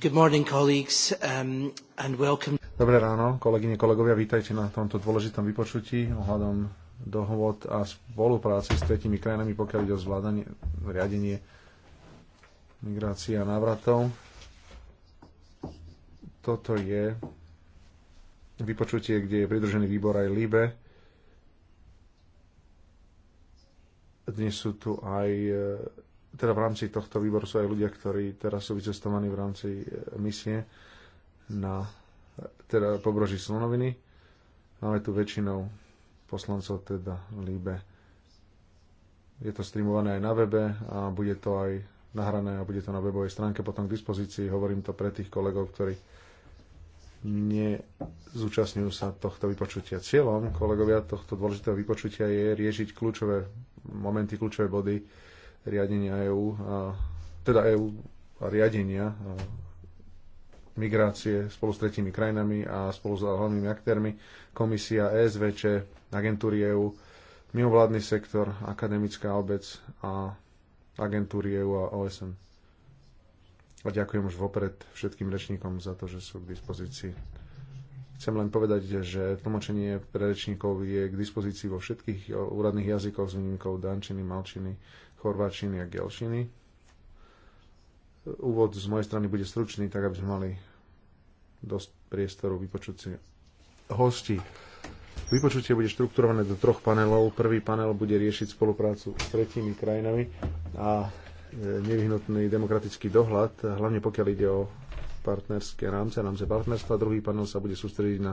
Good morning, colleagues, um, and welcome. Dobré ráno, kolegyne, kolegovia, vítajte na tomto dôležitom vypočutí ohľadom dohôd a spolupráci s tretimi krajinami, pokiaľ ide o zvládanie, riadenie migrácie a návratov. Toto je vypočutie, kde je pridružený výbor aj LIBE. Dnes sú tu aj teda v rámci tohto výboru sú aj ľudia, ktorí teraz sú vycestovaní v rámci eh, misie na teda pobroží slonoviny. Máme tu väčšinou poslancov teda líbe. Je to streamované aj na webe a bude to aj nahrané a bude to na webovej stránke potom k dispozícii. Hovorím to pre tých kolegov, ktorí nezúčastňujú sa tohto vypočutia. Cieľom, kolegovia, tohto dôležitého vypočutia je riešiť kľúčové momenty, kľúčové body, riadenia EÚ, teda EÚ a riadenia migrácie spolu s tretími krajinami a spolu s hlavnými aktérmi, komisia ESVČ, agentúry EÚ, mimovládny sektor, akademická obec a agentúry EÚ a OSN. A ďakujem už vopred všetkým rečníkom za to, že sú k dispozícii. Chcem len povedať, že tlmočenie pre rečníkov je k dispozícii vo všetkých úradných jazykoch s výnimkou dančiny, malčiny, chorváčiny a gelšiny. Úvod z mojej strany bude stručný, tak aby sme mali dosť priestoru vypočuť si hosti. Vypočutie bude štrukturované do troch panelov. Prvý panel bude riešiť spoluprácu s tretími krajinami a e, nevyhnutný demokratický dohľad, hlavne pokiaľ ide o partnerské rámce, rámce partnerstva. Druhý panel sa bude sústrediť na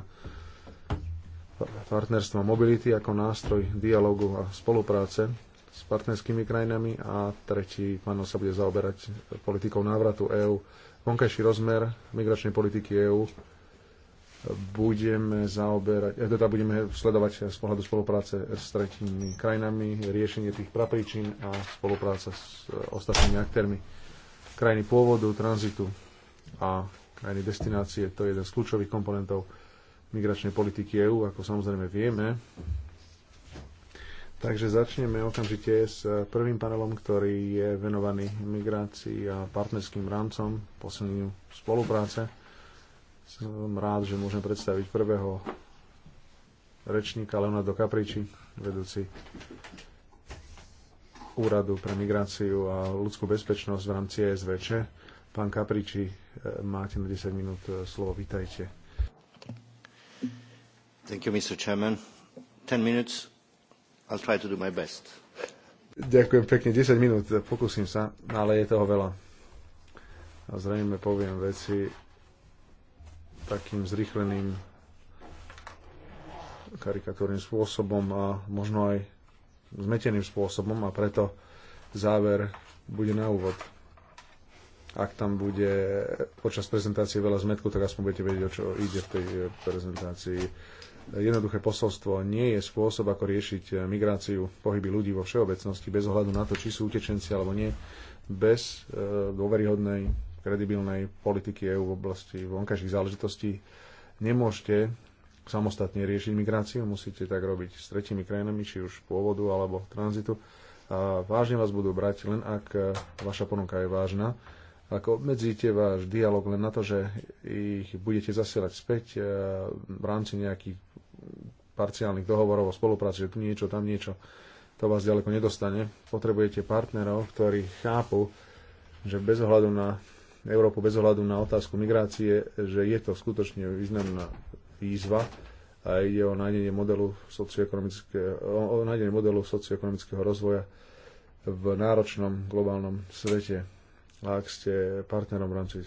partnerstvo mobility ako nástroj dialogu a spolupráce s partnerskými krajinami a tretí panel sa bude zaoberať politikou návratu EÚ. Vonkajší rozmer migračnej politiky EÚ budeme zaoberať, e, teda budeme sledovať z pohľadu spolupráce s tretími krajinami, riešenie tých prapríčin a spolupráca s ostatnými aktérmi krajiny pôvodu, tranzitu a krajiny destinácie. To je jeden z kľúčových komponentov migračnej politiky EÚ, ako samozrejme vieme Takže začneme okamžite s eh, prvým panelom, ktorý je venovaný migrácii a partnerským rámcom, posilneniu spolupráce. Som rád, že môžem predstaviť prvého rečníka Leonardo Capriči, vedúci Úradu pre migráciu a ľudskú bezpečnosť v rámci SVČ. Pán Kapriči, eh, máte na 10 minút eh, slovo, vítajte. Thank you, Mr. Chairman. 10 minutes I'll try to do my best. Ďakujem pekne, 10 minút, pokúsim sa, no ale je toho veľa. A zrejme poviem veci takým zrychleným karikatúrnym spôsobom a možno aj zmeteným spôsobom a preto záver bude na úvod. Ak tam bude počas prezentácie veľa zmetku, tak aspoň budete vedieť, o čo ide v tej prezentácii jednoduché posolstvo nie je spôsob, ako riešiť eh, migráciu pohyby ľudí vo všeobecnosti, bez ohľadu na to, či sú utečenci alebo nie, bez eh, dôveryhodnej, kredibilnej politiky EÚ v oblasti vonkajších záležitostí. Nemôžete samostatne riešiť migráciu, musíte tak robiť s tretími krajinami, či už pôvodu alebo tranzitu. A vážne vás budú brať len ak eh, vaša ponuka je vážna ako obmedzíte váš dialog len na to, že ich budete zasielať späť e, v rámci nejakých parciálnych dohovorov o spolupráci, že tu niečo, tam niečo, to vás ďaleko nedostane. Potrebujete partnerov, ktorí chápu, že bez ohľadu na Európu, bez ohľadu na otázku migrácie, že je to skutočne významná výzva a ide o nájdenie modelu socioekonomického, o nájdenie modelu socioekonomického rozvoja v náročnom globálnom svete. A ak ste partnerom v rámci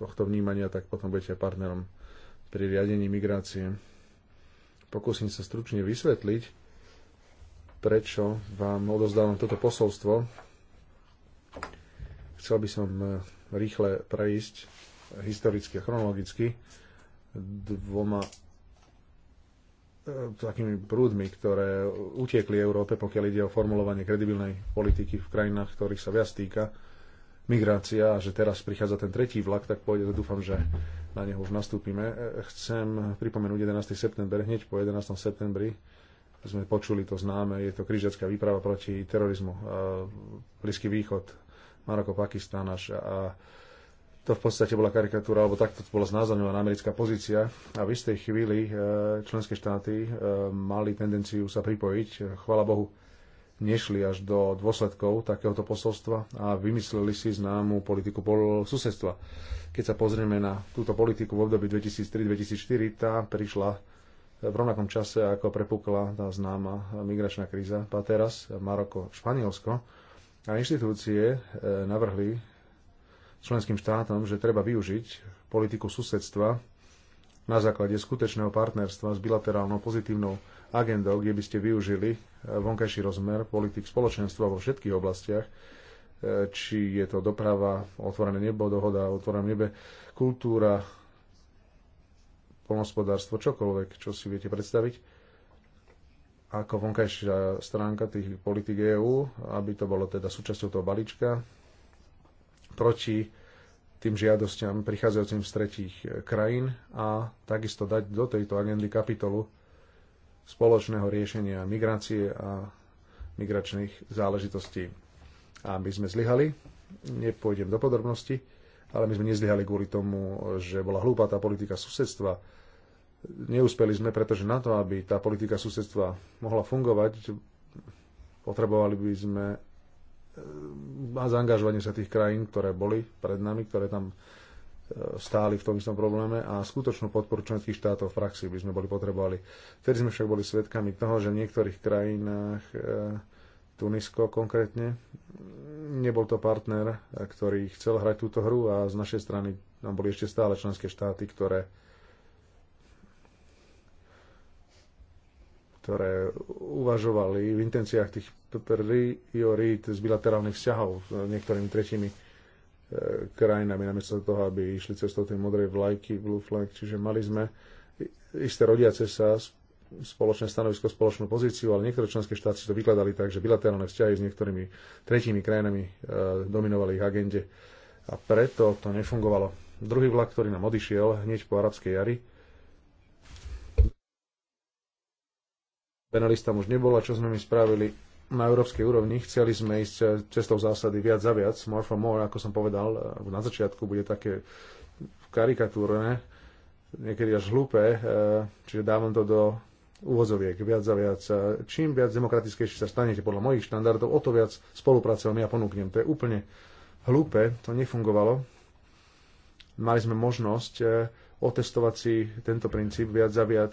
tohto vnímania, tak potom budete partnerom pri riadení migrácie. Pokúsim sa stručne vysvetliť, prečo vám odozdávam toto posolstvo. Chcel by som eh, rýchle prejsť historicky a chronologicky dvoma eh, takými prúdmi, ktoré utiekli Európe, pokiaľ ide o formulovanie kredibilnej politiky v krajinách, ktorých sa viac týka migrácia a že teraz prichádza ten tretí vlak, tak pôjde, dúfam, že na neho už nastúpime. E, e, chcem pripomenúť 11. september, hneď po 11. septembri sme počuli to známe, je to križiacká výprava proti terorizmu. E, Blízky východ, Maroko, Pakistán až a to v podstate bola karikatúra, alebo takto bola znázorňovaná americká pozícia a v istej chvíli členské štáty mali tendenciu sa pripojiť. Chvala Bohu, nešli až do dôsledkov takéhoto posolstva a vymysleli si známu politiku susedstva. Keď sa pozrieme na túto politiku v období 2003-2004, tá prišla v rovnakom čase, ako prepukla tá známa migračná kríza. A teraz Maroko, Španielsko a inštitúcie e, navrhli členským štátom, že treba využiť politiku susedstva na základe skutečného partnerstva s bilaterálnou pozitívnou agendou, kde by ste využili e, vonkajší rozmer politik spoločenstva vo všetkých oblastiach, e, či je to doprava, otvorené nebo, dohoda o otvorenom nebe, kultúra, polnospodárstvo, čokoľvek, čo si viete predstaviť ako vonkajšia stránka tých politik EÚ, aby to bolo teda súčasťou toho balíčka, proti tým žiadosťam prichádzajúcim z tretích e, krajín a takisto dať do tejto agendy kapitolu spoločného riešenia migrácie a migračných záležitostí. A my sme zlyhali, nepôjdem do podrobnosti, ale my sme nezlyhali kvôli tomu, že bola hlúpa tá politika susedstva. Neúspeli sme, pretože na to, aby tá politika susedstva mohla fungovať, potrebovali by sme e, a zaangažovanie sa tých krajín, ktoré boli pred nami, ktoré tam E, stáli v tom istom probléme a skutočnú podporu členských štátov v praxi by sme boli potrebovali. Vtedy sme však boli svedkami toho, že v niektorých krajinách, e, Tunisko konkrétne, nebol to partner, e, ktorý chcel hrať túto hru a z našej strany tam boli ešte stále členské štáty, ktoré ktoré uvažovali v intenciách tých priorít z bilaterálnych vzťahov s niektorými tretími krajinami, namiesto toho, aby išli cestou tej modrej vlajky, blue flag, čiže mali sme isté rodiace sa spoločné stanovisko, spoločnú pozíciu, ale niektoré členské štáty to vykladali tak, že bilaterálne vzťahy s niektorými tretími krajinami e, dominovali ich agende a preto to nefungovalo. Druhý vlak, ktorý nám odišiel hneď po arabskej jari, penalista už nebola, čo sme mi spravili, na európskej úrovni. Chceli sme ísť eh, cestou zásady viac za viac, more for more, ako som povedal, eh, na začiatku bude také karikatúrne, niekedy až hlúpe, eh, čiže dávam to do úvozoviek, viac za viac. Čím viac demokratickejšie sa stanete podľa mojich štandardov, o to viac spolupráce vám ja ponúknem. To je úplne hlúpe, to nefungovalo. Mali sme možnosť otestovať si tento princíp viac za viac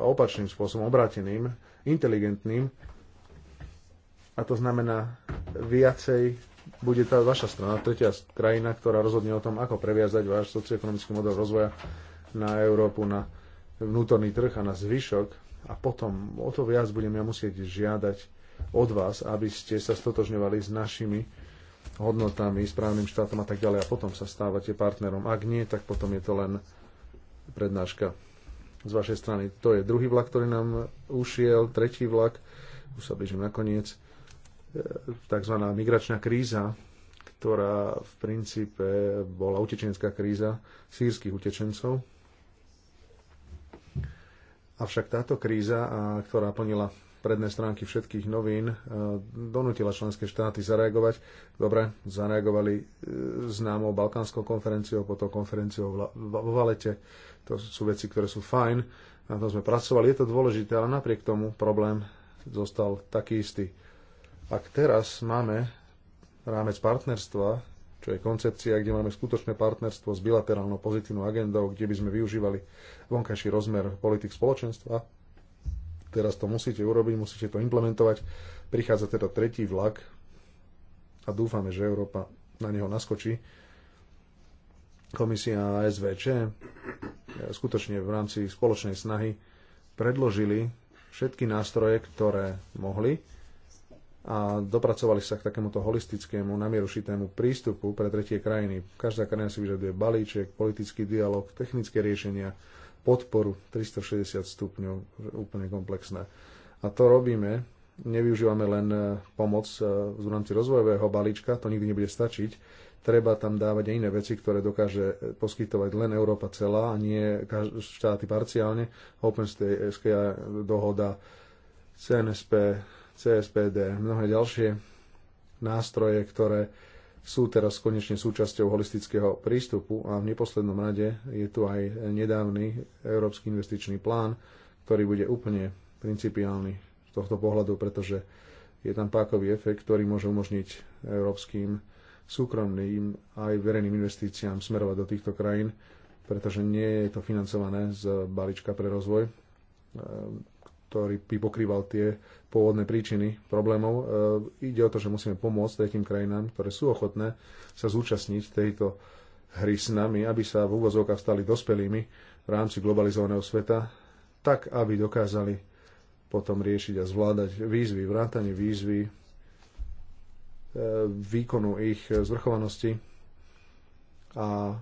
opačným spôsobom, obráteným, inteligentným, a to znamená viacej bude tá vaša strana, tretia krajina, ktorá rozhodne o tom, ako previazať váš socioekonomický model rozvoja na Európu, na vnútorný trh a na zvyšok. A potom o to viac budem ja musieť žiadať od vás, aby ste sa stotožňovali s našimi hodnotami, správnym štátom a tak ďalej. A potom sa stávate partnerom. Ak nie, tak potom je to len prednáška z vašej strany. To je druhý vlak, ktorý nám ušiel, tretí vlak, už sa blížim koniec tzv. migračná kríza, ktorá v princípe bola utečenská kríza sírskych utečencov. Avšak táto kríza, ktorá plnila predné stránky všetkých novín, e, donútila členské štáty zareagovať. Dobre, zareagovali e, známou balkánskou konferenciou, potom konferenciou vo Valete. To sú veci, ktoré sú fajn. Na tom sme pracovali. Je to dôležité, ale napriek tomu problém zostal taký istý ak teraz máme rámec partnerstva, čo je koncepcia, kde máme skutočné partnerstvo s bilaterálnou pozitívnou agendou, kde by sme využívali vonkajší rozmer politik spoločenstva, teraz to musíte urobiť, musíte to implementovať. Prichádza teda tretí vlak a dúfame, že Európa na neho naskočí. Komisia SVČ eh, skutočne v rámci spoločnej snahy predložili všetky nástroje, ktoré mohli a dopracovali sa k takémuto holistickému, namierušitému prístupu pre tretie krajiny. Každá krajina si vyžaduje balíček, politický dialog, technické riešenia, podporu 360 stupňov, úplne komplexné. A to robíme, nevyužívame len e, pomoc e, v rámci rozvojového balíčka, to nikdy nebude stačiť. Treba tam dávať aj iné veci, ktoré dokáže e, poskytovať len Európa celá, a nie štáty parciálne. Open dohoda, CNSP, CSPD, mnohé ďalšie nástroje, ktoré sú teraz konečne súčasťou holistického prístupu a v neposlednom rade je tu aj nedávny Európsky investičný plán, ktorý bude úplne principiálny z tohto pohľadu, pretože je tam pákový efekt, ktorý môže umožniť európskym súkromným aj verejným investíciám smerovať do týchto krajín, pretože nie je to financované z balíčka pre rozvoj ehm, ktorý by pokrýval tie pôvodné príčiny problémov. E, ide o to, že musíme pomôcť tretím krajinám, ktoré sú ochotné sa zúčastniť tejto hry s nami, aby sa v úvozovkách stali dospelými v rámci globalizovaného sveta, tak aby dokázali potom riešiť a zvládať výzvy, vrátanie výzvy, e, výkonu ich zvrchovanosti a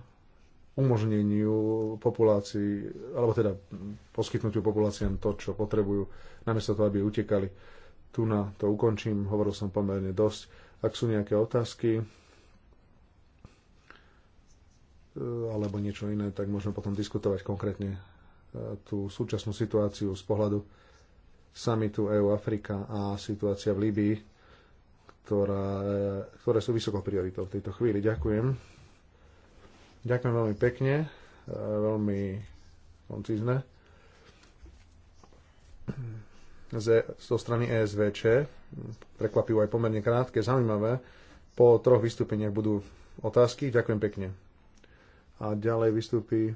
umožneniu populácii, alebo teda poskytnutiu populáciám to, čo potrebujú, namiesto toho, aby utekali. Tu na to ukončím, hovoril som pomerne dosť. Ak sú nejaké otázky, e, alebo niečo iné, tak môžeme potom diskutovať konkrétne e, tú súčasnú situáciu z pohľadu samitu EU-Afrika a situácia v Líbii, ktorá, e, ktoré sú vysokou prioritou v tejto chvíli. Ďakujem. Ďakujem veľmi pekne, e, veľmi koncizne. Z, zo strany ESVČ, prekvapivo aj pomerne krátke, zaujímavé, po troch vystúpeniach budú otázky. Ďakujem pekne. A ďalej vystúpi e,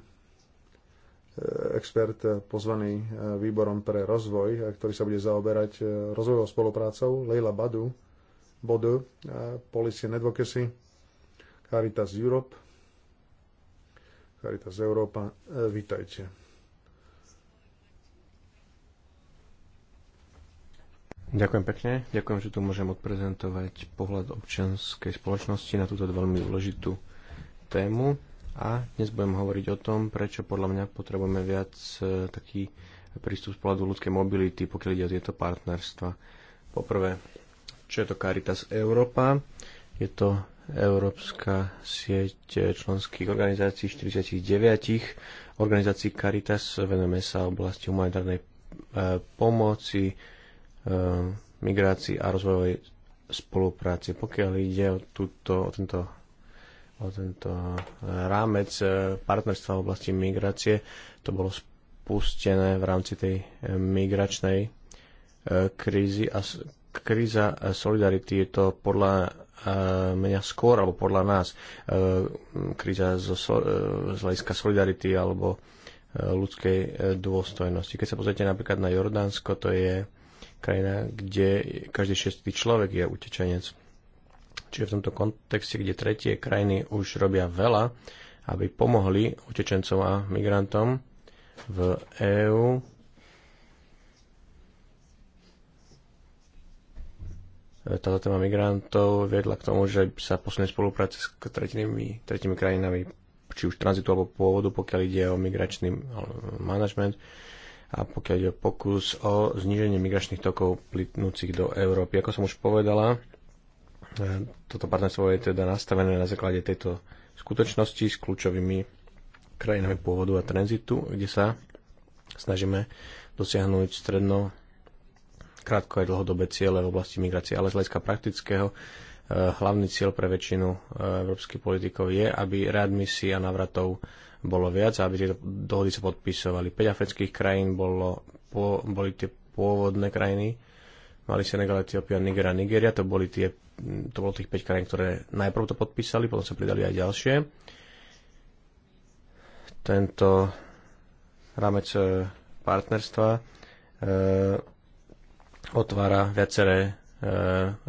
expert pozvaný e, výborom pre rozvoj, ktorý sa bude zaoberať rozvojovou spoluprácou, Leila Badu, Bodu, Policy and Advocacy, Caritas Europe, Caritas Európa, e, vítajte. Ďakujem pekne. Ďakujem, že tu môžem odprezentovať pohľad občianskej spoločnosti na túto veľmi dôležitú tému. A dnes budem hovoriť o tom, prečo podľa mňa potrebujeme viac e, taký prístup z pohľadu ľudskej mobility, pokiaľ ide o tieto partnerstva. Poprvé, čo je to Caritas Európa? Je to Európska sieť členských organizácií 49 organizácií Caritas. Venujeme sa oblasti humanitárnej e, pomoci, e, migrácii a rozvojovej spolupráci. Pokiaľ ide o, túto, o, tento, o tento e, rámec partnerstva v oblasti migrácie, to bolo spustené v rámci tej migračnej krízy a kríza Solidarity je to podľa Eh, menia skôr, alebo podľa nás eh, kríza zo, eh, z hľadiska solidarity alebo ľudskej dôstojnosti. Keď sa pozrite napríklad na Jordánsko, to je krajina, kde každý šestý človek je utečenec. Čiže v tomto kontexte, kde tretie krajiny už robia veľa, aby pomohli utečencom a migrantom v EÚ, táto téma migrantov viedla k tomu, že sa posunie spolupráce s tretinými, tretinými krajinami, či už tranzitu alebo pôvodu, pokiaľ ide o migračný manažment a pokiaľ ide o pokus o zníženie migračných tokov plitnúcich do Európy. Ako som už povedala, e, toto partnerstvo je teda nastavené na základe tejto skutočnosti s kľúčovými krajinami pôvodu a tranzitu, kde sa snažíme dosiahnuť stredno krátko aj dlhodobé ciele v oblasti migrácie, ale z hľadiska praktického eh, hlavný cieľ pre väčšinu eh, európskych politikov je, aby readmisí a návratov bolo viac a aby tieto dohody sa podpisovali. 5 afrických krajín bolo, po, boli tie pôvodné krajiny, mali Senegal, Etiópia, Niger a Nigeria, to, boli tie, hm, to bolo tých 5 krajín, ktoré najprv to podpísali, potom sa pridali aj ďalšie. Tento rámec eh, partnerstva otvára viaceré e,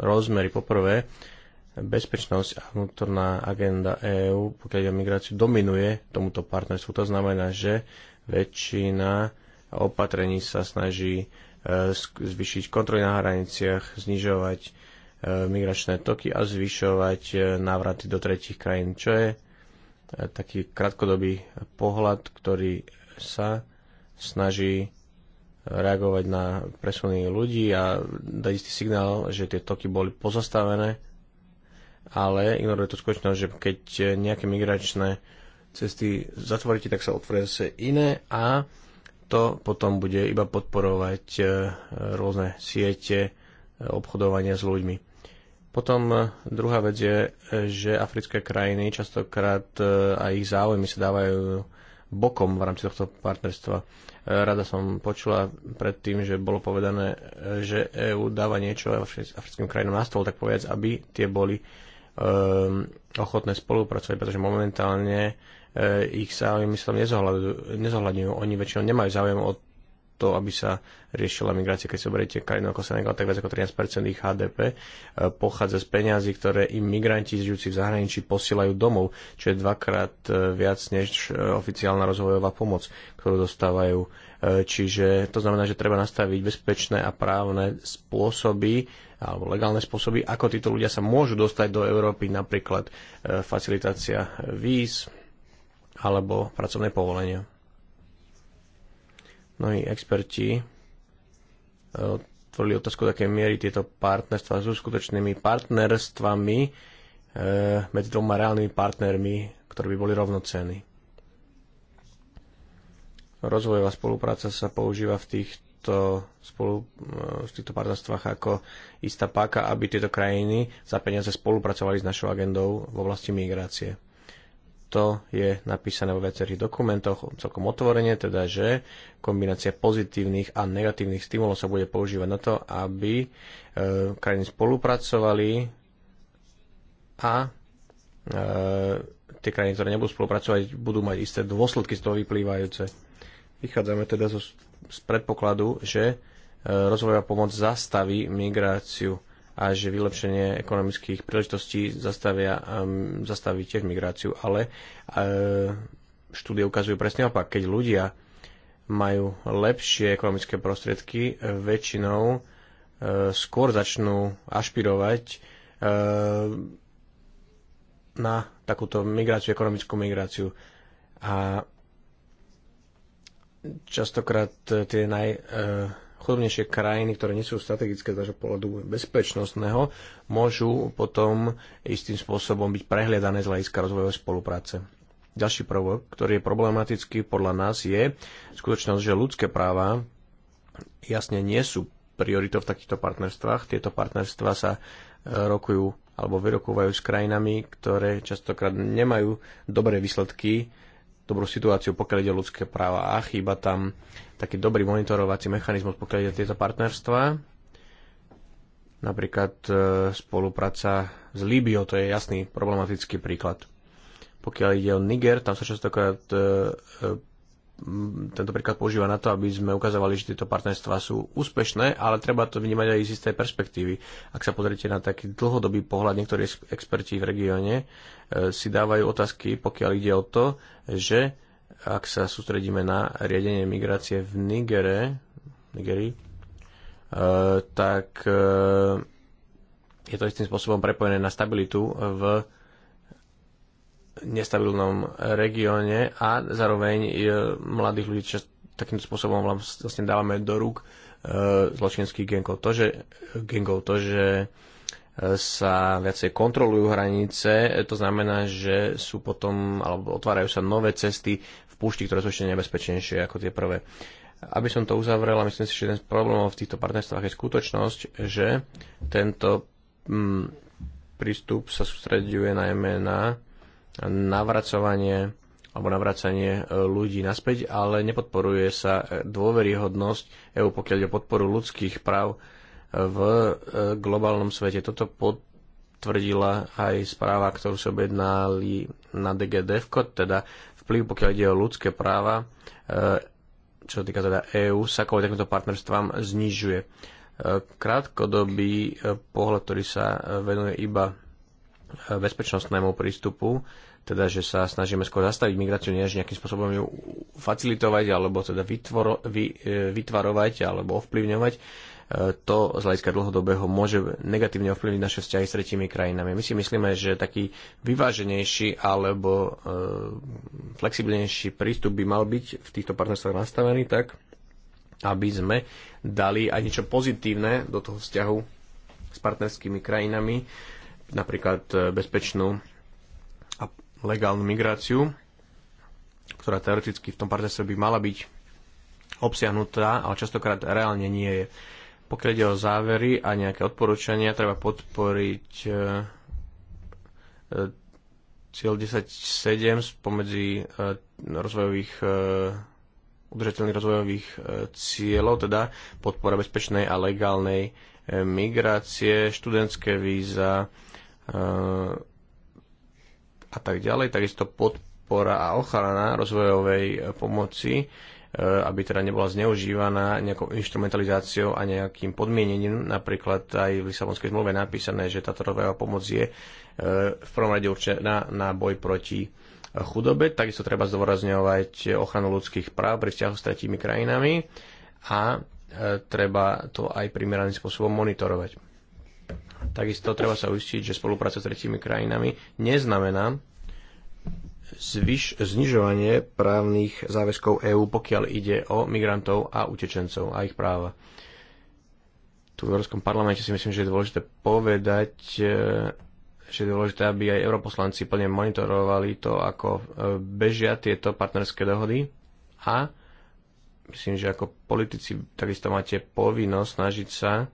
rozmery. Poprvé, bezpečnosť a vnútorná agenda EÚ, pokiaľ ide o migráciu, dominuje tomuto partnerstvu. To znamená, že väčšina opatrení sa snaží e, zvyšiť kontroly na hraniciach, znižovať e, migračné toky a zvyšovať návraty do tretich krajín, čo je taký krátkodobý pohľad, ktorý sa snaží reagovať na presuny ľudí a dať istý signál, že tie toky boli pozastavené, ale ignoruje to skutočnosť, že keď nejaké migračné cesty zatvoríte, tak sa otvoria zase iné a to potom bude iba podporovať e, rôzne siete e, obchodovania s ľuďmi. Potom e, druhá vec je, že africké krajiny častokrát a ich záujmy sa dávajú bokom v rámci tohto partnerstva. Rada som počula predtým, že bolo povedané, že EÚ dáva niečo africkým krajinám na stôl, tak povedz, aby tie boli um, ochotné spolupracovať, pretože momentálne uh, ich sa myslím, nezohľadňujú. Oni väčšinou nemajú záujem o to, aby sa riešila migrácia. Keď sa beriete krajinu ako Senegal, tak viac ako 13% ich HDP e, pochádza z peňazí, ktoré im migranti žijúci v zahraničí posielajú domov, čo je dvakrát e, viac než e, oficiálna rozvojová pomoc, ktorú dostávajú. Čiže to znamená, že treba nastaviť bezpečné a právne spôsoby alebo legálne spôsoby, ako títo ľudia sa môžu dostať do Európy, napríklad facilitácia víz alebo pracovné povolenia. Mnohí experti e, otvorili otázku také miery tieto partnerstva sú skutočnými partnerstvami e, medzi dvoma reálnymi partnermi, ktorí by boli rovnocenní. Rozvojová spolupráca sa používa v týchto, spolu, e, v týchto partnerstvách ako istá páka, aby tieto krajiny za peniaze spolupracovali s našou agendou v oblasti migrácie to je napísané vo viacerých dokumentoch celkom otvorene, teda že kombinácia pozitívnych a negatívnych stimulov sa bude používať na to, aby e, krajiny spolupracovali a e, tie krajiny, ktoré nebudú spolupracovať, budú mať isté dôsledky z toho vyplývajúce. Vychádzame teda zo, z predpokladu, že e, rozvojová pomoc zastaví migráciu a že vylepšenie ekonomických príležitostí zastavia, um, zastaví tiež migráciu, ale uh, štúdie ukazujú presne opak. Keď ľudia majú lepšie ekonomické prostriedky, väčšinou uh, skôr začnú ašpirovať uh, na takúto migráciu, ekonomickú migráciu. A častokrát uh, tie naj... Uh, chudobnejšie krajiny, ktoré nie sú strategické z nášho pohľadu bezpečnostného, môžu potom istým spôsobom byť prehliadané z hľadiska rozvojovej spolupráce. Ďalší prvok, ktorý je problematický podľa nás, je skutočnosť, že ľudské práva jasne nie sú prioritou v takýchto partnerstvách. Tieto partnerstva sa e, rokujú alebo vyrokovajú s krajinami, ktoré častokrát nemajú dobré výsledky dobrú situáciu, pokiaľ ide o ľudské práva a chýba tam taký dobrý monitorovací mechanizmus, pokiaľ ide o tieto partnerstva. Napríklad e, spolupráca s Líbiou, to je jasný problematický príklad. Pokiaľ ide o Niger, tam sa častokrát e, e, tento príklad používa na to, aby sme ukazovali, že tieto partnerstvá sú úspešné, ale treba to vnímať aj z istej perspektívy. Ak sa pozrite na taký dlhodobý pohľad, niektorí experti v regióne e, si dávajú otázky, pokiaľ ide o to, že ak sa sústredíme na riadenie migrácie v Nigere, Nigeri, e, tak e, je to istým spôsobom prepojené na stabilitu v nestabilnom regióne a zároveň e, mladých ľudí čas takýmto spôsobom vlastne dávame do rúk e, zločinských gengov. To, že, gengov, to, že e, sa viacej kontrolujú hranice, to znamená, že sú potom, alebo otvárajú sa nové cesty v púšti, ktoré sú ešte nebezpečnejšie ako tie prvé. Aby som to uzavrel, myslím si, že jeden z problémov v týchto partnerstvách je skutočnosť, že tento mm, prístup sa sústreďuje najmä na navracovanie alebo navracanie e, ľudí naspäť, ale nepodporuje sa e, dôveryhodnosť EÚ, pokiaľ ide o podporu ľudských práv e, v globálnom svete. Toto potvrdila aj správa, ktorú sa objednali na DGDF, teda vplyv, pokiaľ ide o ľudské práva, čo sa týka teda EÚ, sa kvôli takýmto partnerstvám znižuje. Krátkodobý pohľad, ktorý sa venuje iba bezpečnostnému prístupu, teda že sa snažíme skôr zastaviť migráciu, než nejakým spôsobom ju facilitovať alebo teda vytvoro, vy, e, vytvarovať alebo ovplyvňovať, e, to z hľadiska dlhodobého môže negatívne ovplyvniť naše vzťahy s tretimi krajinami. My si myslíme, že taký vyváženejší alebo e, flexibilnejší prístup by mal byť v týchto partnerstvách nastavený tak, aby sme dali aj niečo pozitívne do toho vzťahu s partnerskými krajinami, napríklad e, bezpečnú a legálnu migráciu, ktorá teoreticky v tom partnerstve by mala byť obsiahnutá, ale častokrát reálne nie je. Pokiaľ ide o závery a nejaké odporúčania, treba podporiť e, e, cieľ 10.7 spomedzi rozvojových udržateľných rozvojových cieľov, teda podpora bezpečnej a legálnej migrácie, študentské víza, a tak ďalej. Takisto podpora a ochrana rozvojovej pomoci, e, aby teda nebola zneužívaná nejakou instrumentalizáciou a nejakým podmienením. Napríklad aj v Lisabonskej zmluve napísané, že táto rozvojová pomoc je e, v prvom rade určená na boj proti chudobe. Takisto treba zdôrazňovať ochranu ľudských práv pri vzťahu s tretími krajinami a e, treba to aj primeraným spôsobom monitorovať Takisto treba sa uistiť, že spolupráca s tretími krajinami neznamená zvyš, znižovanie právnych záväzkov EÚ, pokiaľ ide o migrantov a utečencov a ich práva. Tu v Európskom parlamente si myslím, že je dôležité povedať, e, že je dôležité, aby aj europoslanci plne monitorovali to, ako e, bežia tieto partnerské dohody a myslím, že ako politici takisto máte povinnosť snažiť sa e,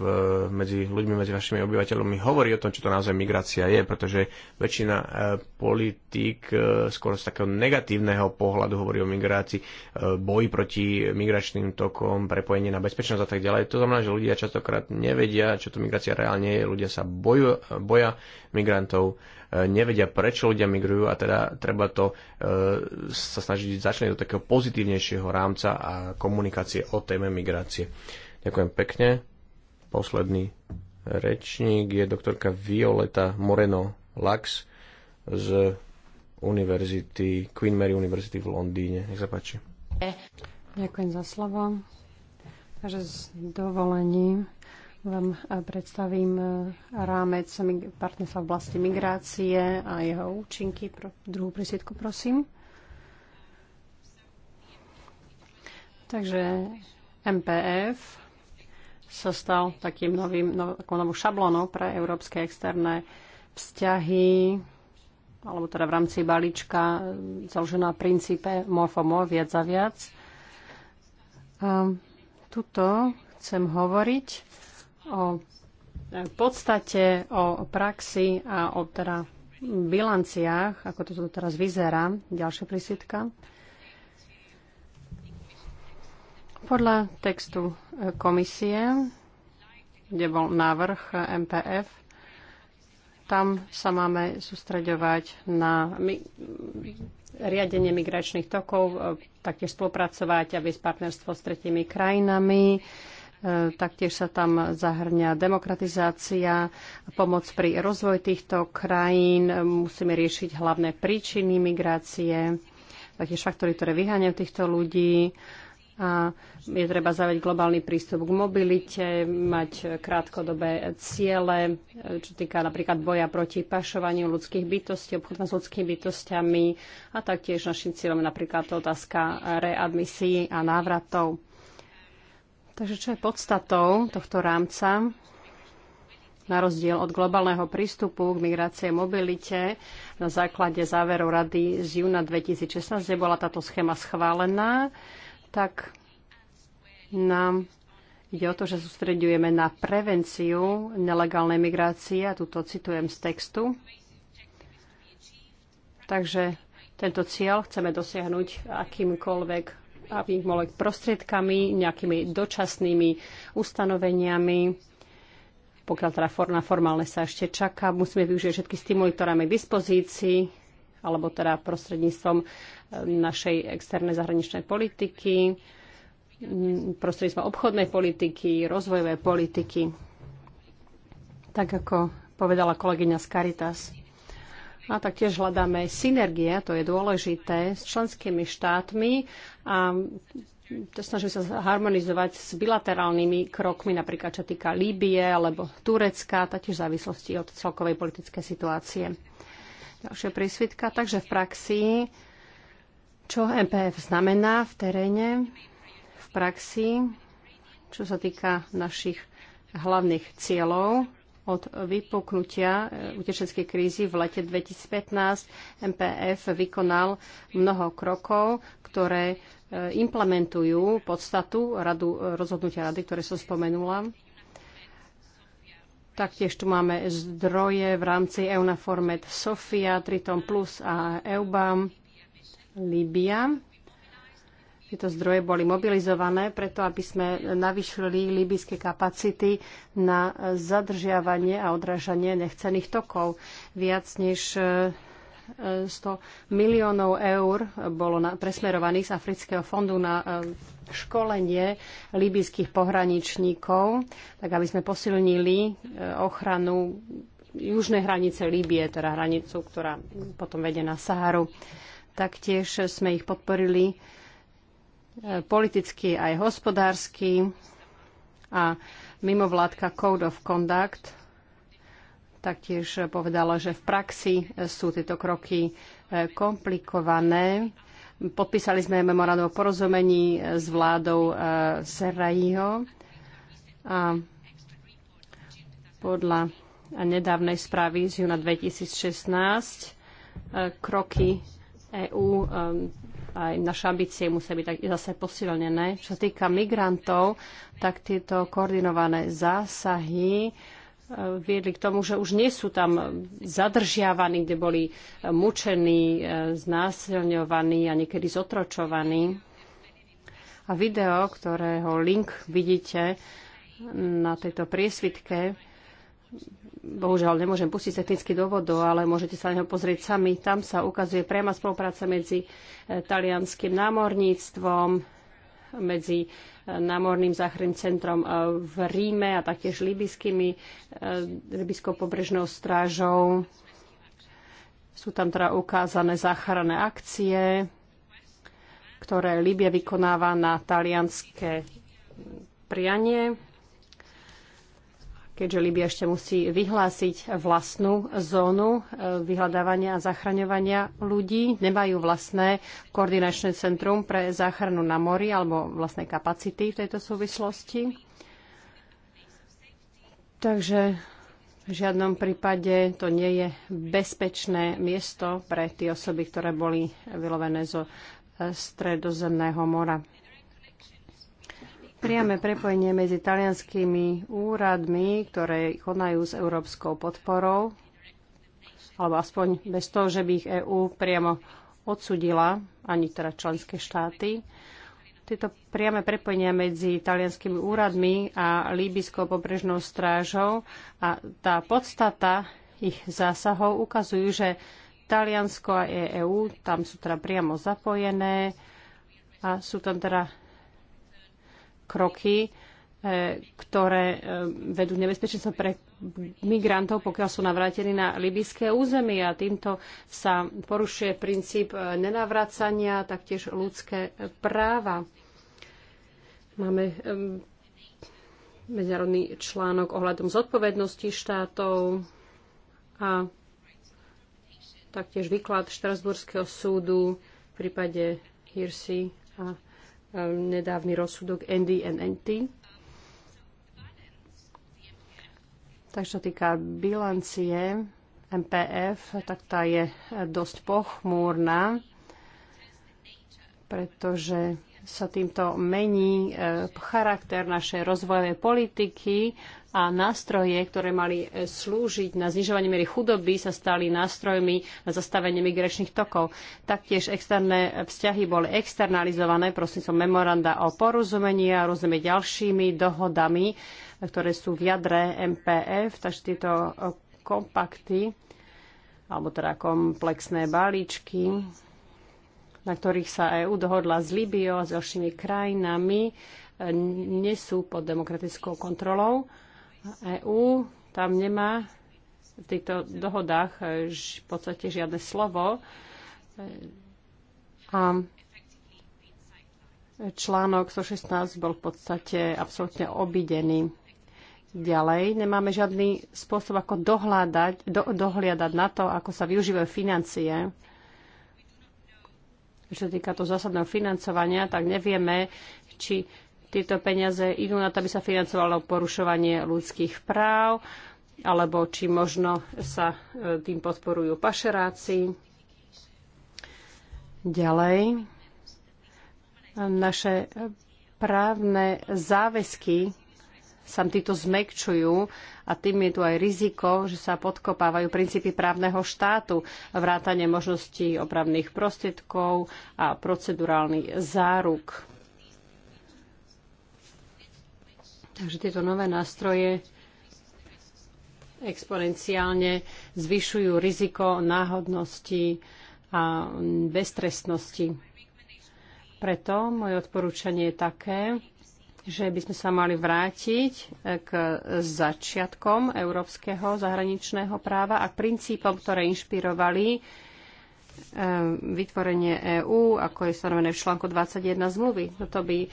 E, medzi ľuďmi, medzi našimi obyvateľmi hovorí o tom, čo to naozaj migrácia je, pretože väčšina e, politík e, skôr z takého negatívneho pohľadu hovorí o migrácii, boji proti migračným tokom, prepojenie na bezpečnosť a tak ďalej. To znamená, že ľudia častokrát nevedia, čo to migrácia reálne je. Ľudia sa boju, boja migrantov, nevedia, prečo ľudia migrujú a teda treba to e, sa snažiť začať do takého pozitívnejšieho rámca a komunikácie o téme migrácie. Ďakujem pekne. Posledný rečník je doktorka Violeta Moreno Lax z univerzity, Queen Mary University v Londýne. Nech sa páči. Ďakujem za slovo. Takže s dovolením vám eh, predstavím eh, rámec partnerstva v oblasti migrácie a jeho účinky. Pro druhú prísvitku, prosím. Takže MPF sa stal takým novým, nov, takou novou šablónou pre európske externé vzťahy, alebo teda v rámci balíčka eh, založená v princípe more for more, viac za viac. A ehm, tuto chcem hovoriť o eh, podstate, o praxi a o teda bilanciách, ako to tu teraz vyzerá, ďalšia prísvitka. Podľa textu e, komisie, kde bol návrh e, MPF, tam sa máme sústreďovať na riadenie migračných tokov, e, taktiež spolupracovať a viesť partnerstvo s tretimi krajinami. Taktiež sa tam zahrňa demokratizácia, pomoc pri rozvoj týchto krajín. Musíme riešiť hlavné príčiny migrácie, taktiež faktory, ktoré vyháňajú týchto ľudí a je treba zaviť globálny prístup k mobilite, mať krátkodobé ciele, čo týka napríklad boja proti pašovaniu ľudských bytostí, obchodná s ľudskými bytostiami a taktiež našim cieľom je napríklad otázka readmisí a návratov. Takže čo je podstatou tohto rámca? Na rozdiel od globálneho prístupu k migrácie a mobilite, na základe záveru Rady z júna 2016, kde bola táto schéma schválená, tak nám ide o to, že sústredujeme na prevenciu nelegálnej migrácie, a tuto citujem z textu. Takže tento cieľ chceme dosiahnuť akýmkoľvek akýmkoľvek prostriedkami, nejakými dočasnými ustanoveniami. Pokiaľ teda na formálne sa ešte čaká, musíme využiť všetky stimuly, ktoré máme k dispozícii alebo teda prostredníctvom e, našej externej zahraničnej politiky, prostredníctvom obchodnej politiky, rozvojovej politiky, tak ako povedala kolegyňa z Caritas. A taktiež hľadáme synergie, to je dôležité, s členskými štátmi a to snažíme sa harmonizovať s bilaterálnymi krokmi, napríklad čo týka Líbie alebo Turecka, taktiež v závislosti od celkovej politickej situácie ďalšia prísvitka. Takže v praxi, čo MPF znamená v teréne, v praxi, čo sa týka našich hlavných cieľov, od vypuknutia e, utečenskej krízy v lete 2015 MPF vykonal mnoho krokov, ktoré e, implementujú podstatu radu, rozhodnutia rady, ktoré som spomenula. Taktiež tu máme zdroje v rámci EUNAFORMED Sofia, Triton Plus a EUBAM Libia. Tieto zdroje boli mobilizované preto, aby sme navyšili líbyjské kapacity na zadržiavanie a odrážanie nechcených tokov. Viac než 100 e, e, miliónov eur bolo presmerovaných z Afrického fondu na e, školenie libyských pohraničníkov, tak aby sme posilnili e, ochranu južnej hranice Líbie, teda hranicu, ktorá potom vedie na Saharu. Taktiež sme ich podporili e, politicky aj hospodársky a mimovládka Code of Conduct taktiež povedala, že v praxi sú tieto kroky e, komplikované Podpísali sme memorandum o porozumení e, s vládou e, Serraího a podľa nedávnej správy z júna 2016 e, kroky EÚ aj naše ambície musia byť tak zase posilnené. Čo sa týka migrantov, tak tieto koordinované zásahy viedli k tomu, že už nie sú tam zadržiavaní, kde boli mučení, e, znásilňovaní a niekedy zotročovaní. A video, ktorého link vidíte na tejto priesvitke, bohužiaľ nemôžem pustiť technický dôvod, dôvodov, ale môžete sa na neho pozrieť sami. Tam sa ukazuje priama spolupráca medzi e, talianským námorníctvom, medzi eh, námorným záchranným centrom eh, v Ríme a taktiež libyskými, eh, libyskou pobrežnou strážou. Sú tam teda ukázané záchranné akcie, ktoré Libia vykonáva na talianské prianie keďže Libia ešte musí vyhlásiť vlastnú zónu e, vyhľadávania a zachraňovania ľudí. Nemajú vlastné koordinačné centrum pre záchranu na mori alebo vlastné kapacity v tejto súvislosti. Takže v žiadnom prípade to nie je bezpečné miesto pre tie osoby, ktoré boli vylovené zo e, Stredozemného mora priame prepojenie medzi talianskými úradmi, ktoré konajú s európskou podporou, alebo aspoň bez toho, že by ich EÚ priamo odsudila, ani teda členské štáty. Tieto priame prepojenia medzi talianskými úradmi a líbiskou pobrežnou strážou a tá podstata ich zásahov ukazujú, že Taliansko a EÚ tam sú teda priamo zapojené a sú tam teda kroky, e, ktoré e, vedú nebezpečenstvo pre migrantov, pokiaľ sú navrátení na libyské územie. A týmto sa porušuje princíp e, nenavracania, taktiež ľudské práva. Máme medzinárodný článok ohľadom zodpovednosti štátov a taktiež výklad Štrasburského súdu v prípade Hirsi a nedávny rozsudok ND. and NT. Takže čo týka bilancie MPF, tak tá je dosť pochmúrna, pretože sa týmto mení eh, charakter našej rozvojovej politiky a nástroje, ktoré mali e, slúžiť na znižovanie miery chudoby, sa stali nástrojmi na zastavenie migračných tokov. Taktiež externé vzťahy boli externalizované prostredníctvom memoranda o porozumení a rôznymi ďalšími dohodami, ktoré sú v jadre MPF, takže tieto e, kompakty alebo teda komplexné balíčky, na ktorých sa EÚ dohodla s Libiou a s ďalšími krajinami, e, nesú pod demokratickou kontrolou. EÚ tam nemá v týchto dohodách e, v podstate žiadne slovo. E, a článok 116 bol v podstate absolútne obidený. Ďalej nemáme žiadny spôsob, ako dohľadať, do, dohliadať na to, ako sa využívajú financie. Čo sa týka to zásadného financovania, tak nevieme, či tieto peniaze idú na to, aby sa financovalo porušovanie ľudských práv, alebo či možno sa e, tým podporujú pašeráci. Ďalej, naše právne záväzky sa títo zmekčujú a tým je tu aj riziko, že sa podkopávajú princípy právneho štátu, vrátanie možností opravných prostriedkov a procedurálnych záruk. Takže tieto nové nástroje exponenciálne zvyšujú riziko náhodnosti a beztrestnosti. Preto moje odporúčanie je také, že by sme sa mali vrátiť k začiatkom európskeho zahraničného práva a princípom, ktoré inšpirovali E, vytvorenie EÚ, ako je stanovené v článku 21 zmluvy. Toto by e,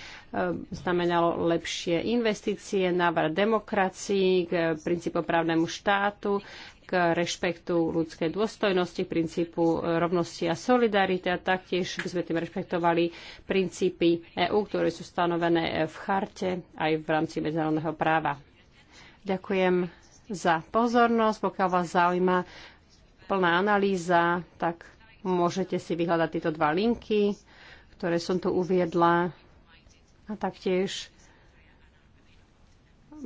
znamenalo lepšie investície, návrh demokracii, k princípu právnemu štátu, k rešpektu ľudskej dôstojnosti, princípu e, rovnosti a solidarity a taktiež by sme tým rešpektovali princípy EÚ, ktoré sú stanovené v charte aj v rámci medzinárodného práva. Ďakujem za pozornosť. Pokiaľ vás zaujíma plná analýza, tak Môžete si vyhľadať tieto dva linky, ktoré som tu uviedla. A taktiež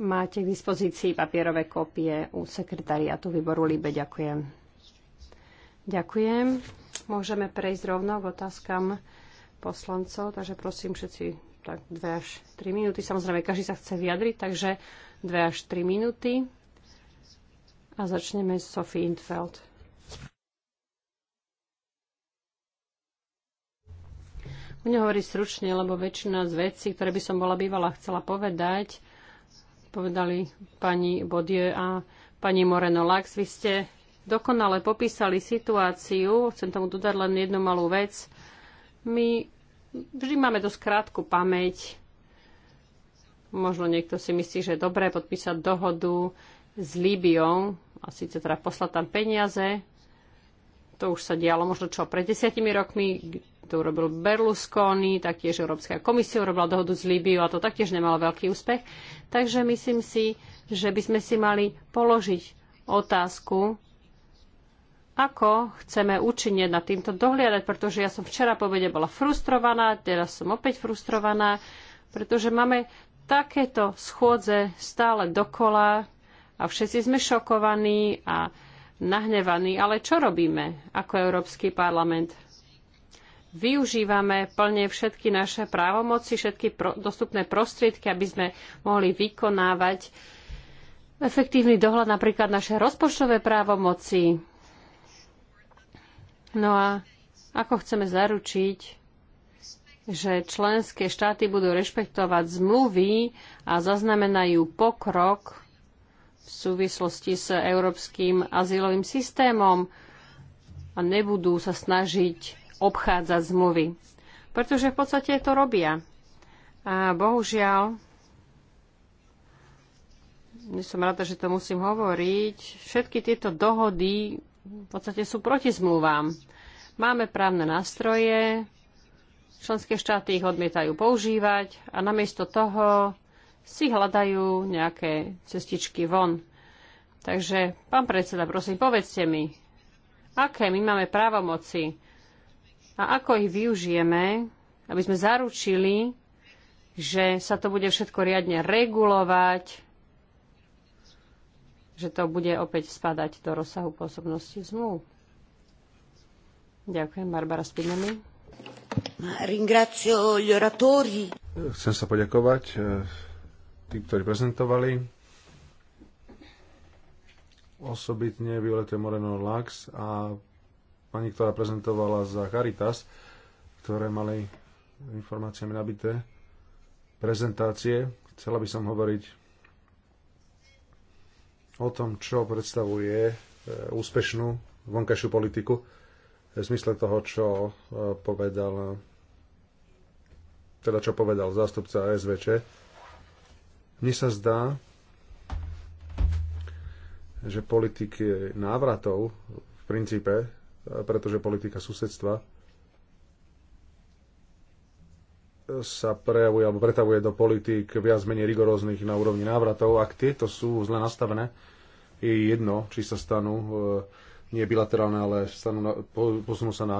máte k dispozícii papierové kopie u sekretariatu výboru Libe. Ďakujem. Ďakujem. Môžeme prejsť rovno k otázkam poslancov, takže prosím všetci tak 2 až 3 minúty. Samozrejme, každý sa chce vyjadriť, takže 2 až 3 minúty. A začneme s Sophie Intfeld. Mne hovorí stručne, lebo väčšina z vecí, ktoré by som bola bývala chcela povedať, povedali pani Bodie a pani Moreno Lax. Vy ste dokonale popísali situáciu. Chcem tomu dodať len jednu malú vec. My vždy máme dosť krátku pamäť. Možno niekto si myslí, že je dobré podpísať dohodu s Líbiou a síce teda poslať tam peniaze, to už sa dialo možno čo pred desiatimi rokmi, to urobil Berlusconi, taktiež Európska komisia urobila dohodu s Líbiou a to taktiež nemalo veľký úspech. Takže myslím si, že by sme si mali položiť otázku, ako chceme účinne nad týmto dohliadať, pretože ja som včera po obede bola frustrovaná, teraz som opäť frustrovaná, pretože máme takéto schôdze stále dokola a všetci sme šokovaní a nahnevaní, ale čo robíme ako Európsky parlament? Využívame plne všetky naše právomoci, všetky pro, dostupné prostriedky, aby sme mohli vykonávať efektívny dohľad napríklad naše rozpočtové právomoci. No a ako chceme zaručiť, že členské štáty budú rešpektovať zmluvy a zaznamenajú pokrok v súvislosti s európskym azylovým systémom a nebudú sa snažiť obchádzať zmluvy. Pretože v podstate to robia. A bohužiaľ, nie som rada, že to musím hovoriť, všetky tieto dohody v podstate sú proti zmluvám. Máme právne nástroje, členské štáty ich odmietajú používať a namiesto toho si hľadajú nejaké cestičky von. Takže, pán predseda, prosím, povedzte mi, aké my máme právomoci a ako ich využijeme, aby sme zaručili, že sa to bude všetko riadne regulovať, že to bude opäť spadať do rozsahu pôsobnosti zmluv. Ďakujem, Barbara Spinelli. Chcem sa poďakovať eh, tí, ktorí prezentovali. Osobitne Violeta Moreno Lax a pani, ktorá prezentovala za Caritas, ktoré mali informáciami nabité prezentácie. Chcela by som hovoriť o tom, čo predstavuje e, úspešnú vonkajšiu politiku v zmysle toho, čo e, povedal teda čo povedal zástupca SVČ mne sa zdá, že politik je návratov v princípe, pretože politika susedstva sa prejavuje alebo pretavuje do politík viac menej rigoróznych na úrovni návratov. Ak tieto sú zle nastavené, je jedno, či sa stanú e, nie bilaterálne, ale stanú na, posunú sa na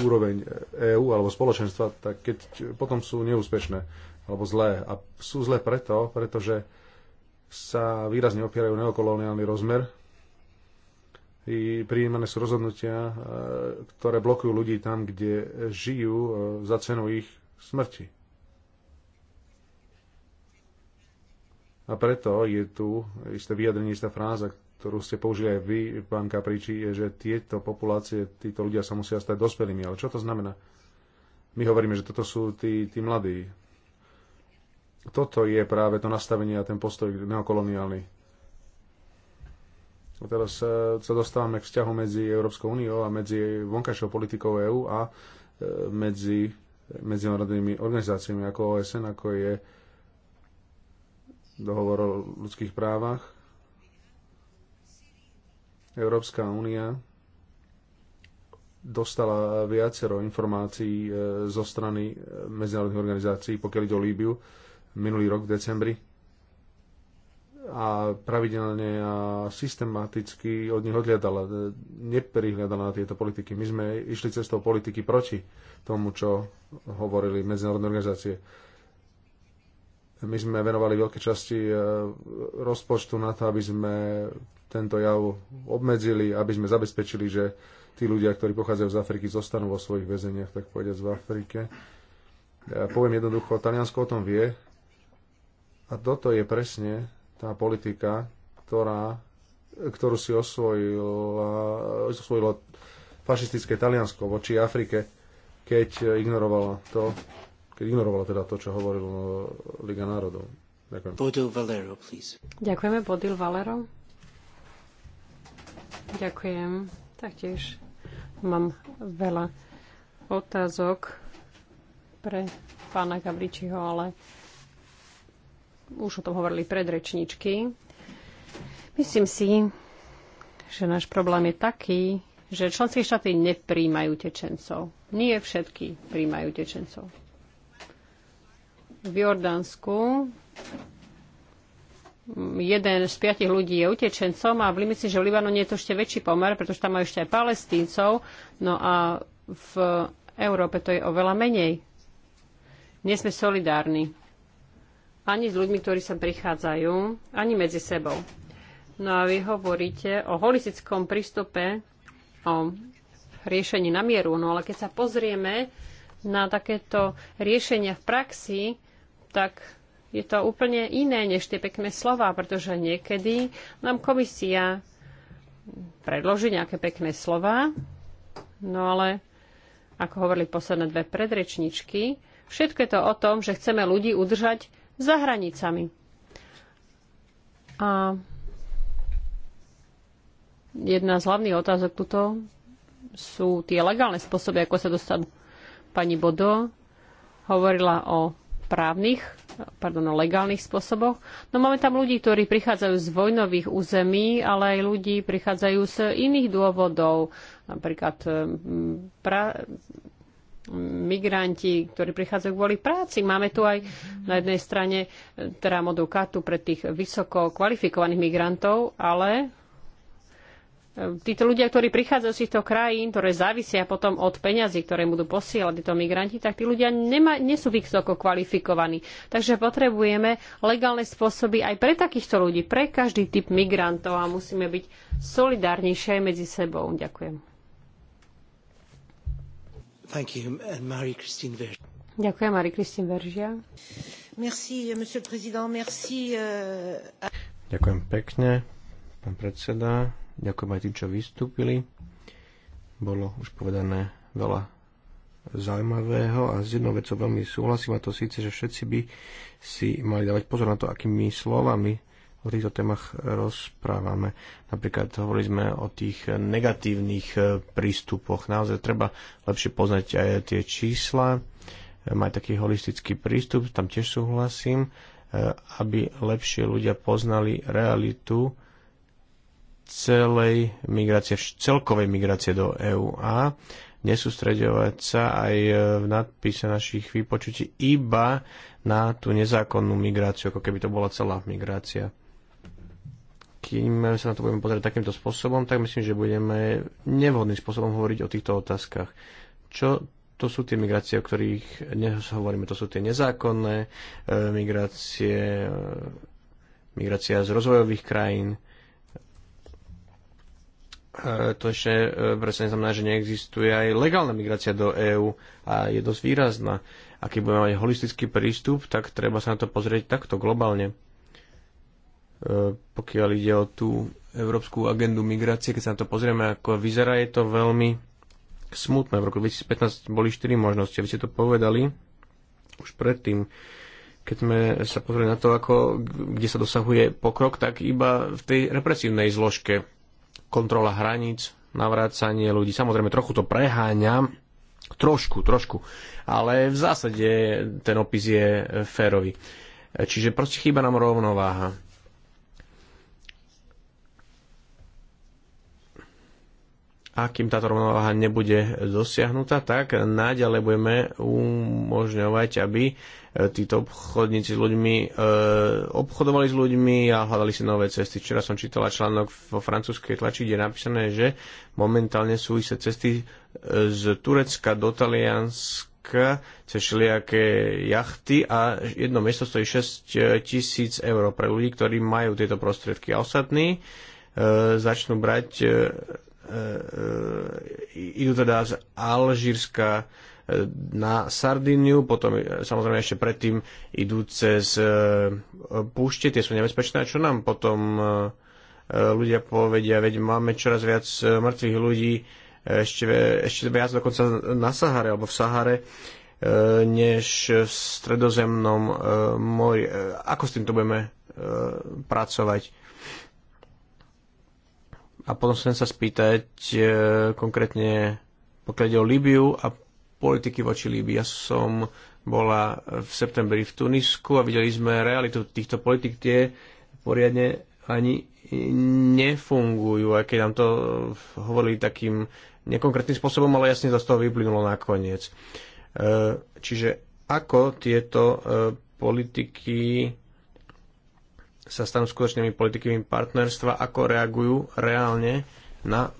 úroveň EÚ alebo spoločenstva, tak keď potom sú neúspešné alebo zlé. A sú zlé preto, pretože sa výrazne opierajú neokoloniálny rozmer. I prijímané sú rozhodnutia, e, ktoré blokujú ľudí tam, kde žijú e, za cenu ich smrti. A preto je tu isté vyjadrenie, istá fráza, ktorú ste použili aj vy, pán Kapriči, je, že tieto populácie, títo ľudia sa musia stať dospelými. Ale čo to znamená? My hovoríme, že toto sú tí, tí mladí, toto je práve to nastavenie a ten postoj neokoloniálny. A teraz e, sa dostávame k vzťahu medzi Európskou úniou a medzi vonkajšou politikou EÚ a e, medzi medzinárodnými organizáciami ako OSN, ako je dohovor o ľudských právach. Európska únia dostala viacero informácií e, zo strany medzinárodných organizácií, pokiaľ ide o Líbiu minulý rok v decembri a pravidelne a systematicky od nich odhľadala, neprihľadala na tieto politiky. My sme išli cestou politiky proti tomu, čo hovorili medzinárodné organizácie. My sme venovali veľké časti e, rozpočtu na to, aby sme tento jav obmedzili, aby sme zabezpečili, že tí ľudia, ktorí pochádzajú z Afriky, zostanú vo svojich väzeniach, tak povediať, v Afrike. Ja poviem jednoducho, Taliansko o tom vie, a toto je presne tá politika, ktorá, ktorú si osvojila osvojilo fašistické Taliansko voči Afrike, keď ignorovala to, keď ignorovala teda to, čo hovoril no, Liga národov. Ďakujem. Bodil Valero, please. Ďakujeme, Bodil Valero. Ďakujem. Taktiež mám veľa otázok pre pána Gabričiho, ale už o tom hovorili predrečničky. Myslím si, že náš problém je taký, že členské štáty nepríjmajú tečencov. Nie všetky príjmajú tečencov. V Jordánsku jeden z piatich ľudí je utečencom a v si, že v Libanone je to ešte väčší pomer, pretože tam majú ešte aj palestíncov, no a v Európe to je oveľa menej. Nie sme solidárni ani s ľuďmi, ktorí sem prichádzajú, ani medzi sebou. No a vy hovoríte o holistickom prístupe, o riešení na mieru. No ale keď sa pozrieme na takéto riešenia v praxi, tak je to úplne iné než tie pekné slova, pretože niekedy nám komisia predloží nejaké pekné slova, no ale ako hovorili posledné dve predrečničky, všetko je to o tom, že chceme ľudí udržať za hranicami. A jedna z hlavných otázok tuto sú tie legálne spôsoby, ako sa dostanú. Pani Bodo hovorila o právnych, pardon, o legálnych spôsoboch. No máme tam ľudí, ktorí prichádzajú z vojnových území, ale aj ľudí prichádzajú z iných dôvodov, napríklad mm, pra, migranti, ktorí prichádzajú kvôli práci. Máme tu aj na jednej strane e, teda modú kartu pre tých vysoko kvalifikovaných migrantov, ale e, títo ľudia, ktorí prichádzajú z týchto krajín, ktoré závisia potom od peňazí, ktoré budú posielať títo migranti, tak tí ľudia nema, nie sú vysoko kvalifikovaní. Takže potrebujeme legálne spôsoby aj pre takýchto ľudí, pre každý typ migrantov a musíme byť solidárnejšie medzi sebou. Ďakujem. Thank you, Marie-Christine Ďakujem, Marie-Christine Veržia. Merci, monsieur le président. Merci. Uh... Ďakujem pekne, pán predseda. Ďakujem aj tým, čo vystúpili. Bolo už povedané veľa zaujímavého a s jednou vecou veľmi súhlasím a to síce, že všetci by si mali dávať pozor na to, akými slovami o týchto témach rozprávame. Napríklad hovorili sme o tých negatívnych e, prístupoch. Naozaj treba lepšie poznať aj tie čísla, e, mať taký holistický prístup, tam tiež súhlasím, e, aby lepšie ľudia poznali realitu celej migrácie, celkovej migrácie do EÚ a nesústredovať sa aj v nadpise našich výpočutí iba na tú nezákonnú migráciu, ako keby to bola celá migrácia kým sa na to budeme pozrieť takýmto spôsobom, tak myslím, že budeme nevhodným spôsobom hovoriť o týchto otázkach. Čo to sú tie migrácie, o ktorých dnes hovoríme, to sú tie nezákonné e, migrácie, e, migrácia z rozvojových krajín. E, to ešte e, presne znamená, že neexistuje aj legálna migrácia do EÚ a je dosť výrazná. A keď budeme mať holistický prístup, tak treba sa na to pozrieť takto globálne. E, pokiaľ ide o tú európsku agendu migrácie, keď sa na to pozrieme, ako vyzerá, je to veľmi smutné. V roku 2015 boli 4 možnosti, vy ste to povedali už predtým keď sme sa pozreli na to, ako, kde sa dosahuje pokrok, tak iba v tej represívnej zložke kontrola hraníc, navrácanie ľudí. Samozrejme, trochu to preháňam, trošku, trošku, ale v zásade ten opis je férový. Čiže proste chýba nám rovnováha a kým táto rovnováha nebude dosiahnutá, tak naďalej budeme umožňovať, aby e, títo obchodníci s ľuďmi e, obchodovali s ľuďmi a hľadali si nové cesty. Včera som čítala článok vo francúzskej tlači, kde je napísané, že momentálne sú isté cesty e, z Turecka do Talianska cez všelijaké jachty a jedno miesto stojí 6 e, tisíc eur pre ľudí, ktorí majú tieto prostriedky. A ostatní e, začnú brať e, E, e, idú teda z Alžírska e, na Sardíniu, potom samozrejme ešte predtým idú cez púšte, tie sú nebezpečné, čo nám potom ľudia povedia, veď máme čoraz viac mŕtvych ľudí, ešte, ešte viac dokonca na Sahare alebo v Sahare, než v stredozemnom mori. Ako s týmto budeme pracovať? A potom chcem sa spýtať e, konkrétne, pokiaľ ide o Líbiu a politiky voči Líbii. Ja som bola v septembri v Tunisku a videli sme realitu týchto politik, tie poriadne ani nefungujú, aj keď nám to hovorili takým nekonkrétnym spôsobom, ale jasne to z toho vyplynulo nakoniec. E, čiže ako tieto e, politiky sa stanú skutočnými politikami partnerstva, ako reagujú reálne na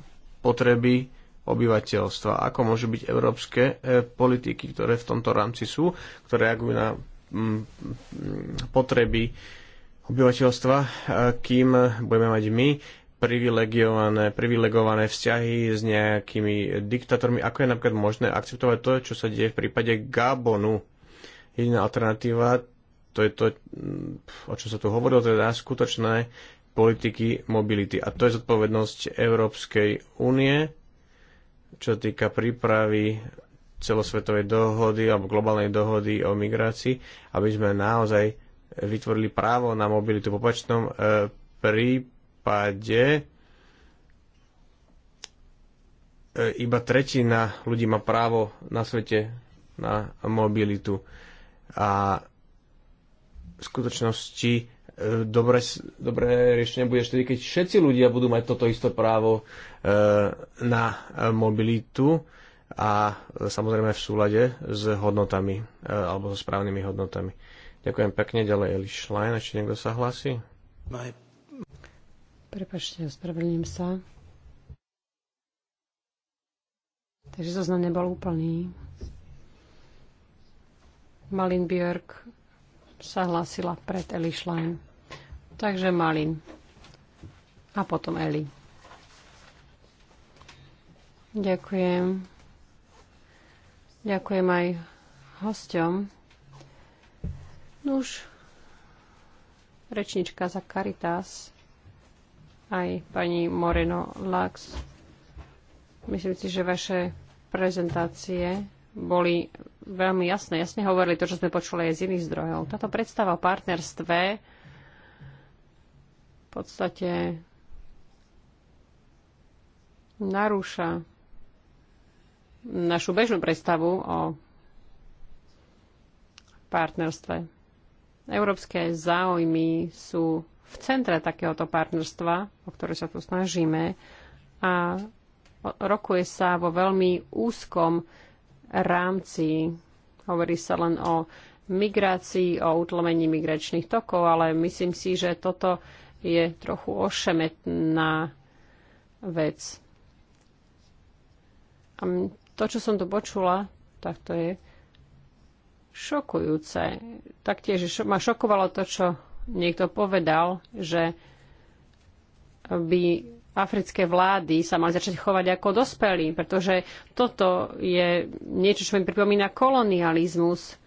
potreby obyvateľstva, ako môžu byť európske e, politiky, ktoré v tomto rámci sú, ktoré reagujú na mm, mm, potreby obyvateľstva, e, kým budeme mať my privilegované, privilegované vzťahy s nejakými diktátormi, ako je napríklad možné akceptovať to, čo sa deje v prípade Gabonu. Jediná alternatíva to je to, o čom sa tu hovorilo, teda skutočné politiky mobility. A to je zodpovednosť Európskej únie, čo týka prípravy celosvetovej dohody alebo globálnej dohody o migrácii, aby sme naozaj vytvorili právo na mobilitu. V opačnom e, prípade e, iba tretina ľudí má právo na svete na mobilitu. A v skutočnosti dobré, e, dobré riešenie bude vtedy, keď všetci ľudia budú mať toto isté právo e, na mobilitu a samozrejme v súlade s hodnotami e, alebo so správnymi hodnotami. Ďakujem pekne. Ďalej Eli Schlein. Ešte niekto sa hlási? Prepačte, ospravedlňujem sa. Takže zoznam nebol úplný. Malin Björk sa hlásila pred Eli Schlein. Takže Malin. A potom Eli. Ďakujem. Ďakujem aj hosťom. Nuž, rečnička za Caritas, aj pani Moreno Lax. Myslím si, že vaše prezentácie boli veľmi jasné, jasne hovorili to, čo sme počuli aj z iných zdrojov. Táto predstava o partnerstve v podstate narúša našu bežnú predstavu o partnerstve. Európske záujmy sú v centre takéhoto partnerstva, o ktoré sa tu snažíme, a rokuje sa vo veľmi úzkom rámci. Hovorí sa len o migrácii, o utlmení migračných tokov, ale myslím si, že toto je trochu ošemetná vec. A to, čo som tu počula, tak to je šokujúce. Taktiež ma šokovalo to, čo niekto povedal, že by africké vlády sa mali začať chovať ako dospelí, pretože toto je niečo, čo mi pripomína kolonializmus.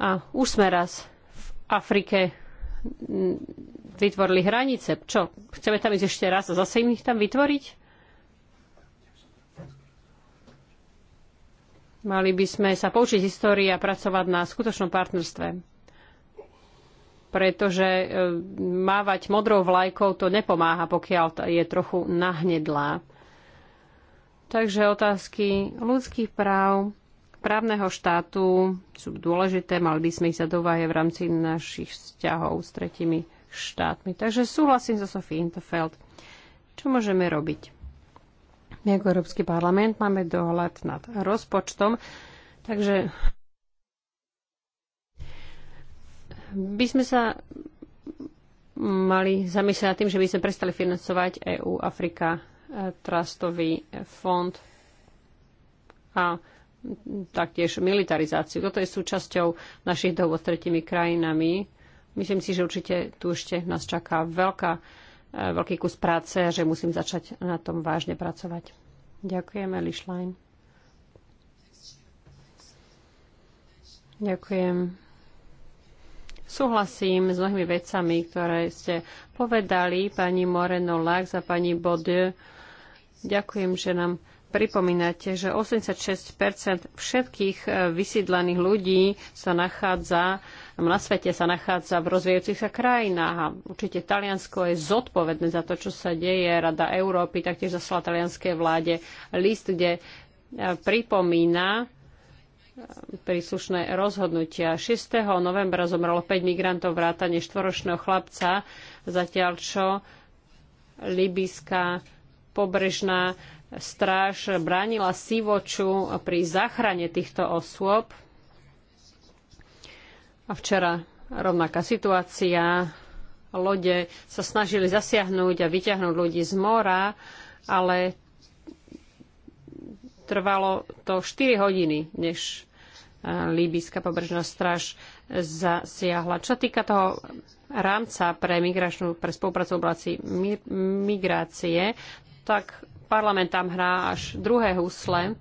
A už sme raz v Afrike vytvorili hranice. Čo, chceme tam ísť ešte raz a zase im ich tam vytvoriť? Mali by sme sa poučiť histórii a pracovať na skutočnom partnerstve pretože e, mávať modrou vlajkou to nepomáha, pokiaľ je trochu nahnedlá. Takže otázky ľudských práv, právneho štátu sú dôležité, mali by sme ich zadovaje v rámci našich vzťahov s tretimi štátmi. Takže súhlasím so Sofie Interfeld. Čo môžeme robiť? My ako Európsky parlament máme dohľad nad rozpočtom, takže by sme sa mali zamyslieť nad tým, že by sme prestali financovať EU Afrika e, Trustový fond a taktiež militarizáciu. Toto je súčasťou našich dohôd s tretimi krajinami. Myslím si, že určite tu ešte nás čaká veľká, e, veľký kus práce a že musím začať na tom vážne pracovať. Ďakujem, Eli Schlein. Ďakujem. Súhlasím s mnohými vecami, ktoré ste povedali, pani Moreno Lax a pani Bode. Ďakujem, že nám pripomínate, že 86 všetkých e, vysídlených ľudí sa nachádza, na svete sa nachádza v rozvíjajúcich sa krajinách. A určite Taliansko je zodpovedné za to, čo sa deje. Rada Európy taktiež zaslala talianskej vláde list, kde e, pripomína príslušné rozhodnutia. 6. novembra zomrelo 5 migrantov vrátane štvoročného chlapca, zatiaľ čo libyská pobrežná stráž bránila Sivoču pri záchrane týchto osôb. A včera rovnaká situácia. Lode sa snažili zasiahnuť a vyťahnuť ľudí z mora, ale trvalo to 4 hodiny, než e, líbyská pobrežná straž zasiahla. Čo týka toho rámca pre, migračnú, pre spoluprácu v oblasti migrácie, tak parlament tam hrá až druhé husle.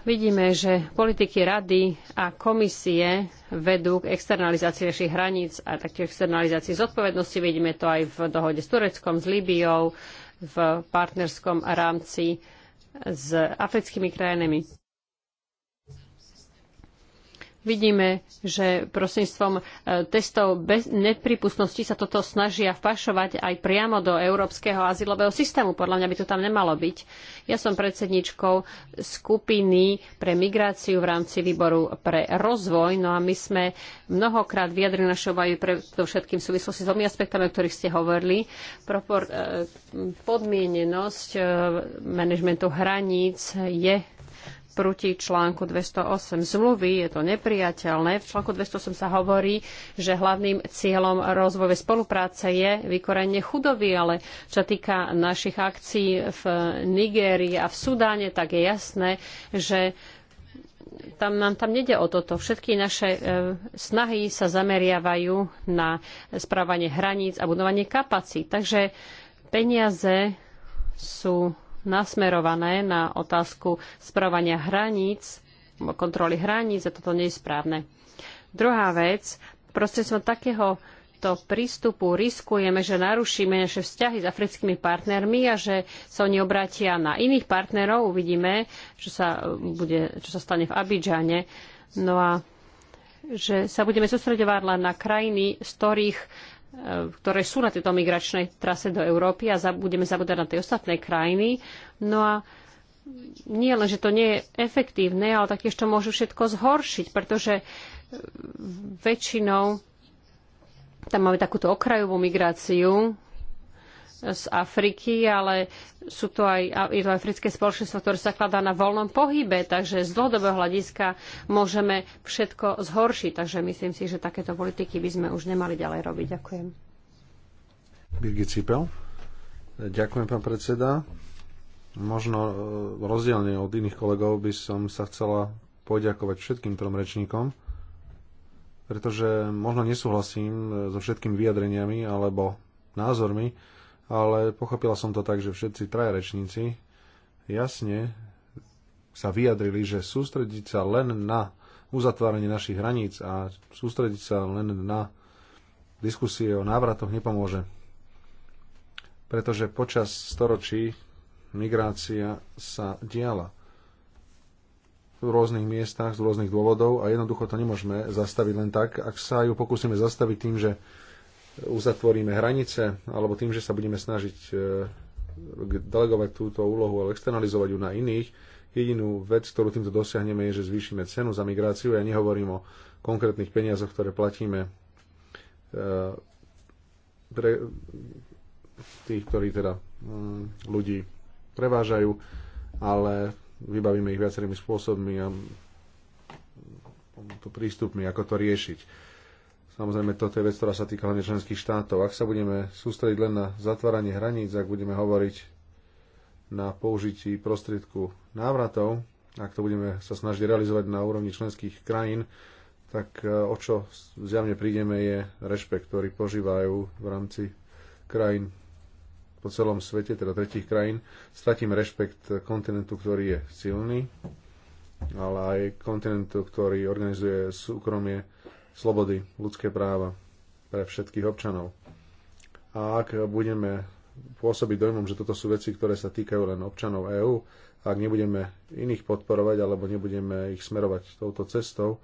Vidíme, že politiky rady a komisie vedú k externalizácii našich hraníc a taktiež externalizácii zodpovednosti. Vidíme to aj v dohode s Tureckom, s Líbiou, v partnerskom rámci s africkými krajinami. Vidíme, že prostredníctvom e, testov bez nepripustnosti sa toto snažia vpašovať aj priamo do európskeho azylového systému. Podľa mňa by to tam nemalo byť. Ja som predsedničkou skupiny pre migráciu v rámci výboru pre rozvoj. No a my sme mnohokrát vyjadrili naše obavy pre to všetkým v súvislosti s dvomi aspektami, o ktorých ste hovorili. Propor- e, podmienenosť e, manažmentu hraníc je proti článku 208 zmluvy, je to nepriateľné. V článku 208 sa hovorí, že hlavným cieľom rozvoje spolupráce je vykorenie chudoby, ale čo týka našich akcií v Nigérii a v Sudáne, tak je jasné, že tam nám tam nede o toto. Všetky naše e, snahy sa zameriavajú na správanie hraníc a budovanie kapacít. Takže peniaze sú nasmerované na otázku správania hraníc, kontroly hraníc a toto nie je správne. Druhá vec, som takého to prístupu riskujeme, že narušíme naše vzťahy s africkými partnermi a že sa oni obrátia na iných partnerov. Uvidíme, čo sa, bude, čo sa stane v Abidžane. No a že sa budeme sústredovať len na krajiny, z ktorých E, ktoré sú na tejto migračnej trase do Európy a budeme zabúdať na tie ostatné krajiny. No a nie len, že to nie je efektívne, ale taktiež to môže všetko zhoršiť, pretože väčšinou tam máme takúto okrajovú migráciu, z Afriky, ale sú to aj, je to africké spoločenstvo, ktoré sa kladá na voľnom pohybe, takže z dlhodobého hľadiska môžeme všetko zhoršiť. Takže myslím si, že takéto politiky by sme už nemali ďalej robiť. Ďakujem. Birgit Cipel. Ďakujem, pán predseda. Možno e, rozdielne od iných kolegov by som sa chcela poďakovať všetkým trom rečníkom, pretože možno nesúhlasím e, so všetkými vyjadreniami alebo názormi, ale pochopila som to tak, že všetci traja rečníci jasne sa vyjadrili, že sústrediť sa len na uzatváranie našich hraníc a sústrediť sa len na diskusie o návratoch nepomôže. Pretože počas storočí migrácia sa diala v rôznych miestach z rôznych dôvodov a jednoducho to nemôžeme zastaviť len tak. Ak sa ju pokúsime zastaviť tým, že uzatvoríme hranice, alebo tým, že sa budeme snažiť e, delegovať túto úlohu, alebo externalizovať ju na iných. Jedinú vec, ktorú týmto dosiahneme, je, že zvýšime cenu za migráciu. Ja nehovorím o konkrétnych peniazoch, ktoré platíme e, pre tých, ktorí teda mm, ľudí prevážajú, ale vybavíme ich viacerými spôsobmi a prístupmi, ako to riešiť Samozrejme, toto je vec, ktorá sa týka hlavne členských štátov. Ak sa budeme sústrediť len na zatváranie hraníc, ak budeme hovoriť na použití prostriedku návratov, ak to budeme sa snažiť realizovať na úrovni členských krajín, tak e, o čo zjavne prídeme je rešpekt, ktorý požívajú v rámci krajín po celom svete, teda tretich krajín. Stratím rešpekt kontinentu, ktorý je silný, ale aj kontinentu, ktorý organizuje súkromie slobody, ľudské práva pre všetkých občanov. A ak budeme pôsobiť dojmom, že toto sú veci, ktoré sa týkajú len občanov EÚ, ak nebudeme iných podporovať alebo nebudeme ich smerovať touto cestou,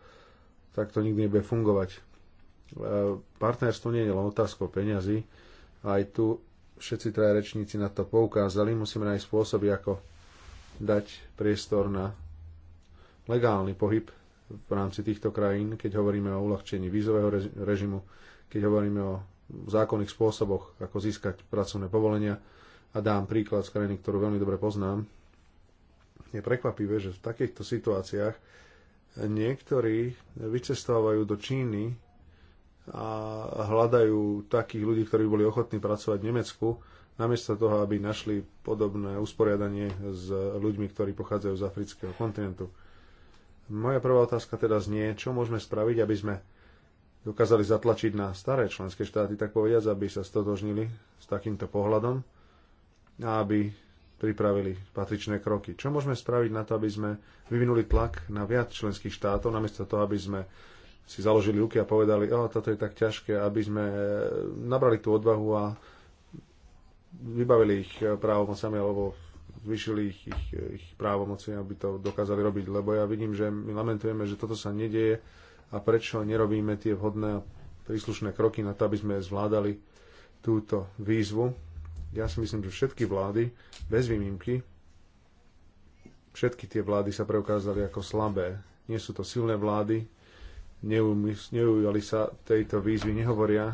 tak to nikdy nebude fungovať. E, partnerstvo nie je len otázkou peňazí, aj tu všetci traja rečníci na to poukázali, musíme nájsť spôsoby, ako dať priestor na legálny pohyb v rámci týchto krajín, keď hovoríme o uľahčení vízového režimu, keď hovoríme o zákonných spôsoboch, ako získať pracovné povolenia. A dám príklad z krajiny, ktorú veľmi dobre poznám. Je prekvapivé, že v takýchto situáciách niektorí vycestávajú do Číny a hľadajú takých ľudí, ktorí boli ochotní pracovať v Nemecku, namiesto toho, aby našli podobné usporiadanie s ľuďmi, ktorí pochádzajú z afrického kontinentu moja prvá otázka teda znie, čo môžeme spraviť, aby sme dokázali zatlačiť na staré členské štáty, tak povediať, aby sa stotožnili s takýmto pohľadom a aby pripravili patričné kroky. Čo môžeme spraviť na to, aby sme vyvinuli tlak na viac členských štátov, namiesto toho, aby sme si založili ruky a povedali, o, toto je tak ťažké, aby sme e, nabrali tú odvahu a vybavili ich e, sami alebo zvyšili ich, ich, ich právomoci, aby to dokázali robiť. Lebo ja vidím, že my lamentujeme, že toto sa nedieje a prečo nerobíme tie vhodné a príslušné kroky na to, aby sme zvládali túto výzvu. Ja si myslím, že všetky vlády, bez výnimky, všetky tie vlády sa preukázali ako slabé. Nie sú to silné vlády, neujali sa tejto výzvy, nehovoria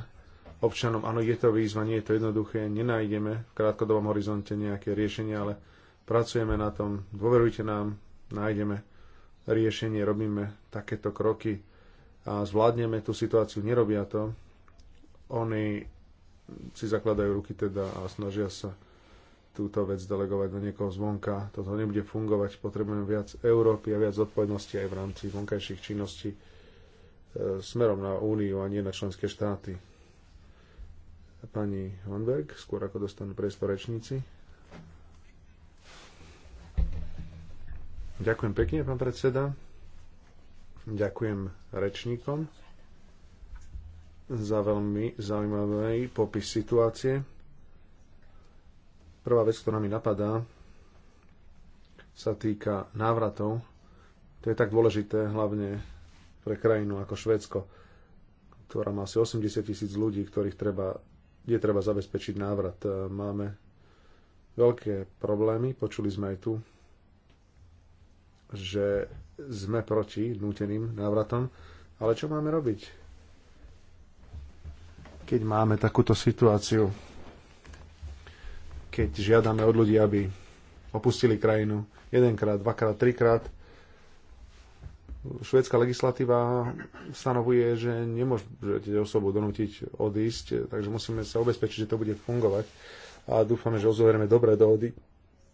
občanom, áno, je to výzva, nie je to jednoduché, nenájdeme v krátkodobom horizonte nejaké riešenie, ale Pracujeme na tom, dôverujte nám, nájdeme riešenie, robíme takéto kroky a zvládneme tú situáciu. Nerobia to. Oni si zakladajú ruky teda a snažia sa túto vec delegovať na niekoho zvonka. Toto nebude fungovať. Potrebujeme viac Európy a viac odpovednosti aj v rámci vonkajších činností e, smerom na Úniu a nie na členské štáty. Pani Honberg, skôr ako dostanú priestor rečníci. Ďakujem pekne, pán predseda. Ďakujem rečníkom za veľmi zaujímavý popis situácie. Prvá vec, ktorá mi napadá, sa týka návratov. To je tak dôležité hlavne pre krajinu ako Švédsko, ktorá má asi 80 tisíc ľudí, ktorých treba, kde treba zabezpečiť návrat. Máme veľké problémy, počuli sme aj tu že sme proti núteným návratom, ale čo máme robiť, keď máme takúto situáciu, keď žiadame od ľudí, aby opustili krajinu jedenkrát, dvakrát, trikrát. Švédska legislatíva stanovuje, že nemôžete osobu donútiť odísť, takže musíme sa ubezpečiť, že to bude fungovať a dúfame, že ozoverieme dobré dohody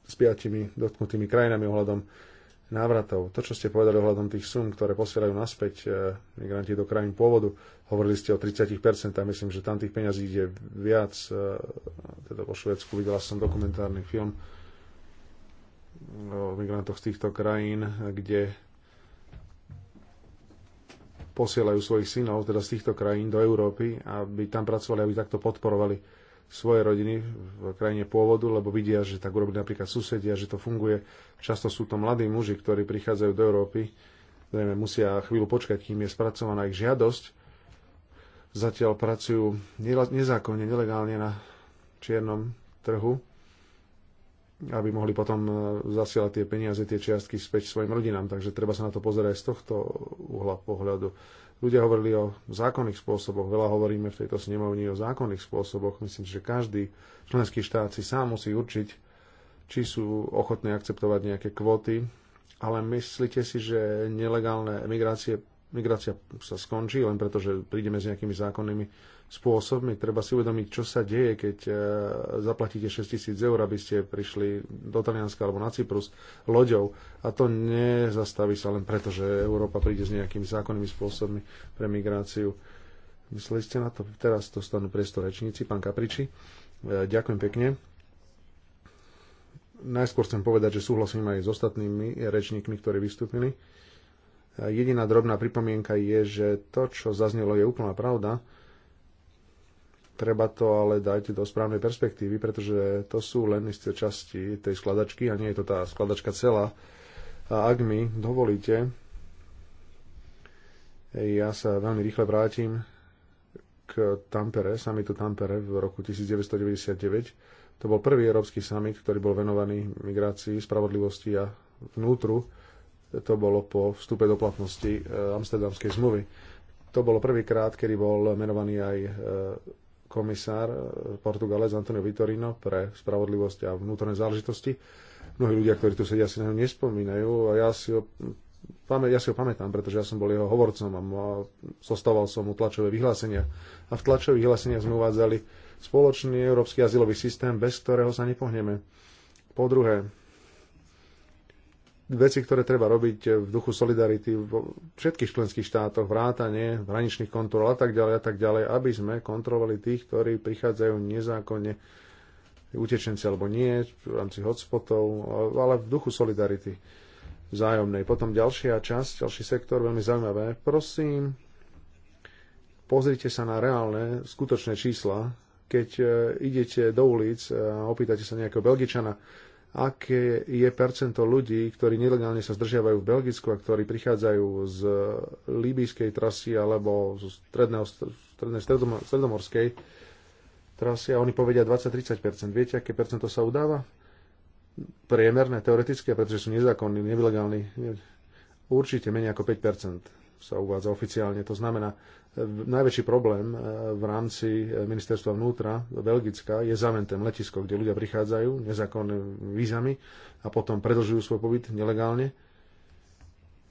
s piatimi dotknutými krajinami ohľadom návratov. To, čo ste povedali ohľadom tých sum, ktoré posielajú naspäť e, migranti do krajín pôvodu, hovorili ste o 30% a myslím, že tam tých peňazí ide viac. E, teda po Švedsku videla som dokumentárny film o migrantoch z týchto krajín, kde posielajú svojich synov, teda z týchto krajín do Európy, aby tam pracovali, aby takto podporovali svoje rodiny v krajine pôvodu, lebo vidia, že tak urobili napríklad susedia, že to funguje. Často sú to mladí muži, ktorí prichádzajú do Európy, zrejme musia chvíľu počkať, kým je spracovaná ich žiadosť. Zatiaľ pracujú nezákonne, nelegálne na čiernom trhu, aby mohli potom e, zasielať tie peniaze, tie čiastky späť svojim rodinám. Takže treba sa na to pozerať z tohto uhla pohľadu. Ľudia hovorili o zákonných spôsoboch, veľa hovoríme v tejto snemovni o zákonných spôsoboch. Myslím, že každý členský štát si sám musí určiť, či sú ochotní akceptovať nejaké kvóty, ale myslíte si, že nelegálne emigrácie migrácia sa skončí, len preto, že prídeme s nejakými zákonnými spôsobmi. Treba si uvedomiť, čo sa deje, keď e, zaplatíte 6000 eur, aby ste prišli do Talianska alebo na Cyprus loďou. A to nezastaví sa len preto, že Európa príde s nejakými zákonnými spôsobmi pre migráciu. Mysleli ste na to? Teraz dostanú priestor rečníci, pán Kapriči. E, ďakujem pekne. Najskôr chcem povedať, že súhlasím aj s ostatnými rečníkmi, ktorí vystúpili Jediná drobná pripomienka je, že to, čo zaznelo, je úplná pravda. Treba to ale dať do správnej perspektívy, pretože to sú len isté časti tej skladačky a nie je to tá skladačka celá. A ak mi dovolíte, ja sa veľmi rýchle vrátim k Tampere, samitu Tampere v roku 1999. To bol prvý európsky summit, ktorý bol venovaný migrácii, spravodlivosti a vnútru to bolo po vstupe do platnosti e, Amsterdamskej zmluvy. To bolo prvýkrát, kedy bol menovaný aj e, komisár e, Portugalec Antonio Vitorino pre spravodlivosť a vnútorné záležitosti. Mnohí ľudia, ktorí tu sedia, si na ňu nespomínajú a ja si ho ja si ho pamätám, pretože ja som bol jeho hovorcom a zostával som mu tlačové vyhlásenia. A v tlačových vyhláseniach sme uvádzali spoločný európsky azylový systém, bez ktorého sa nepohneme. Po druhé, veci, ktoré treba robiť v duchu solidarity vo všetkých členských štátoch, vrátanie hraničných kontrol a tak ďalej a tak ďalej, aby sme kontrolovali tých, ktorí prichádzajú nezákonne utečenci alebo nie, v rámci hotspotov, ale v duchu solidarity vzájomnej. Potom ďalšia časť, ďalší sektor, veľmi zaujímavé. Prosím, pozrite sa na reálne, skutočné čísla, keď eh, idete do ulic eh, a opýtate sa nejakého Belgičana, aké je percento ľudí, ktorí nelegálne sa zdržiavajú v Belgicku a ktorí prichádzajú z líbyjskej trasy alebo z stredného, strednej stredomorskej trasy a oni povedia 20-30%. Viete, aké percento sa udáva? Priemerné, teoretické, pretože sú nezákonní, nelegálni. Určite menej ako 5% sa uvádza oficiálne. To znamená, najväčší problém e, v rámci e, ministerstva vnútra Belgická je zamentem letisko, kde ľudia prichádzajú nezákonné vízami a potom predlžujú svoj pobyt nelegálne,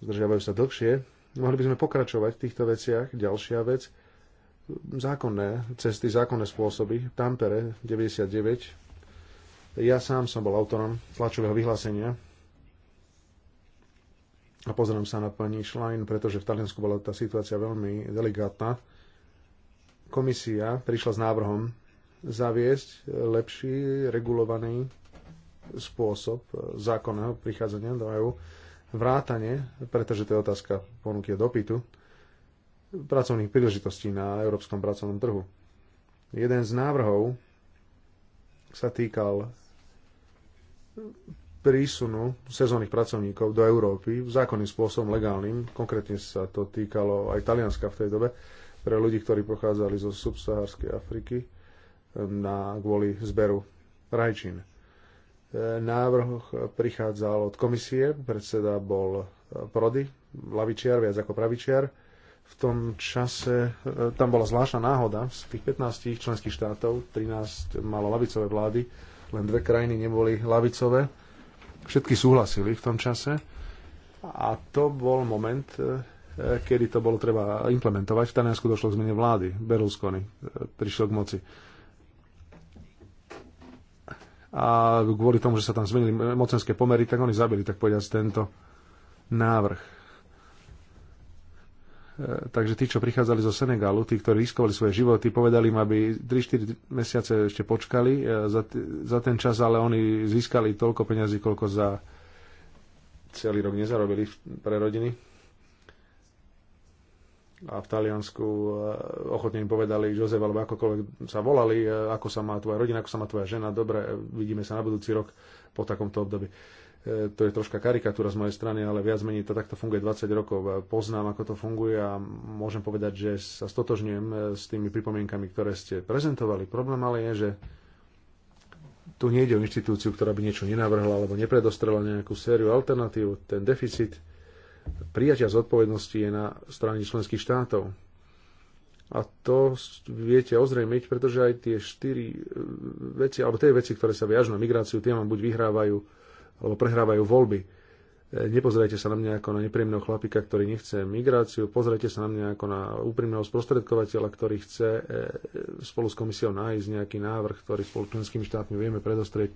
zdržiavajú sa dlhšie. Mohli by sme pokračovať v týchto veciach. Ďalšia vec, zákonné cesty, zákonné spôsoby. Tampere 99. Ja sám som bol autorom tlačového vyhlásenia a pozriem sa na pani Schlein, pretože v Taliansku bola tá situácia veľmi delikátna. Komisia prišla s návrhom zaviesť lepší, regulovaný spôsob zákonného prichádzania do EU, vrátane, pretože to je otázka ponuky a dopytu, pracovných príležitostí na európskom pracovnom trhu. Jeden z návrhov sa týkal prísunu sezónnych pracovníkov do Európy zákonným spôsobom, legálnym. Konkrétne sa to týkalo aj Talianska v tej dobe pre ľudí, ktorí pochádzali zo subsahárskej Afriky e, na, kvôli zberu rajčín. E, návrh prichádzal od komisie, predseda bol e, Prody, lavičiar, viac ako pravičiar. V tom čase tam bola zvláštna náhoda, z tých 15 členských štátov 13 malo lavicové vlády, len dve krajiny neboli lavicové Všetky súhlasili v tom čase a to bol moment, e, kedy to bolo treba implementovať. V Taliansku došlo k zmene vlády. Berlusconi e, prišiel k moci. A kvôli tomu, že sa tam zmenili mocenské pomery, tak oni zabili, tak povediať, tento návrh E, takže tí, čo prichádzali zo Senegalu, tí, ktorí riskovali svoje životy, povedali im, aby 3-4 mesiace ešte počkali e, za, za ten čas, ale oni získali toľko peňazí, koľko za celý rok nezarobili pre rodiny. A v Taliansku e, ochotne im povedali Jozef, alebo akokoľvek sa volali, ako sa má tvoja rodina, ako sa má tvoja žena, dobre, vidíme sa na budúci rok po takomto období. E, to je troška karikatúra z mojej strany, ale viac menej to takto funguje 20 rokov. E, poznám, ako to funguje a môžem povedať, že sa stotožňujem e, s tými pripomienkami, ktoré ste prezentovali. Problém ale je, že tu nejde o inštitúciu, ktorá by niečo nenavrhla alebo nepredostrela nejakú sériu alternatív. Ten deficit prijatia zodpovednosti je na strane členských štátov. A to viete ozrejmiť, pretože aj tie štyri veci, alebo tie veci, ktoré sa viažú na migráciu, tie vám buď vyhrávajú alebo prehrávajú voľby. E, nepozerajte sa na mňa ako na nepríjemného chlapika, ktorý nechce migráciu, pozerajte sa na mňa ako na úprimného sprostredkovateľa, ktorý chce e, spolu s komisiou nájsť nejaký návrh, ktorý spolu členskými štátmi vieme predostrieť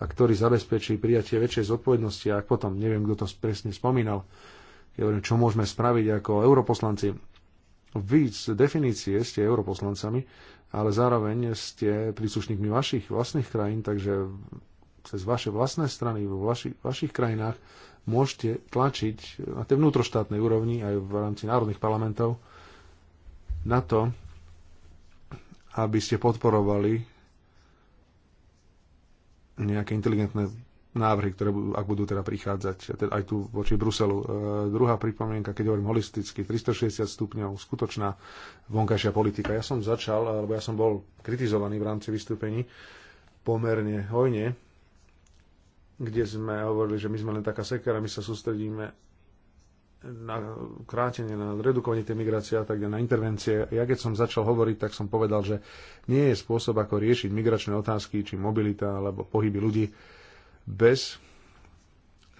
a ktorý zabezpečí prijatie väčšej zodpovednosti. A ak potom, neviem, kto to presne spomínal, ja hovorím, čo môžeme spraviť ako europoslanci. Vy z definície ste europoslancami, ale zároveň ste príslušníkmi vašich vlastných krajín, takže cez vaše vlastné strany vo vaši, vašich krajinách môžete tlačiť na tej vnútroštátnej úrovni aj v rámci národných parlamentov na to, aby ste podporovali nejaké inteligentné návrhy, ktoré budú, ak budú teda prichádzať teda aj tu voči Bruselu. E, druhá pripomienka, keď hovorím holisticky, 360 stupňov, skutočná vonkajšia politika. Ja som začal, alebo ja som bol kritizovaný v rámci vystúpení pomerne hojne kde sme hovorili, že my sme len taká sekera, my sa sústredíme na krátenie, na redukovanie tej migrácie a tak ďalej, na intervencie. Ja keď som začal hovoriť, tak som povedal, že nie je spôsob, ako riešiť migračné otázky, či mobilita alebo pohyby ľudí bez e,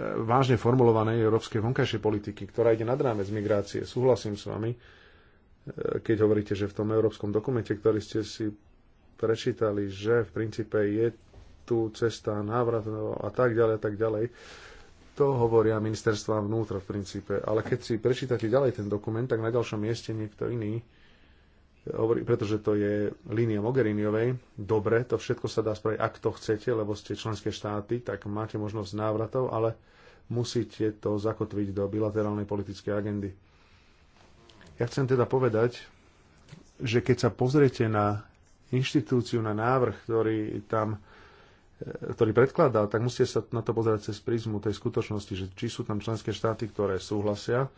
vážne formulovanej európskej vonkajšej politiky, ktorá ide nad rámec migrácie. Súhlasím s vami, e, keď hovoríte, že v tom európskom dokumente, ktorý ste si prečítali, že v princípe je tu cesta návratného a tak ďalej a tak ďalej. To hovoria ministerstva vnútra v princípe. Ale keď si prečítate ďalej ten dokument, tak na ďalšom mieste niekto iný hovorí, pretože to je línia Mogheriniovej. Dobre, to všetko sa dá spraviť, ak to chcete, lebo ste členské štáty, tak máte možnosť návratov, ale musíte to zakotviť do bilaterálnej politickej agendy. Ja chcem teda povedať, že keď sa pozriete na inštitúciu, na návrh, ktorý tam ktorý predkladá, tak musíte sa na to pozerať cez prízmu tej skutočnosti, že či sú tam členské štáty, ktoré súhlasia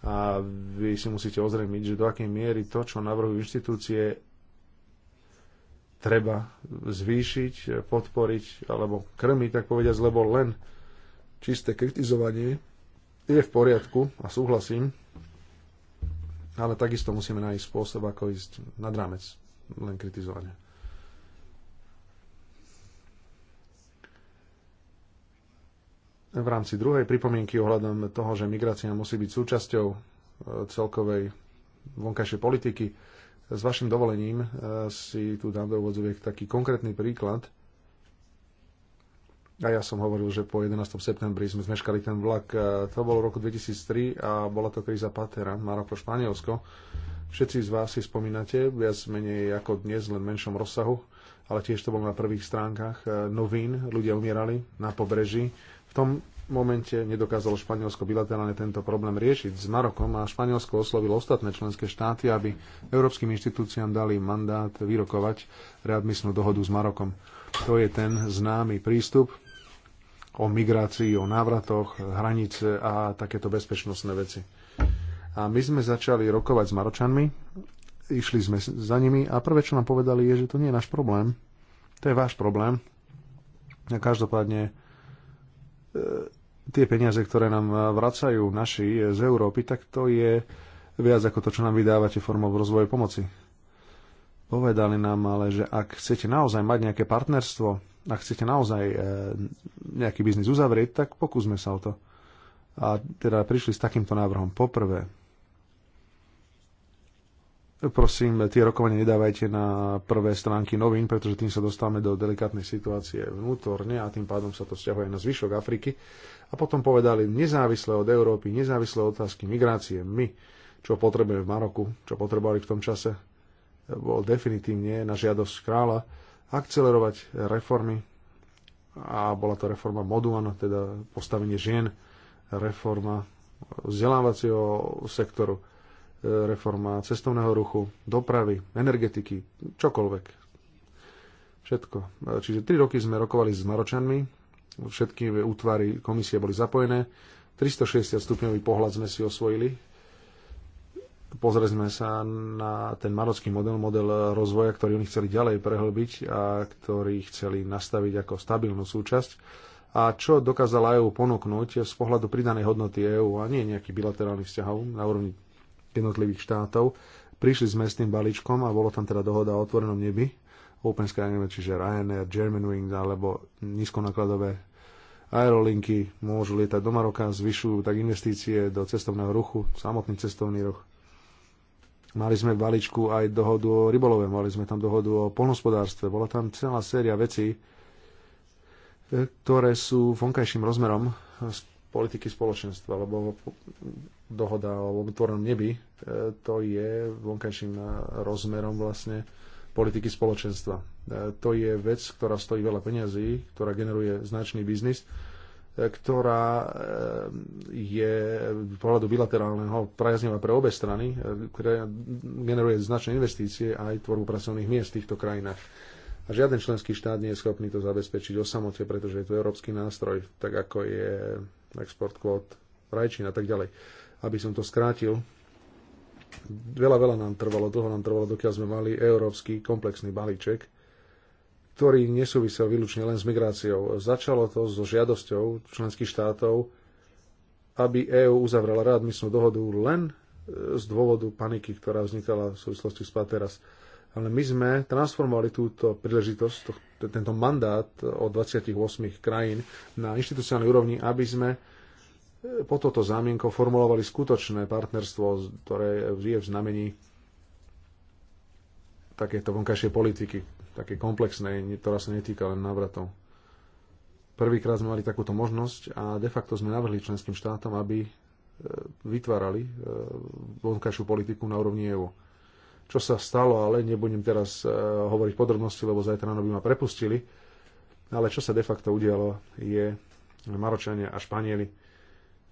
a vy si musíte ozrejmiť, že do akej miery to, čo navrhujú inštitúcie, treba zvýšiť, podporiť alebo krmiť, tak povediať, lebo len čisté kritizovanie je v poriadku a súhlasím, ale takisto musíme nájsť spôsob, ako ísť nad rámec len kritizovania. v rámci druhej pripomienky ohľadom toho, že migrácia musí byť súčasťou e, celkovej vonkajšej politiky. S vašim dovolením e, si tu dám do úvodzoviek taký konkrétny príklad. A ja som hovoril, že po 11. septembri sme zmeškali ten vlak. E, to bolo v roku 2003 a bola to kríza Patera, Maroko, Španielsko. Všetci z vás si spomínate, viac menej ako dnes, len v menšom rozsahu, ale tiež to bolo na prvých stránkach novín. Ľudia umierali na pobreží v tom momente nedokázalo Španielsko bilaterálne tento problém riešiť s Marokom a Španielsko oslovilo ostatné členské štáty, aby európskym inštitúciám dali mandát vyrokovať readmisnú dohodu s Marokom. To je ten známy prístup o migrácii, o návratoch, hranice a takéto bezpečnostné veci. A my sme začali rokovať s Maročanmi, išli sme za nimi a prvé, čo nám povedali, je, že to nie je náš problém, to je váš problém. A každopádne E, tie peniaze, ktoré nám vracajú naši z Európy, tak to je viac ako to, čo nám vydávate formou rozvoja pomoci. Povedali nám ale, že ak chcete naozaj mať nejaké partnerstvo, ak chcete naozaj e, nejaký biznis uzavrieť, tak pokúsme sa o to. A teda prišli s takýmto návrhom. Poprvé, prosím, tie rokovania nedávajte na prvé stránky novín, pretože tým sa dostávame do delikátnej situácie vnútorne a tým pádom sa to stiahuje na zvyšok Afriky. A potom povedali, nezávisle od Európy, nezávisle od otázky migrácie, my, čo potrebujeme v Maroku, čo potrebovali v tom čase, bol definitívne na žiadosť kráľa akcelerovať reformy a bola to reforma Moduan, teda postavenie žien, reforma vzdelávacieho sektoru, reforma cestovného ruchu, dopravy, energetiky, čokoľvek. Všetko. Čiže tri roky sme rokovali s Maročanmi, všetky útvary komisie boli zapojené, 360 stupňový pohľad sme si osvojili. Pozreli sme sa na ten marocký model, model rozvoja, ktorý oni chceli ďalej prehlbiť a ktorý chceli nastaviť ako stabilnú súčasť a čo dokázala EÚ ponúknuť z pohľadu pridanej hodnoty EÚ a nie nejakých bilaterálnych vzťahov na úrovni jednotlivých štátov. Prišli sme s tým balíčkom a bolo tam teda dohoda o otvorenom nebi, Open Sky, čiže Ryanair, Germanwings alebo nízkonákladové aerolinky môžu lietať do Maroka, zvyšujú tak investície do cestovného ruchu, samotný cestovný ruch. Mali sme v balíčku aj dohodu o rybolove, mali sme tam dohodu o polnospodárstve, bola tam celá séria vecí, e, ktoré sú vonkajším rozmerom z politiky spoločenstva, lebo dohoda o otvorenom nebi, e, to je vonkajším rozmerom vlastne politiky spoločenstva. E, to je vec, ktorá stojí veľa peňazí, ktorá generuje značný biznis, e, ktorá je v pohľadu bilaterálneho priaznivá pre obe strany, ktorá generuje značné investície aj tvorbu pracovných miest v týchto krajinách. A žiaden členský štát nie je schopný to zabezpečiť o samote, pretože je to európsky nástroj, tak ako je export kvót rajčín a tak ďalej aby som to skrátil. Veľa, veľa nám trvalo, dlho nám trvalo, dokiaľ sme mali európsky komplexný balíček, ktorý nesúvisel výlučne len s migráciou. Začalo to so žiadosťou členských štátov, aby EÚ uzavrela readmisnú dohodu len e, z dôvodu paniky, ktorá vznikala v súvislosti s Pateras. Ale my sme transformovali túto príležitosť, tento mandát od 28 krajín na inštitucionálnej úrovni, aby sme po toto zámienko formulovali skutočné partnerstvo, ktoré je v znamení takéto vonkajšej politiky, také komplexnej, ktorá sa netýka len návratov. Prvýkrát sme mali takúto možnosť a de facto sme navrhli členským štátom, aby e, vytvárali e, vonkajšiu politiku na úrovni EU. Čo sa stalo, ale nebudem teraz e, hovoriť podrobnosti, lebo zajtra ráno by ma prepustili, ale čo sa de facto udialo, je Maročania a Španieli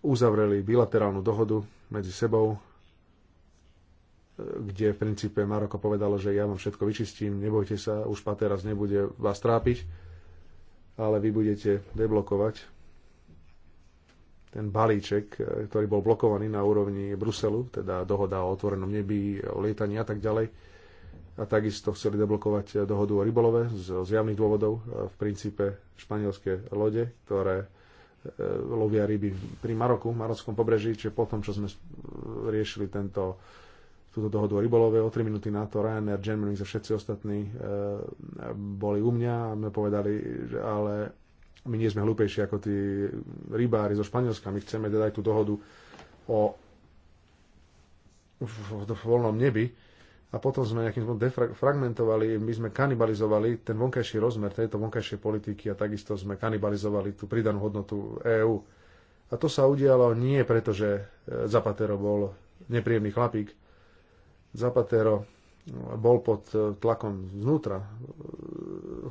uzavreli bilaterálnu dohodu medzi sebou, e, kde v princípe Maroko povedalo, že ja vám všetko vyčistím, nebojte sa, už Pateras nebude vás trápiť, ale vy budete deblokovať ten balíček, e, ktorý bol blokovaný na úrovni Bruselu, teda dohoda o otvorenom nebi, o lietaní a tak ďalej. A takisto chceli deblokovať dohodu o rybolove z, z javných dôvodov. E, v princípe španielské lode, ktoré E, lovia ryby pri Maroku, marockom pobreží, čiže po tom, čo sme riešili tento, túto dohodu o rybolove, o 3 minúty na to Ryanair, Germany a všetci ostatní e, boli u mňa a sme povedali, že ale my nie sme hlúpejší ako tí rybári zo Španielska, my chceme teda aj tú dohodu o v, v, v voľnom nebi, a potom sme nejakým spôsobom defragmentovali, my sme kanibalizovali ten vonkajší rozmer tejto vonkajšej politiky a takisto sme kanibalizovali tú pridanú hodnotu EÚ. A to sa udialo nie preto, že e, Zapatero bol nepríjemný chlapík. Zapatero no, bol pod e, tlakom znútra, e,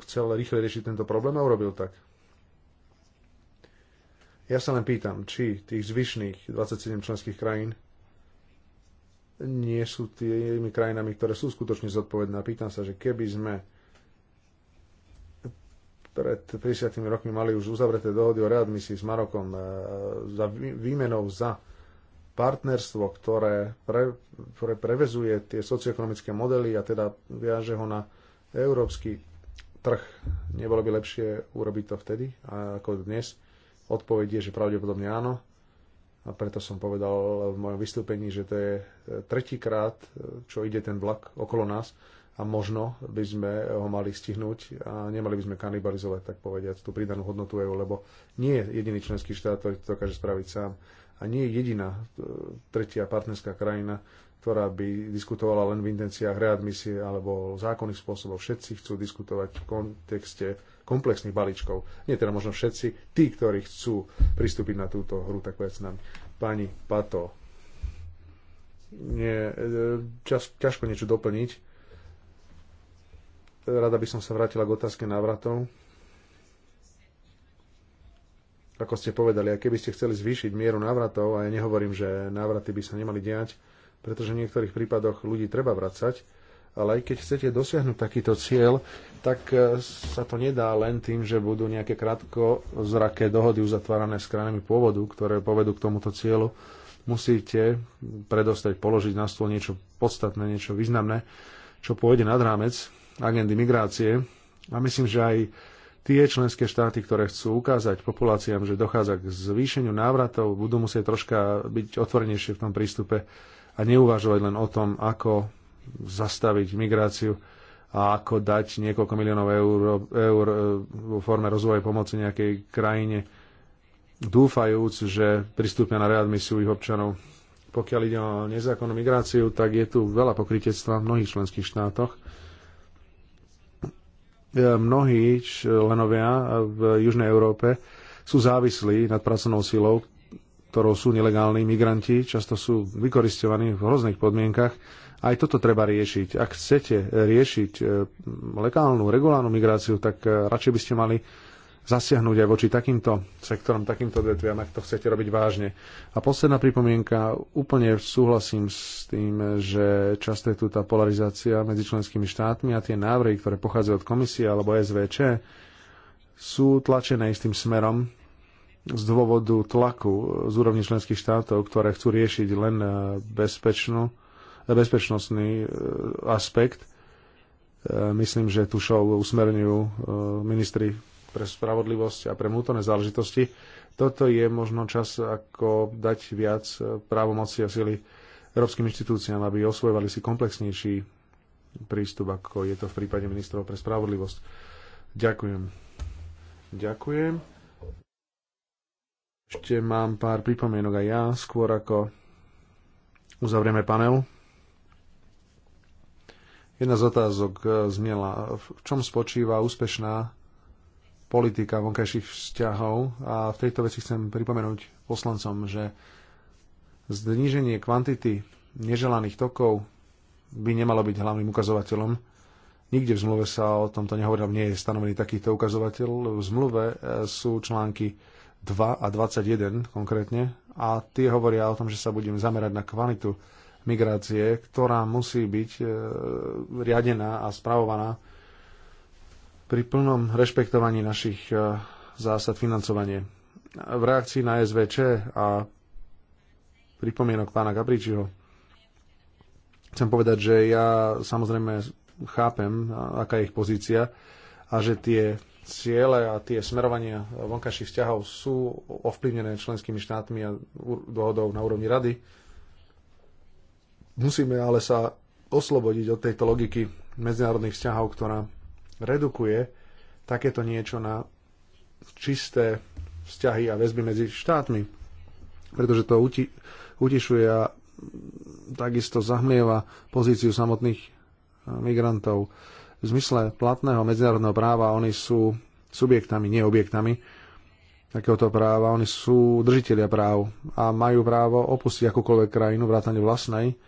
chcel rýchle riešiť tento problém a urobil tak. Ja sa len pýtam, či tých zvyšných 27 členských krajín nie sú tými krajinami, ktoré sú skutočne zodpovedné. a Pýtam sa, že keby sme pred 50 rokmi mali už uzavreté dohody o readmisii s Marokom e, za výmenou za partnerstvo, ktoré pre, pre, prevezuje tie socioekonomické modely a teda viaže ho na európsky trh. Nebolo by lepšie urobiť to vtedy ako dnes? Odpovedie je, že pravdepodobne áno. A preto som povedal v mojom vystúpení, že to je eh, tretíkrát, eh, čo ide ten vlak okolo nás a možno by sme ho mali stihnúť a nemali by sme kanibalizovať, tak povediať, tú pridanú hodnotu EU, lebo nie je jediný členský štát, ktorý to dokáže spraviť sám. A nie je jediná eh, tretia partnerská krajina, ktorá by diskutovala len v intenciách readmisie alebo zákonných spôsobov. Všetci chcú diskutovať v kontexte komplexných balíčkov. Nie teda možno všetci tí, ktorí chcú pristúpiť na túto hru, tak povedz nám. Pani Pato, nie, čas, e, ťažko niečo doplniť. Rada by som sa vrátila k otázke návratov. Ako ste povedali, a keby ste chceli zvýšiť mieru návratov, a ja nehovorím, že návraty by sa nemali diať, pretože v niektorých prípadoch ľudí treba vracať, ale aj keď chcete dosiahnuť takýto cieľ, tak e, sa to nedá len tým, že budú nejaké krátko zraké dohody uzatvárané s krajinami pôvodu, ktoré povedú k tomuto cieľu. Musíte predostať, položiť na stôl niečo podstatné, niečo významné, čo pôjde nad rámec agendy migrácie. A myslím, že aj tie členské štáty, ktoré chcú ukázať populáciám, že dochádza k zvýšeniu návratov, budú musieť troška byť otvornejšie v tom prístupe a neuvažovať len o tom, ako zastaviť migráciu a ako dať niekoľko miliónov eur, eur e, vo forme rozvojovej pomoci nejakej krajine, dúfajúc, že pristúpia na readmisiu ich občanov. Pokiaľ ide o nezákonnú migráciu, tak je tu veľa pokritectva v mnohých členských štátoch. E, mnohí členovia v Južnej Európe sú závislí nad pracovnou silou, ktorou sú nelegálni migranti. Často sú vykoristovaní v hrozných podmienkach aj toto treba riešiť. Ak chcete riešiť e, legálnu, regulárnu migráciu, tak e, radšej by ste mali zasiahnuť aj voči takýmto sektorom, takýmto odvetviam, ak to chcete robiť vážne. A posledná pripomienka, úplne súhlasím s tým, že často je tu tá polarizácia medzi členskými štátmi a tie návrhy, ktoré pochádzajú od komisie alebo SVČ, sú tlačené istým smerom, z dôvodu tlaku z úrovne členských štátov, ktoré chcú riešiť len e, bezpečnú bezpečnostný e, aspekt. E, myslím, že tu show usmerňujú e, ministri pre spravodlivosť a pre vnútorné záležitosti. Toto je možno čas, ako dať viac právomoci a sily európskym inštitúciám, aby osvojovali si komplexnejší prístup, ako je to v prípade ministrov pre spravodlivosť. Ďakujem. Ďakujem. Ešte mám pár pripomienok aj ja, skôr ako uzavrieme panel. Jedna z otázok e, znela, v čom spočíva úspešná politika vonkajších vzťahov a v tejto veci chcem pripomenúť poslancom, že zníženie kvantity neželaných tokov by nemalo byť hlavným ukazovateľom. Nikde v zmluve sa o tomto nehovorilo, nie je stanovený takýto ukazovateľ. V zmluve e, sú články 2 a 21 konkrétne a tie hovoria o tom, že sa budeme zamerať na kvalitu migrácie, ktorá musí byť e, riadená a spravovaná pri plnom rešpektovaní našich e, zásad financovanie. V reakcii na SVČ a pripomienok pána Gabričiho chcem povedať, že ja samozrejme chápem, aká je ich pozícia a že tie ciele a tie smerovania vonkajších vzťahov sú ovplyvnené členskými štátmi a dohodou na úrovni rady Musíme ale sa oslobodiť od tejto logiky medzinárodných vzťahov, ktorá redukuje takéto niečo na čisté vzťahy a väzby medzi štátmi. Pretože to uti- utišuje a takisto zahmlieva pozíciu samotných eh, migrantov. V zmysle platného medzinárodného práva oni sú subjektami, nie objektami takéhoto práva. Oni sú držiteľia práv a majú právo opustiť akúkoľvek krajinu, vrátane vlastnej,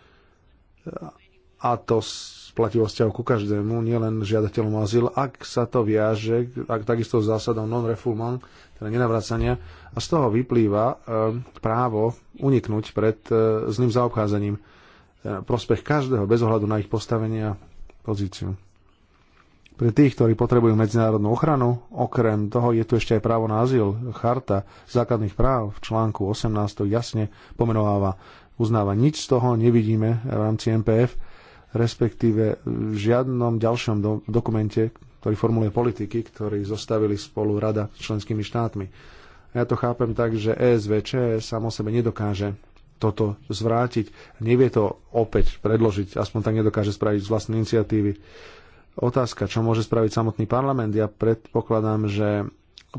a to platí vo vzťahu ku každému, nielen žiadateľom azyl, ak sa to viaže, ak takisto s zásadou non-refoulement, teda nenavracania, a z toho vyplýva e, právo uniknúť pred e, zlým zaobchádzaním teda prospech každého, bez ohľadu na ich postavenie a pozíciu. Pre tých, ktorí potrebujú medzinárodnú ochranu, okrem toho je tu ešte aj právo na azyl. Charta základných práv v článku 18 jasne pomenováva uznáva. Nič z toho nevidíme v rámci MPF, respektíve v žiadnom ďalšom do- dokumente, ktorý formuluje politiky, ktorý zostavili spolu rada s členskými štátmi. Ja to chápem tak, že ESVČ samo sebe nedokáže toto zvrátiť. Nevie to opäť predložiť, aspoň tak nedokáže spraviť z vlastnej iniciatívy. Otázka, čo môže spraviť samotný parlament? Ja predpokladám, že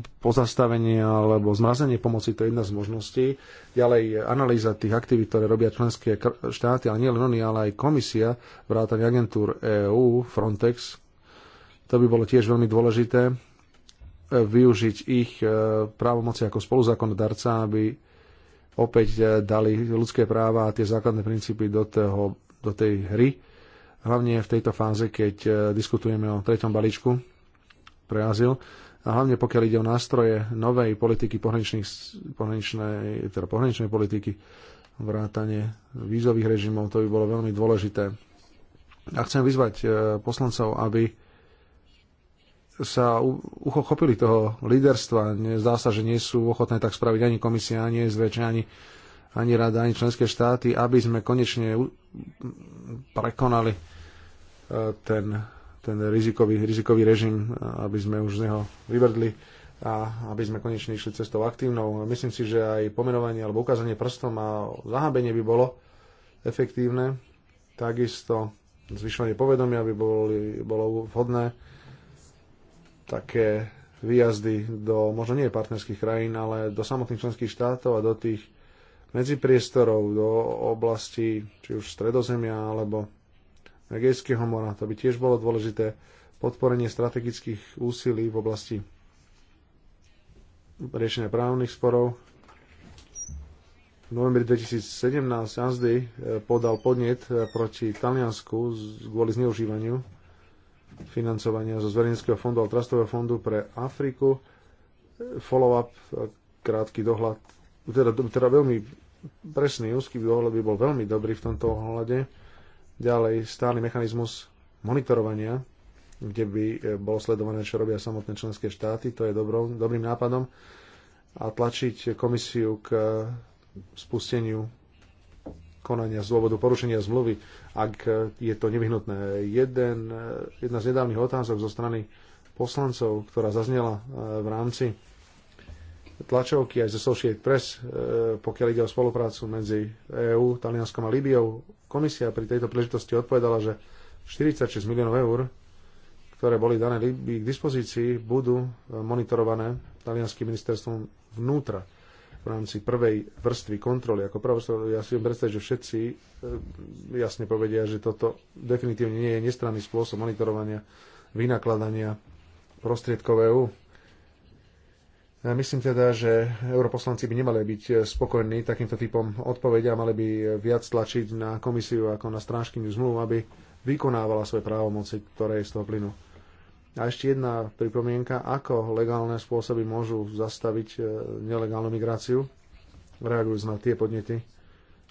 pozastavenie alebo zmrazenie pomoci, to je jedna z možností. Ďalej analýza tých aktivít, ktoré robia členské štáty, ale len oni, ale aj komisia, vrátane agentúr EÚ, Frontex, to by bolo tiež veľmi dôležité e, využiť ich e, právomoci ako spoluzákonodarca, aby opäť e, dali ľudské práva a tie základné princípy do, toho, do tej hry. Hlavne v tejto fáze, keď diskutujeme o treťom balíčku pre azyl a hlavne pokiaľ ide o nástroje novej politiky pohraničnej, teda pohraničnej politiky, vrátanie vízových režimov, to by bolo veľmi dôležité. A chcem vyzvať e, poslancov, aby sa uchopili toho líderstva. Zdá sa, že nie sú ochotné tak spraviť ani komisia, ani SV, ani, ani rada, ani členské štáty, aby sme konečne prekonali e, ten ten rizikový, rizikový režim, aby sme už z neho vyvrdli a aby sme konečne išli cestou aktívnou. Myslím si, že aj pomenovanie alebo ukázanie prstom a zahábenie by bolo efektívne. Takisto zvyšovanie povedomia by boli, bolo vhodné. Také výjazdy do možno nie partnerských krajín, ale do samotných členských štátov a do tých medzipriestorov, do oblasti či už stredozemia alebo Egejského mora. To by tiež bolo dôležité podporenie strategických úsilí v oblasti riešenia právnych sporov. V novembri 2017 Jansdy eh, podal podnet eh, proti Taliansku kvôli zneužívaniu financovania zo Zverinského fondu a Trastového fondu pre Afriku. Eh, follow-up, krátky dohľad, teda, teda veľmi presný, úzky dohľad by bol veľmi dobrý v tomto ohľade Ďalej stály mechanizmus monitorovania, kde by e, bolo sledované, čo robia samotné členské štáty. To je dobrom, dobrým nápadom. A tlačiť komisiu k e, spusteniu konania z dôvodu porušenia zmluvy, ak e, je to nevyhnutné. Jeden, jedna z nedávnych otázok zo strany poslancov, ktorá zaznela v rámci tlačovky aj z Associated Press, e, pokiaľ ide o spoluprácu medzi EÚ, Talianskom a Líbiou. Komisia pri tejto príležitosti odpovedala, že 46 miliónov eur, ktoré boli dané Líbii k dispozícii, budú e, monitorované talianským ministerstvom vnútra v rámci prvej vrstvy kontroly. Ako profesor, ja si viem predstaviť, že všetci e, jasne povedia, že toto definitívne nie je nestranný spôsob monitorovania vynakladania prostriedkov EÚ Myslím teda, že europoslanci by nemali byť spokojní takýmto typom odpovedia a mali by viac tlačiť na komisiu ako na strážkyňu zmluv, aby vykonávala svoje právomoci, ktoré je z toho plynu. A ešte jedna pripomienka, ako legálne spôsoby môžu zastaviť e, nelegálnu migráciu, Reagujú na tie podnety,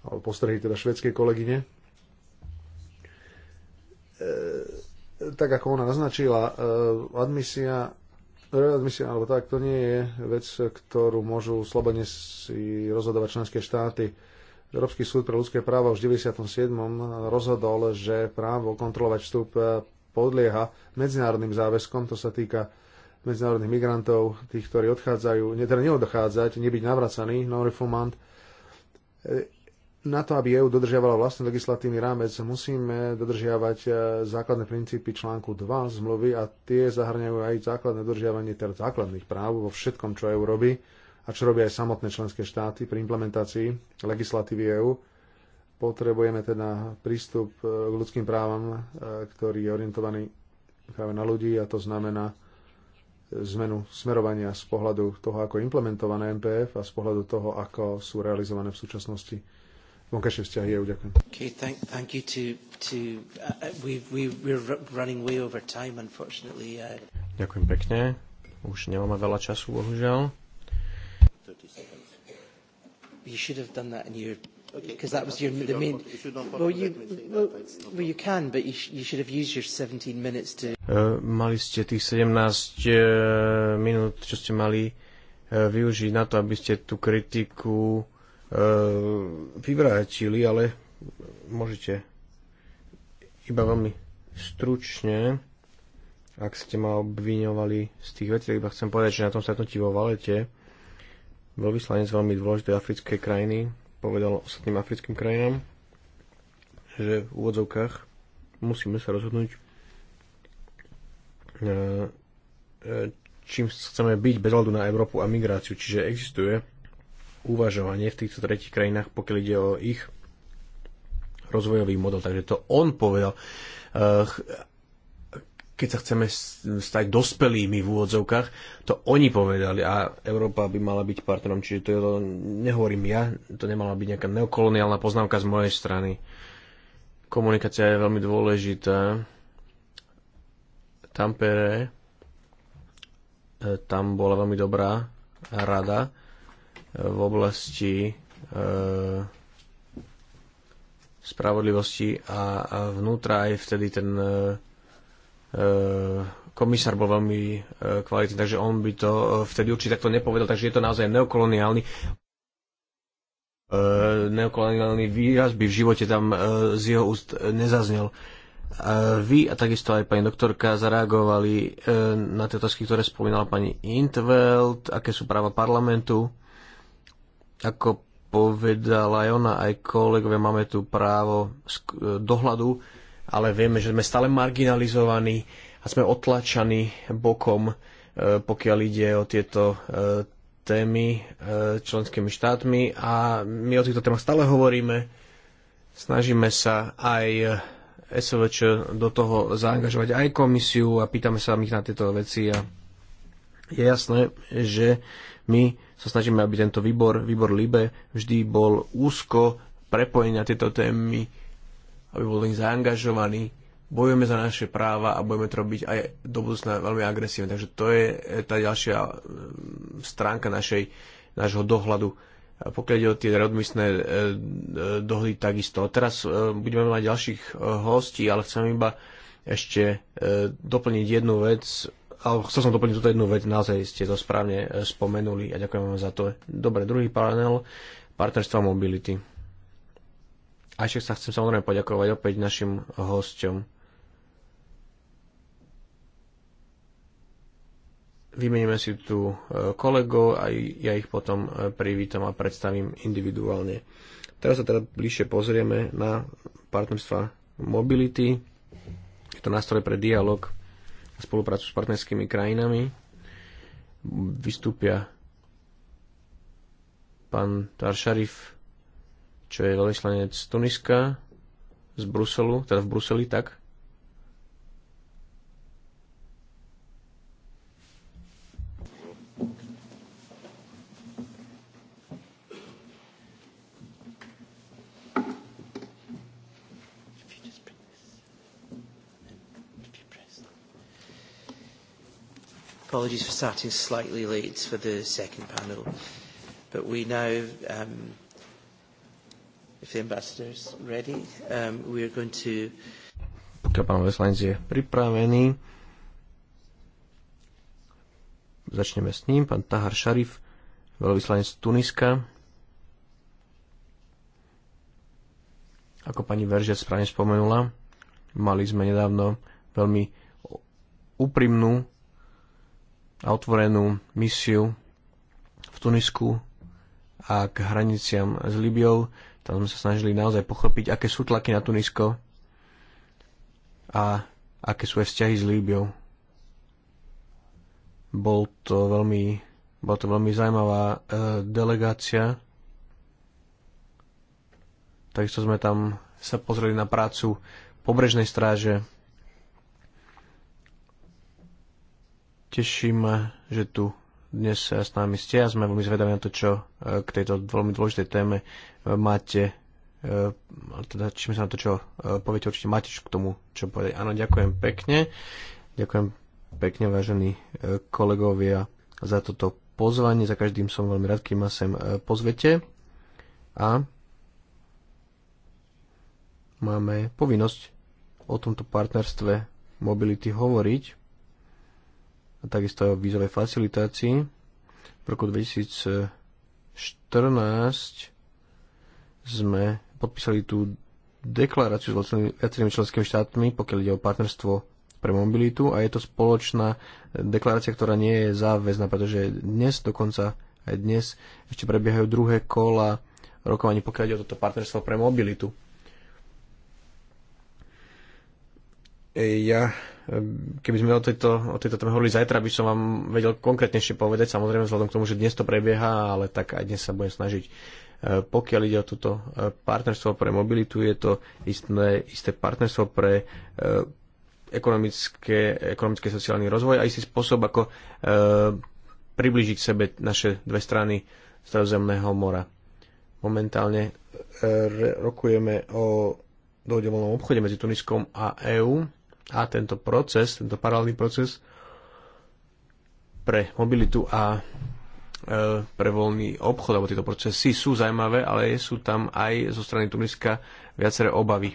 alebo postrehy teda švedskej kolegyne. E, tak ako ona naznačila, e, admisia readmisia alebo tak, to nie je vec, ktorú môžu slobodne si rozhodovať členské štáty. Európsky súd pre ľudské práva už v 97. rozhodol, že právo kontrolovať vstup podlieha medzinárodným záväzkom, to sa týka medzinárodných migrantov, tých, ktorí odchádzajú, teda neodchádzať, nebyť navracaní, non refumant na to, aby EU dodržiavala vlastný legislatívny rámec, musíme dodržiavať e, základné princípy článku 2 zmluvy a tie zahrňajú aj základné dodržiavanie teda základných práv vo všetkom, čo EU robí a čo robia aj samotné členské štáty pri implementácii legislatívy EU. Potrebujeme teda prístup e, k ľudským právam, e, ktorý je orientovaný práve na ľudí a to znamená zmenu smerovania z pohľadu toho, ako je implementované MPF a z pohľadu toho, ako sú realizované v súčasnosti vonkajšie vzťahy EU. Ďakujem. Okay, thank, thank you to, to, uh, uh we, we, we're running way over time, unfortunately. Uh... Ďakujem pekne. Už nemáme veľa času, bohužiaľ. You should have done that in your because that was your the main. Well, you well, well you can, but you, sh you should have used your 17 minutes to. Uh, mali ste tých 17 uh, minút, čo ste mali uh, využiť na to, aby ste tú kritiku E, vyvrátili, ale môžete iba veľmi stručne, ak ste ma obviňovali z tých vecí, iba chcem povedať, že na tom stretnutí vo Valete vyslanec veľmi dôležitej africkej krajiny povedal ostatným africkým krajinám, že v úvodzovkách musíme sa rozhodnúť, e, e, čím chceme byť bez hľadu na Európu a migráciu. Čiže existuje uvažovanie v týchto tretich krajinách, pokiaľ ide o ich rozvojový model. Takže to on povedal. Eh, keď sa chceme stať dospelými v úvodzovkách, to oni povedali a Európa by mala byť partnerom, čiže to, je to nehovorím ja, to nemala byť nejaká neokoloniálna poznámka z mojej strany. Komunikácia je veľmi dôležitá. Tampere, eh, tam bola veľmi dobrá rada v oblasti eh, spravodlivosti a, a vnútra aj vtedy ten e, komisár bol veľmi e, kvalitný, takže on by to vtedy určite takto nepovedal, takže je to naozaj neokoloniálny e, neokoloniálny výraz by v živote tam e, z jeho úst nezaznel. A vy a takisto aj pani doktorka zareagovali e, na tie otázky, ktoré spomínala pani Intveld, aké sú práva parlamentu ako povedala aj ona, aj kolegovia, máme tu právo dohľadu, ale vieme, že sme stále marginalizovaní a sme otlačaní bokom, e, pokiaľ ide o tieto e, témy e, členskými štátmi a my o týchto témach stále hovoríme, snažíme sa aj SVČ do toho zaangažovať aj komisiu a pýtame sa ich na tieto veci a je jasné, že my sa snažíme, aby tento výbor, výbor LIBE, vždy bol úzko prepojený na tieto témy, aby bol zaangažovaný. Bojujeme za naše práva a budeme to robiť aj do budúcna veľmi agresívne. Takže to je e, tá ďalšia e, stránka našej, nášho dohľadu. A pokiaľ ide o tie readmisné e, dohody, takisto. Teraz budeme mať ďalších hostí, ale chcem iba ešte doplniť jednu vec ale chcel som doplniť túto jednu vec, naozaj ste to správne e, spomenuli a ďakujem vám za to. Dobre, druhý panel, partnerstva mobility. A ešte sa chcem samozrejme poďakovať opäť našim hosťom. Vymeníme si tu e, kolegov a ja ich potom e, privítam a predstavím individuálne. Teraz sa teda bližšie pozrieme na partnerstva mobility. Je to nástroj pre dialog spoluprácu s partnerskými krajinami. Vystúpia pán Taršarif, čo je veľvyslanec Tuniska z Bruselu, teda v Bruseli, tak. Apologies for starting slightly late for the second panel. But we now, um, if the ambassador's ready, um, we are going to... Pokiaľ pán Veslanec je pripravený, začneme s ním. Pán Tahar Šarif, veľvyslanec Tuniska. Ako pani Veržia správne spomenula, mali sme nedávno veľmi úprimnú a otvorenú misiu v Tunisku a k hraniciam s Libiou. Tam sme sa snažili naozaj pochopiť, aké sú tlaky na Tunisko a aké sú aj vzťahy s Líbiou. Bol to veľmi, bola to veľmi zaujímavá e, delegácia. Takisto sme tam sa pozreli na prácu pobrežnej stráže Teší ma, že tu dnes s nami ste a sme veľmi zvedaví na to, čo e, k tejto veľmi dôležitej téme e, máte e, teda sa na to, čo poviete, určite máte k tomu, čo povedať. Áno, ďakujem pekne. Ďakujem pekne, vážení kolegovia, za toto pozvanie. Za každým som veľmi rád, kým ma sem pozvete. A máme povinnosť o tomto partnerstve mobility hovoriť takisto aj o vízovej facilitácii. V roku 2014 sme podpísali tú deklaráciu s viacerými členskými štátmi, pokiaľ ide o partnerstvo pre mobilitu a je to spoločná deklarácia, ktorá nie je záväzná, pretože dnes dokonca aj dnes ešte prebiehajú druhé kola rokovaní, pokiaľ ide o toto partnerstvo pre mobilitu. ja, keby sme o tejto, o tejto téme hovorili zajtra, by som vám vedel konkrétnejšie povedať, samozrejme vzhľadom k tomu, že dnes to prebieha, ale tak aj dnes sa budem snažiť. Pokiaľ ide o toto partnerstvo pre mobilitu, je to istné, isté partnerstvo pre ekonomické, ekonomické sociálny rozvoj a istý spôsob, ako približiť sebe naše dve strany Stredozemného mora. Momentálne rokujeme o dohode voľnom obchode medzi Tuniskom a EÚ a tento proces, tento paralelný proces pre mobilitu a e, pre voľný obchod, alebo tieto procesy sú zaujímavé, ale sú tam aj zo strany Tuniska viaceré obavy.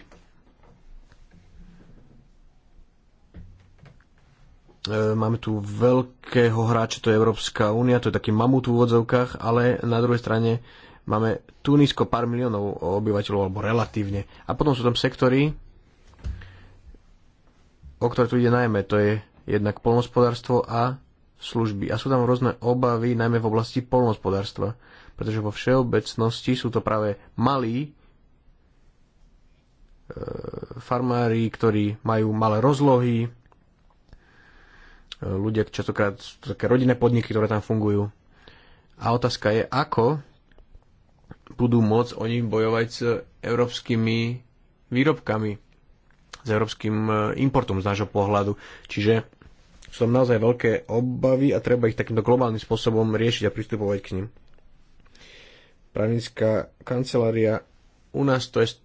E, máme tu veľkého hráča, to je Európska únia, to je taký mamut v úvodzovkách, ale na druhej strane máme Tunisko pár miliónov obyvateľov, alebo relatívne. A potom sú tam sektory, o ktoré tu ide najmä, to je jednak polnospodárstvo a služby. A sú tam rôzne obavy, najmä v oblasti polnospodárstva, pretože vo všeobecnosti sú to práve malí e, farmári, ktorí majú malé rozlohy, e, ľudia častokrát sú také rodinné podniky, ktoré tam fungujú. A otázka je, ako budú môcť oni bojovať s európskymi výrobkami s európskym e, importom z nášho pohľadu. Čiže sú tam naozaj veľké obavy a treba ich takýmto globálnym spôsobom riešiť a pristupovať k nim. Právnická kancelária u nás to je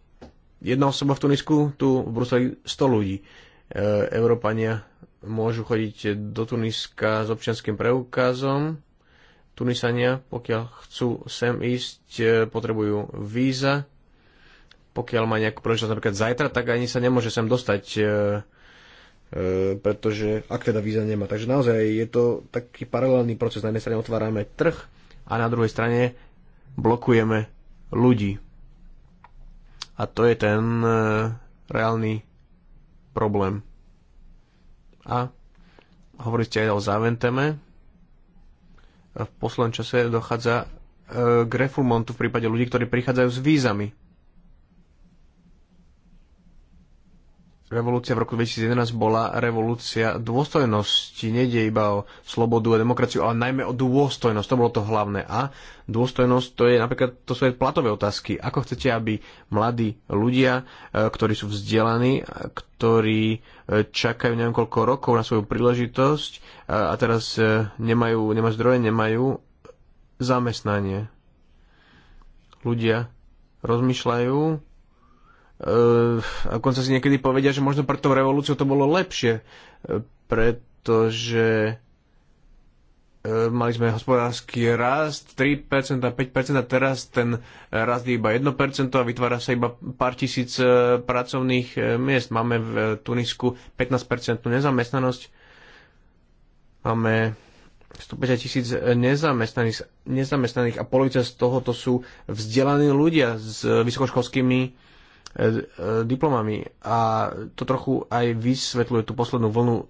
jedna osoba v Tunisku, tu v Bruseli 100 ľudí. E, Európania môžu chodiť do Tuniska s občianským preukazom. Tunisania, pokiaľ chcú sem ísť, e, potrebujú víza pokiaľ má nejakú príležitosť napríklad zajtra, tak ani sa nemôže sem dostať, e, e, pretože ak teda víza nemá. Takže naozaj je to taký paralelný proces. Na jednej strane otvárame trh a na druhej strane blokujeme ľudí. A to je ten e, reálny problém. A hovorili ste aj o záventeme. V poslednom čase dochádza e, k reformontu v prípade ľudí, ktorí prichádzajú s vízami revolúcia v roku 2011 bola revolúcia dôstojnosti. nede iba o slobodu a demokraciu, ale najmä o dôstojnosť. To bolo to hlavné. A dôstojnosť to je napríklad, to sú aj platové otázky. Ako chcete, aby mladí ľudia, e, ktorí sú vzdelaní, e, ktorí e, čakajú neviem koľko rokov na svoju príležitosť a teraz nemajú, nemajú zdroje, nemajú zamestnanie. Ľudia rozmýšľajú, Eh, a si niekedy povedia, že možno pre tou revolúciou to bolo lepšie, eh, pretože eh, mali sme hospodársky rast 3% a 5% a teraz ten rast je iba 1% a vytvára sa iba pár tisíc pracovných miest. Máme v Tunisku 15% nezamestnanosť, máme 150 tisíc nezamestnaných, nezamestnaných a polovica z toho to sú vzdelaní ľudia s vysokoškolskými E, e, diplomami. A to trochu aj vysvetľuje tú poslednú vlnu e,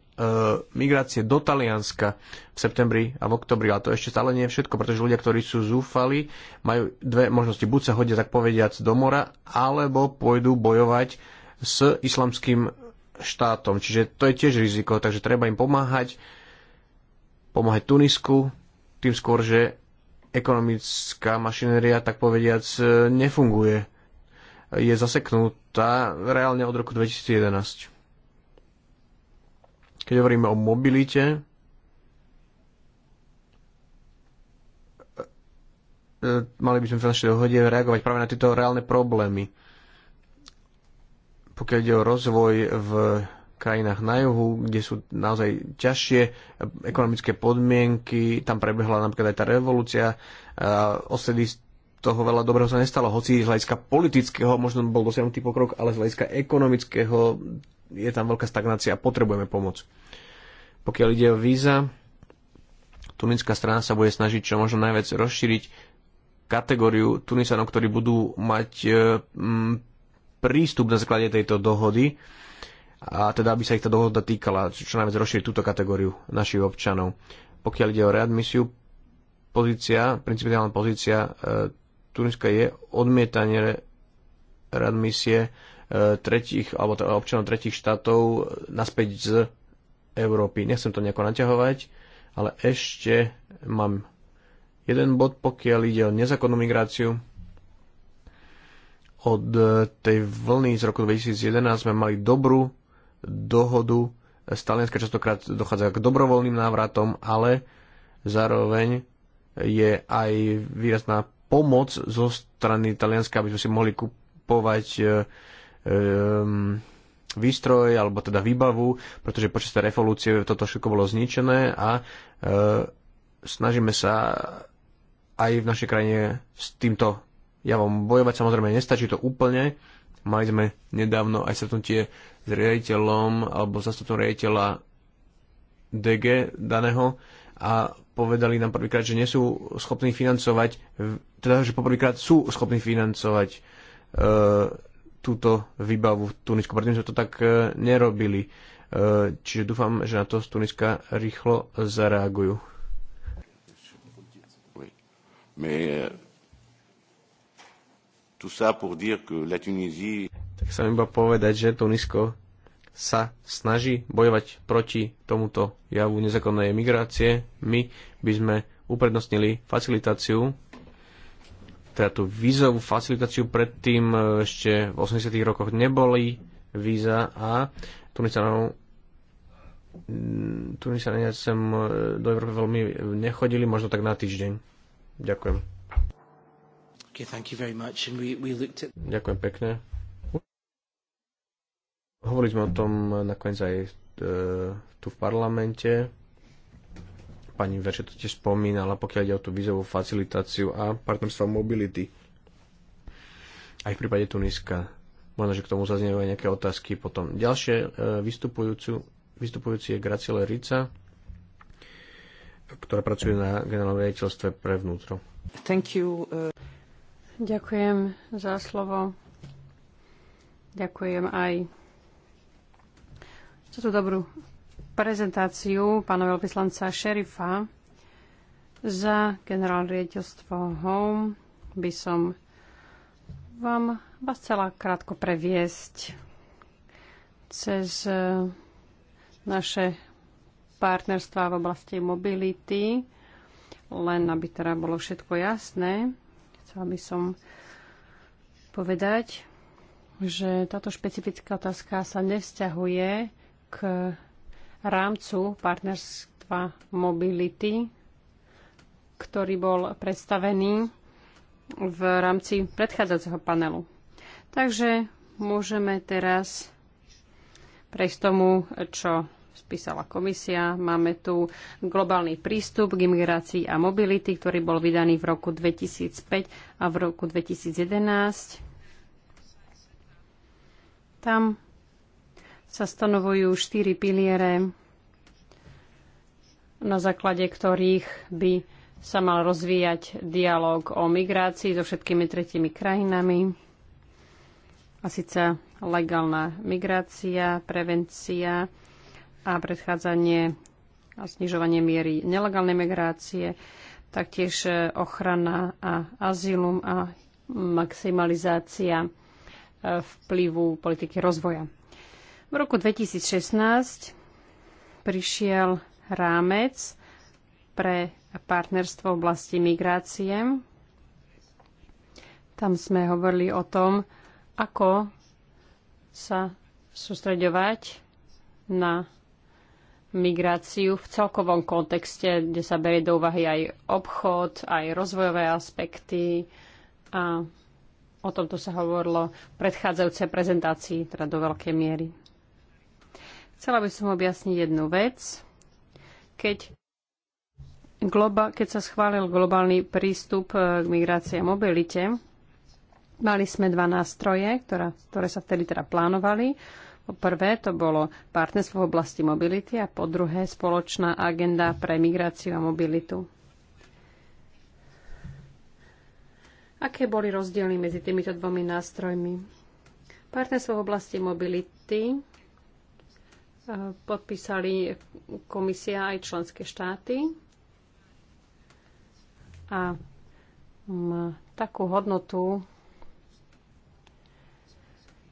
migrácie do Talianska v septembri a v oktobri, ale to ešte stále nie je všetko, pretože ľudia, ktorí sú zúfali, majú dve možnosti. Buď sa hodia, tak povediac, do mora, alebo pôjdu bojovať s islamským štátom. Čiže to je tiež riziko, takže treba im pomáhať, pomáhať Tunisku, tým skôr, že ekonomická mašinéria, tak povediac, nefunguje je zaseknutá reálne od roku 2011. Keď hovoríme o mobilite, e, e, mali by sme v našej dohode reagovať práve na tieto reálne problémy. Pokiaľ ide o rozvoj v krajinách na juhu, kde sú naozaj ťažšie ekonomické podmienky, tam prebehla napríklad aj tá revolúcia, a osedy toho veľa dobrého sa nestalo, hoci z hľadiska politického možno bol dosiahnutý pokrok, ale z hľadiska ekonomického je tam veľká stagnácia a potrebujeme pomoc. Pokiaľ ide o víza, tunická strana sa bude snažiť čo možno najviac rozšíriť kategóriu Tunisanov, ktorí budú mať e, prístup na základe tejto dohody a teda aby sa ich tá dohoda týkala, čo najviac rozšíriť túto kategóriu našich občanov. Pokiaľ ide o readmisiu, pozícia, principiálna pozícia e, Tuniska je odmietanie readmisie e, tretich, alebo občanov tretich štátov naspäť z Európy. Nechcem to nejako naťahovať, ale ešte mám jeden bod, pokiaľ ide o nezákonnú migráciu. Od e, tej vlny z roku 2011 sme mali dobrú dohodu. Z Talianska častokrát dochádza k dobrovoľným návratom, ale zároveň je aj výrazná pomoc zo strany Talianska, aby sme si mohli kupovať um, výstroj alebo teda výbavu, pretože počas tej revolúcie toto všetko bolo zničené a uh, snažíme sa aj v našej krajine s týmto javom bojovať. Samozrejme, nestačí to úplne. Mali sme nedávno aj stretnutie s riaditeľom alebo zastupcom riaditeľa DG daného a povedali nám prvýkrát, že nie sú schopní financovať, teda že poprvýkrát sú schopní financovať e, túto výbavu v Tunisku. Predtým sme to tak e, nerobili. E, čiže dúfam, že na to z Tuniska rýchlo zareagujú. E, tak sa iba povedať, že Tunisko sa snaží bojovať proti tomuto javu nezákonnej migrácie. My by sme uprednostnili facilitáciu, teda tú vízovú facilitáciu predtým e, ešte v 80. rokoch neboli víza a Tunisanov mm, Tunisania sem e, do Európy veľmi nechodili, možno tak na týždeň. Ďakujem. Okay, thank you very much. And we, we looked at... Ďakujem pekne. Hovorili sme o tom nakoniec aj e, tu v parlamente. Pani Verče to tiež spomínala, pokiaľ ide o tú vízovú facilitáciu a partnerstvo mobility. Aj v prípade Tuniska. Možno, že k tomu zaznievajú aj nejaké otázky potom. Ďalšie e, vystupujúci je Graciele Rica, ktorá pracuje na generálnom riaditeľstve pre vnútro. Thank you. E, Ďakujem za slovo. Ďakujem aj za tú dobrú prezentáciu pána veľvyslanca šerifa. Za generálne riaditeľstvo HOME by som vám vás chcela krátko previesť cez e, naše partnerstva v oblasti mobility. Len aby teda bolo všetko jasné, chcela by som povedať, že táto špecifická otázka sa nevzťahuje k rámcu partnerstva mobility, ktorý bol predstavený v rámci predchádzajúceho panelu. Takže môžeme teraz prejsť tomu, čo spísala komisia. Máme tu globálny prístup k imigrácii a mobility, ktorý bol vydaný v roku 2005 a v roku 2011. Tam sa stanovujú štyri piliere, na základe ktorých by sa mal rozvíjať dialog o migrácii so všetkými tretimi krajinami. A síce legálna migrácia, prevencia a predchádzanie a znižovanie miery nelegálnej migrácie, taktiež ochrana a azylum a maximalizácia eh, vplyvu politiky rozvoja. V roku 2016 prišiel rámec pre partnerstvo v oblasti migrácie. Tam sme hovorili o tom, ako sa sústreďovať na migráciu v celkovom kontexte, kde sa berie do úvahy aj obchod, aj rozvojové aspekty. A o tomto sa hovorilo v predchádzajúcej prezentácii, teda do veľkej miery. Chcela by som objasniť jednu vec. Keď, globa, keď sa schválil globálny prístup e, k migrácii a mobilite, mali sme dva nástroje, ktoré, ktoré sa vtedy teda plánovali. Po prvé to bolo partnerstvo v oblasti mobility a po druhé spoločná agenda pre migráciu a mobilitu. Aké boli rozdiely medzi týmito dvomi nástrojmi? Partnerstvo v oblasti mobility podpísali komisia aj členské štáty. A takú hodnotu,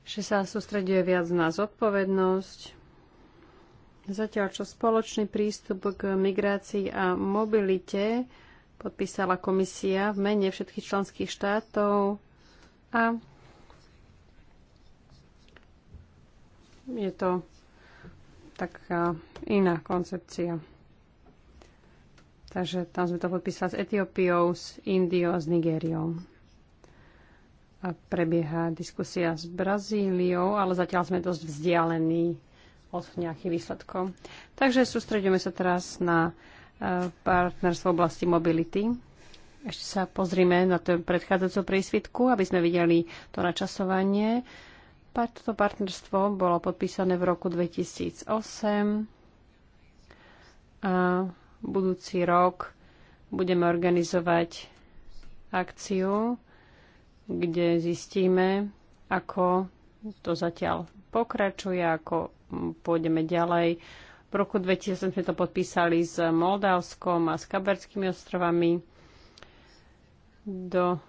že sa sústreduje viac na zodpovednosť, Zatiaľ, čo spoločný prístup k migrácii a mobilite podpísala komisia v mene všetkých členských štátov a je to taká iná koncepcia. Takže tam sme to podpísali s Etiópiou, s Indiou a s Nigériou. A prebieha diskusia s Brazíliou, ale zatiaľ sme dosť vzdialení od nejakých výsledkov. Takže sústredíme sa teraz na e, partnerstvo v oblasti mobility. Ešte sa pozrime na tú predchádzajúcu prísvitku, aby sme videli to načasovanie. Toto partnerstvo bolo podpísané v roku 2008 a budúci rok budeme organizovať akciu, kde zistíme, ako to zatiaľ pokračuje, ako pôjdeme ďalej. V roku 2000 sme to podpísali s Moldavskom a s Kaberskými ostrovami. Do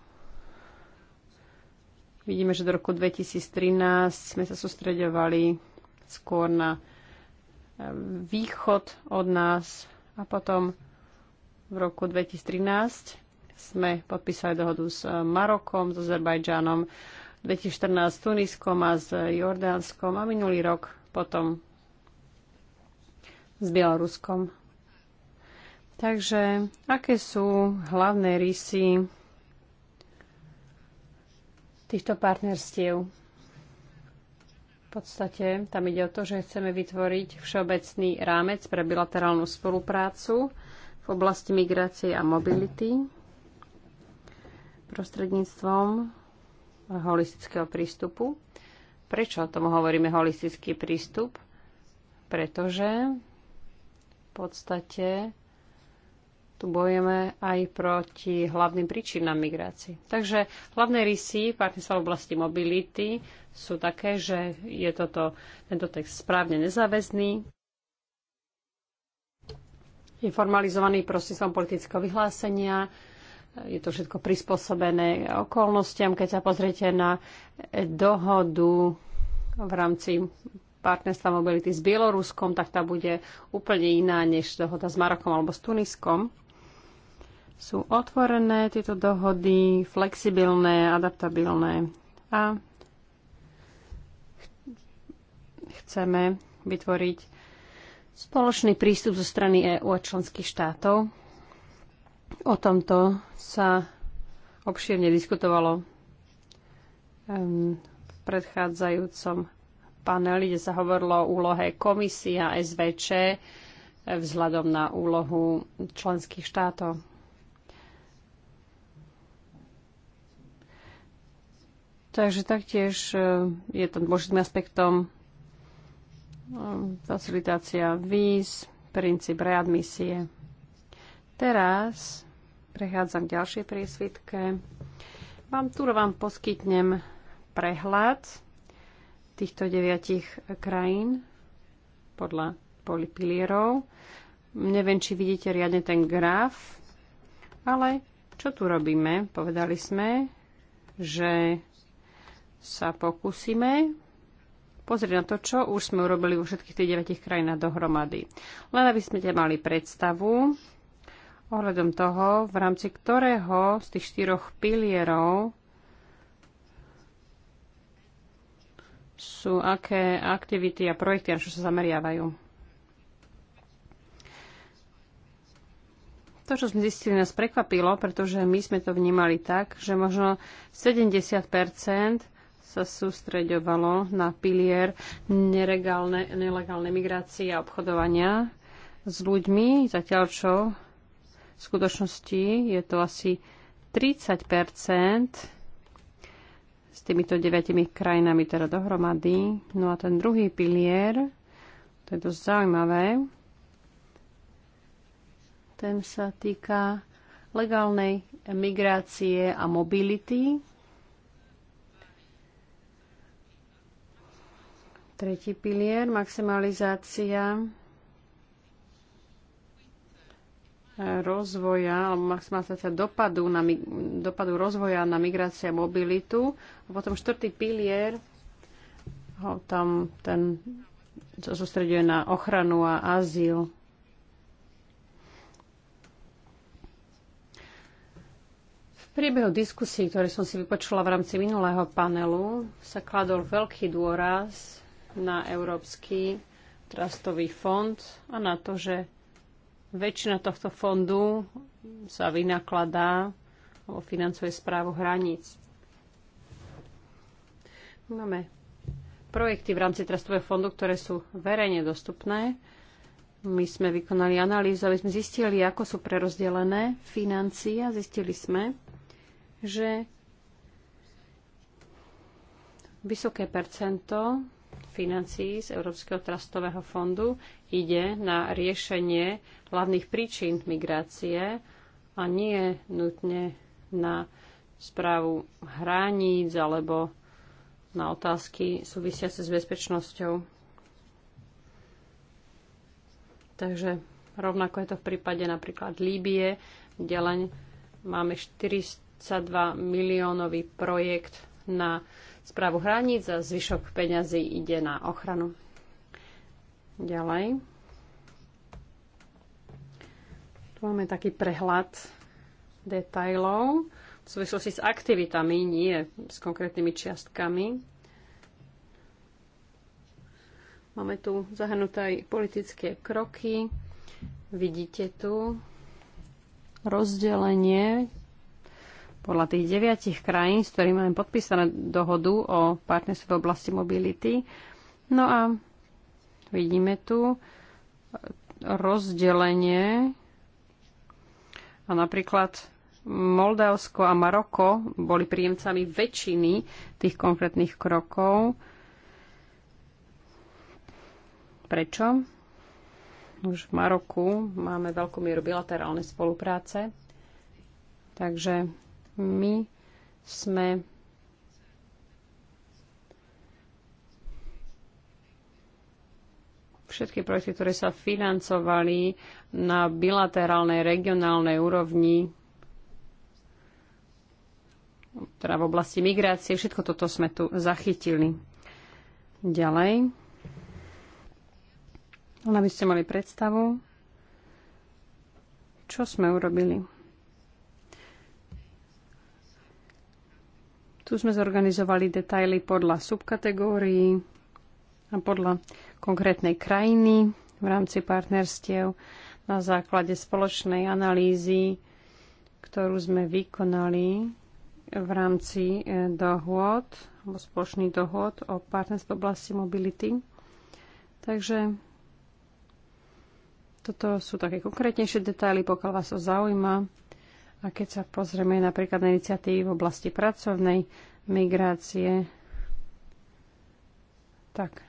Vidíme, že do roku 2013 sme sa sústreďovali skôr na e, východ od nás a potom v roku 2013 sme podpísali dohodu s e, Marokom, s Azerbajdžanom, 2014 s Tuniskom a s Jordánskom a minulý rok potom s Bieloruskom. Takže aké sú hlavné rysy týchto partnerstiev. V podstate tam ide o to, že chceme vytvoriť všeobecný rámec pre bilaterálnu spoluprácu v oblasti migrácie a mobility prostredníctvom holistického prístupu. Prečo tomu hovoríme holistický prístup? Pretože v podstate tu bojujeme aj proti hlavným príčinám migrácií. Takže hlavné rysy partnerstva v oblasti mobility sú také, že je toto, tento text správne nezáväzný, je formalizovaný prostredstvom politického vyhlásenia, je to všetko prispôsobené okolnostiam. Keď sa pozriete na dohodu v rámci partnerstva mobility s Bieloruskom, tak tá bude úplne iná než dohoda s Marokom alebo s Tuniskom sú otvorené tieto dohody, flexibilné, adaptabilné a chceme vytvoriť spoločný prístup zo strany EÚ a členských štátov. O tomto sa obširne diskutovalo ehm, v predchádzajúcom paneli, kde sa hovorilo o úlohe komisie a SVČ eh, vzhľadom na úlohu členských štátov. Takže taktiež e, je to dôležitým aspektom e, facilitácia víz, princíp readmisie. Teraz prechádzam k ďalšej priesvitke. Vám tu vám poskytnem prehľad týchto deviatich krajín podľa polipilierov. Neviem, či vidíte riadne ten graf, ale čo tu robíme? Povedali sme, že sa pokúsime pozrieť na to, čo už sme urobili vo všetkých tých 9 krajinách dohromady. Len aby sme mali predstavu ohľadom toho, v rámci ktorého z tých štyroch pilierov sú aké aktivity a projekty, na čo sa zameriavajú. To, čo sme zistili, nás prekvapilo, pretože my sme to vnímali tak, že možno 70 sa sústreďovalo na pilier nelegálnej migrácie a obchodovania s ľuďmi, zatiaľ čo v skutočnosti je to asi 30 s týmito deviatimi krajinami teda dohromady. No a ten druhý pilier, to je dosť zaujímavé, ten sa týka legálnej migrácie a mobility Tretí pilier, maximalizácia rozvoja, alebo maximalizácia dopadu, na, dopadu rozvoja na migráciu a mobilitu. A potom štvrtý pilier, ho tam ten sa na ochranu a azyl. V priebehu diskusí, ktoré som si vypočula v rámci minulého panelu, sa kladol veľký dôraz na Európsky trastový fond a na to, že väčšina tohto fondu sa vynakladá o financuje správu hraníc. Máme projekty v rámci trastového fondu, ktoré sú verejne dostupné. My sme vykonali analýzu, aby sme zistili, ako sú prerozdelené financie a zistili sme, že vysoké percento financií z Európskeho trastového fondu ide na riešenie hlavných príčin migrácie a nie nutne na správu hraníc alebo na otázky súvisiace s bezpečnosťou. Takže rovnako je to v prípade napríklad Líbie, kde len máme 42 miliónový projekt na správu hraníc a zvyšok peňazí ide na ochranu. Ďalej. Tu máme taký prehľad detajlov v súvislosti s aktivitami, nie s konkrétnymi čiastkami. Máme tu zahrnuté aj politické kroky. Vidíte tu rozdelenie podľa tých deviatich krajín, s ktorými máme podpísané dohodu o partnerstve v oblasti mobility. No a vidíme tu rozdelenie a napríklad Moldavsko a Maroko boli príjemcami väčšiny tých konkrétnych krokov. Prečo? Už v Maroku máme veľkú mieru bilaterálnej spolupráce, takže my sme všetky projekty, ktoré sa financovali na bilaterálnej, regionálnej úrovni, teda v oblasti migrácie, všetko toto sme tu zachytili. Ďalej. Len aby ste mali predstavu, čo sme urobili. Tu sme zorganizovali detaily podľa subkategórií a podľa konkrétnej krajiny v rámci partnerstiev na základe spoločnej analýzy, ktorú sme vykonali v rámci e, dohôd, alebo dohôd o partnerstve oblasti mobility. Takže toto sú také konkrétnejšie detaily, pokiaľ vás to zaujíma. A keď sa pozrieme napríklad na iniciatívy v oblasti pracovnej migrácie, tak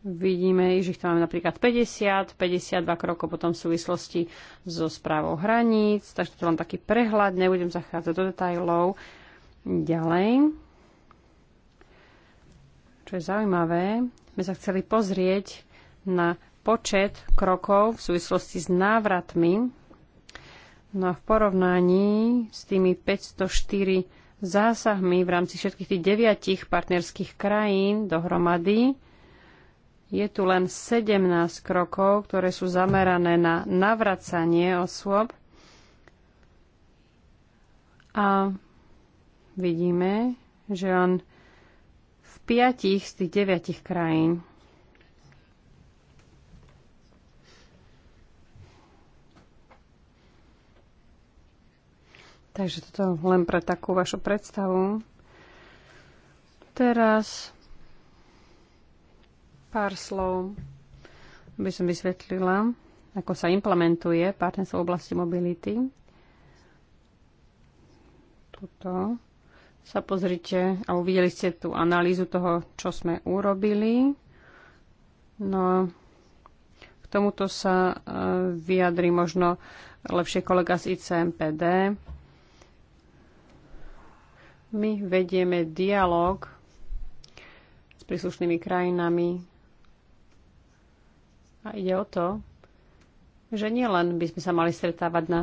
vidíme, že ich tam máme napríklad 50, 52 krokov potom v súvislosti so správou hraníc, takže to len taký prehľad, nebudem zachádzať do detajlov. Ďalej, čo je zaujímavé, sme sa chceli pozrieť na počet krokov v súvislosti s návratmi No a v porovnaní s tými 504 zásahmi v rámci všetkých tých deviatich partnerských krajín dohromady, je tu len 17 krokov, ktoré sú zamerané na navracanie osôb. A vidíme, že on v piatich z tých deviatich krajín Takže toto len pre takú vašu predstavu. Teraz pár slov by som vysvetlila, ako sa implementuje partnerstvo v oblasti mobility. Tuto sa pozrite a uvideli ste tú analýzu toho, čo sme urobili. No, k tomuto sa e, vyjadri možno lepšie kolega z ICMPD. My vedieme dialog s príslušnými krajinami a ide o to, že nielen by sme sa mali stretávať na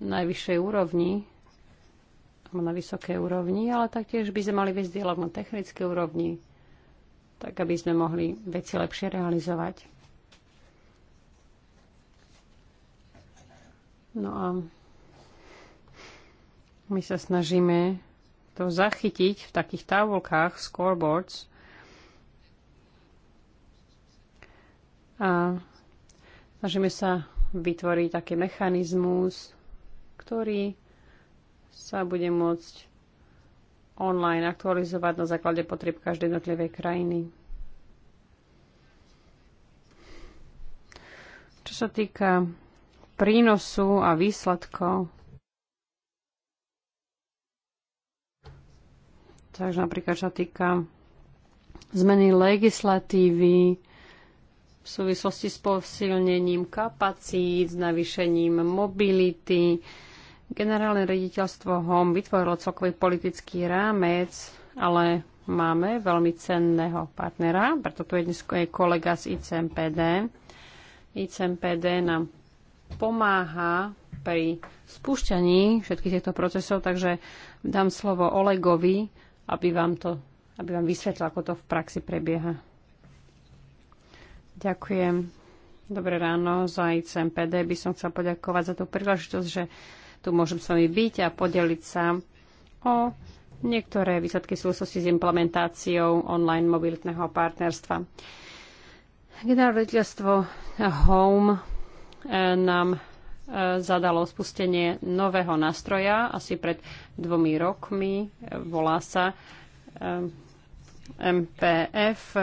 najvyššej úrovni, na vysokej úrovni, ale taktiež by sme mali viesť dialog na technickej úrovni, tak aby sme mohli veci lepšie realizovať. No a my sa snažíme to zachytiť v takých tabulkách, scoreboards. A snažíme sa vytvoriť taký mechanizmus, ktorý sa bude môcť online aktualizovať na základe potrieb každej jednotlivej krajiny. Čo sa týka prínosu a výsledkov, Takže napríklad, čo týka zmeny legislatívy v súvislosti s posilnením kapacít, s navýšením mobility. Generálne rediteľstvo HOM vytvorilo celkový politický rámec, ale máme veľmi cenného partnera, preto tu je dnes je kolega z ICMPD. ICMPD nám pomáha pri spúšťaní všetkých týchto procesov, takže dám slovo Olegovi, aby vám to aby vám vysvetlil, ako to v praxi prebieha. Ďakujem. Dobré ráno. Za ICMPD by som chcela poďakovať za tú príležitosť, že tu môžem s vami byť a podeliť sa o niektoré výsledky v súvislosti s implementáciou online mobilitného partnerstva. Generálne Home eh, nám zadalo spustenie nového nástroja asi pred dvomi rokmi. E, volá sa e, MPF, e,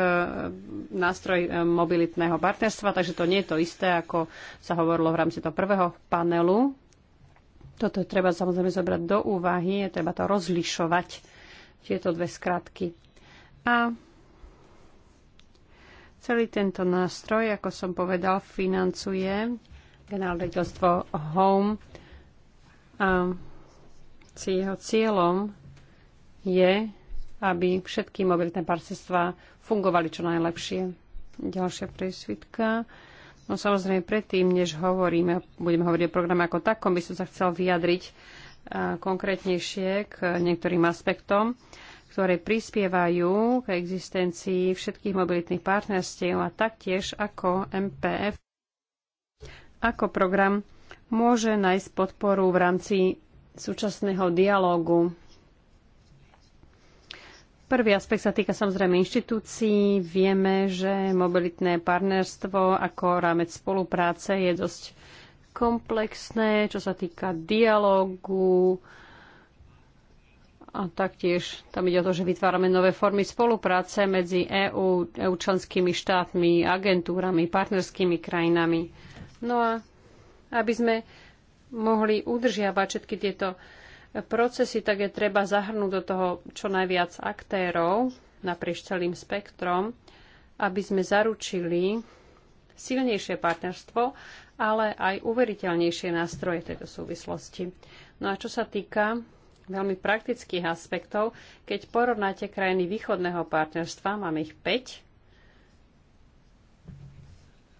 nástroj mobilitného partnerstva, takže to nie je to isté, ako sa hovorilo v rámci toho prvého panelu. Toto je treba samozrejme zobrať do úvahy, je treba to rozlišovať, tieto dve skratky. A celý tento nástroj, ako som povedal, financuje generálne Home a si jeho cieľom je, aby všetky mobilitné partnerstva fungovali čo najlepšie. Ďalšia presvitka. No samozrejme, predtým, než hovoríme, budeme hovoriť o programe ako takom, by som sa chcel vyjadriť konkrétnejšie k niektorým aspektom, ktoré prispievajú k existencii všetkých mobilitných partnerstiev a taktiež ako MPF ako program môže nájsť podporu v rámci súčasného dialógu. Prvý aspekt sa týka samozrejme inštitúcií. Vieme, že mobilitné partnerstvo ako rámec spolupráce je dosť komplexné, čo sa týka dialógu, a taktiež tam ide o to, že vytvárame nové formy spolupráce medzi EÚ, EU, EU členskými štátmi, agentúrami, partnerskými krajinami. No a aby sme mohli udržiavať všetky tieto procesy, tak je treba zahrnúť do toho čo najviac aktérov naprieč celým spektrom, aby sme zaručili silnejšie partnerstvo, ale aj uveriteľnejšie nástroje tejto súvislosti. No a čo sa týka veľmi praktických aspektov, keď porovnáte krajiny východného partnerstva, máme ich 5,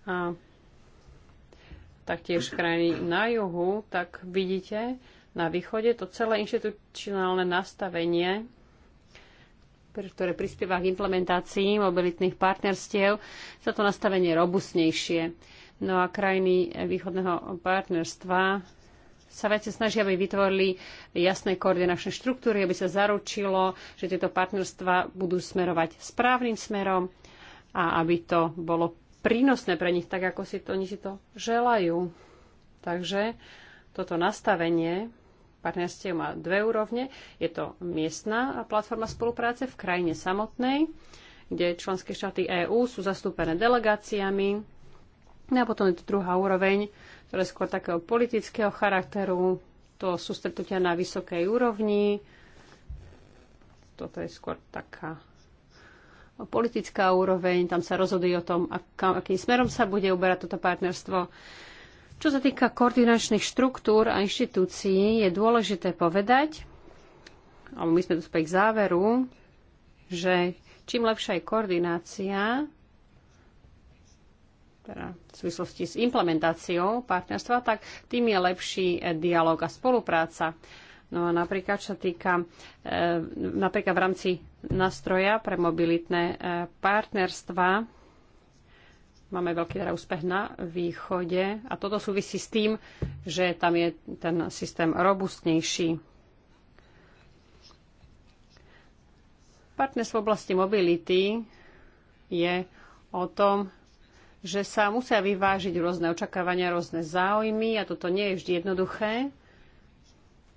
a taktiež krajiny na juhu, tak vidíte na východe to celé inštitucionálne nastavenie, ktoré prispieva k implementácii mobilitných partnerstiev, sa to nastavenie robustnejšie. No a krajiny východného partnerstva sa veci snažia, aby vytvorili jasné koordinačné štruktúry, aby sa zaručilo, že tieto partnerstva budú smerovať správnym smerom a aby to bolo prínosné pre nich, tak ako si to, oni si to želajú. Takže toto nastavenie partnerstiev má dve úrovne. Je to miestna platforma spolupráce v krajine samotnej, kde členské štáty EÚ sú zastúpené delegáciami. No a potom je to druhá úroveň, ktorá je skôr takého politického charakteru. To sú stretnutia na vysokej úrovni. Toto je skôr taká politická úroveň, tam sa rozhoduje o tom, akým smerom sa bude uberať toto partnerstvo. Čo sa týka koordinačných štruktúr a inštitúcií, je dôležité povedať, alebo my sme dospeli k záveru, že čím lepšia je koordinácia, teda v súvislosti s implementáciou partnerstva, tak tým je lepší e, dialog a spolupráca. No a napríklad, čo sa týka, e, napríklad v rámci nástroja pre mobilitné e, partnerstva. Máme veľký teda úspech na východe a toto súvisí s tým, že tam je ten systém robustnejší. Partnerstvo v oblasti mobility je o tom, že sa musia vyvážiť rôzne očakávania, rôzne záujmy a toto nie je vždy jednoduché.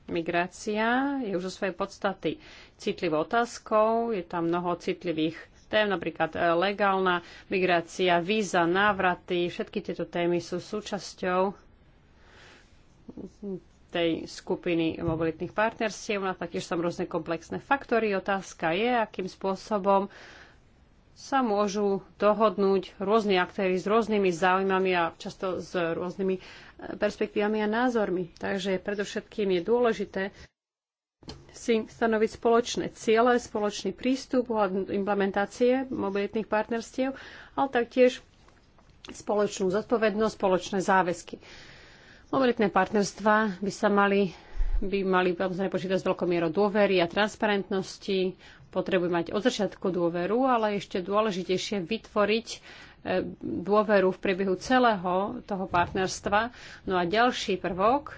Migrácia je už zo svojej podstaty citlivou otázkou, je tam mnoho citlivých tém, napríklad e, legálna migrácia, víza, návraty, všetky tieto témy sú súčasťou tej skupiny mobilitných partnerstiev. No a taktiež tam rôzne komplexné faktory. Otázka je, akým spôsobom sa môžu dohodnúť rôzni aktéry s rôznymi záujmami a často s rôznymi perspektívami a názormi. Takže predovšetkým je dôležité si stanoviť spoločné ciele, spoločný prístup a implementácie mobilitných partnerstiev, ale taktiež spoločnú zodpovednosť, spoločné záväzky. Mobilitné partnerstva by sa mali by mali samozrejme počítať s veľkou mierou dôvery a transparentnosti, potrebujú mať od začiatku dôveru, ale ešte dôležitejšie vytvoriť dôveru v priebehu celého toho partnerstva. No a ďalší prvok,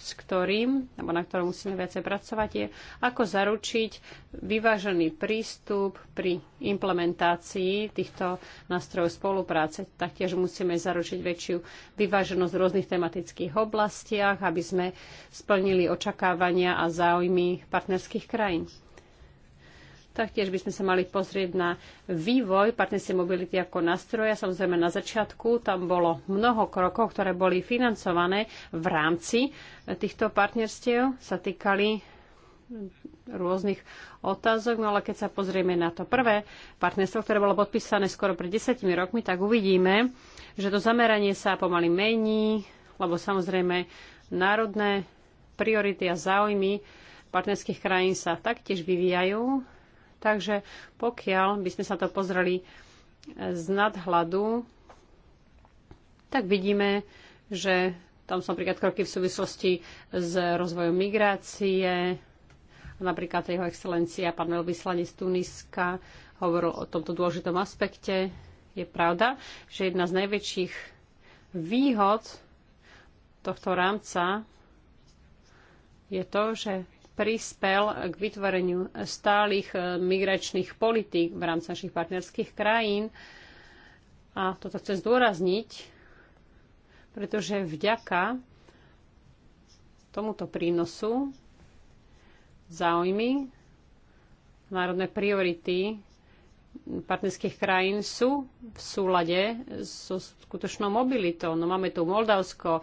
s ktorým, alebo na ktorom musíme viacej pracovať, je, ako zaručiť vyvážený prístup pri implementácii týchto nástrojov spolupráce. Taktiež musíme zaručiť väčšiu vyváženosť v rôznych tematických oblastiach, aby sme splnili očakávania a záujmy partnerských krajín. Taktiež by sme sa mali pozrieť na vývoj partnerskej mobility ako nástroja. Samozrejme na začiatku tam bolo mnoho krokov, ktoré boli financované v rámci týchto partnerstiev. Sa týkali rôznych otázok, no ale keď sa pozrieme na to prvé partnerstvo, ktoré bolo podpísané skoro pred desiatimi rokmi, tak uvidíme, že to zameranie sa pomaly mení, lebo samozrejme národné priority a záujmy partnerských krajín sa taktiež vyvíjajú Takže pokiaľ by sme sa to pozreli e, z nadhľadu, tak vidíme, že tam sú napríklad kroky v súvislosti s rozvojom migrácie. Napríklad jeho excelencia, pán veľvyslanec Tuniska, hovoril o tomto dôležitom aspekte. Je pravda, že jedna z najväčších výhod tohto rámca je to, že prispel k vytvoreniu stálych e, migračných politík v rámci našich partnerských krajín. A toto chcem zdôrazniť, pretože vďaka tomuto prínosu záujmy, národné priority partnerských krajín sú v súlade so skutočnou mobilitou. No máme tu Moldavsko, e,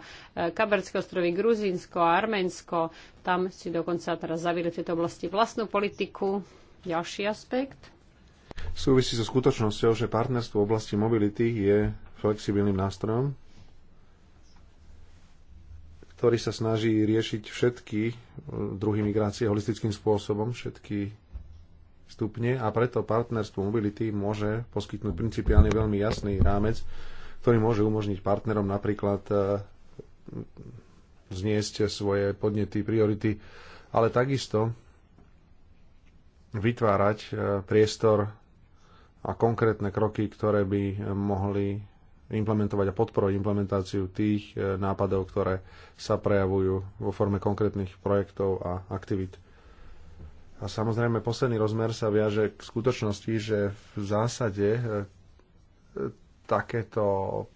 Kaberské ostrovy, Gruzínsko, Arménsko. Tam si dokonca teraz zavili v tejto oblasti vlastnú politiku. Ďalší aspekt. Súvisí so skutočnosťou, že partnerstvo v oblasti mobility je flexibilným nástrojom, ktorý sa snaží riešiť všetky e, druhy migrácie holistickým spôsobom, všetky stupne a preto partnerstvo mobility môže poskytnúť principiálne veľmi jasný rámec, ktorý môže umožniť partnerom napríklad e, zniesť svoje podnety, priority, ale takisto vytvárať e, priestor a konkrétne kroky, ktoré by mohli implementovať a podporovať implementáciu tých e, nápadov, ktoré sa prejavujú vo forme konkrétnych projektov a aktivít. A samozrejme posledný rozmer sa viaže k skutočnosti, že v zásade e, takéto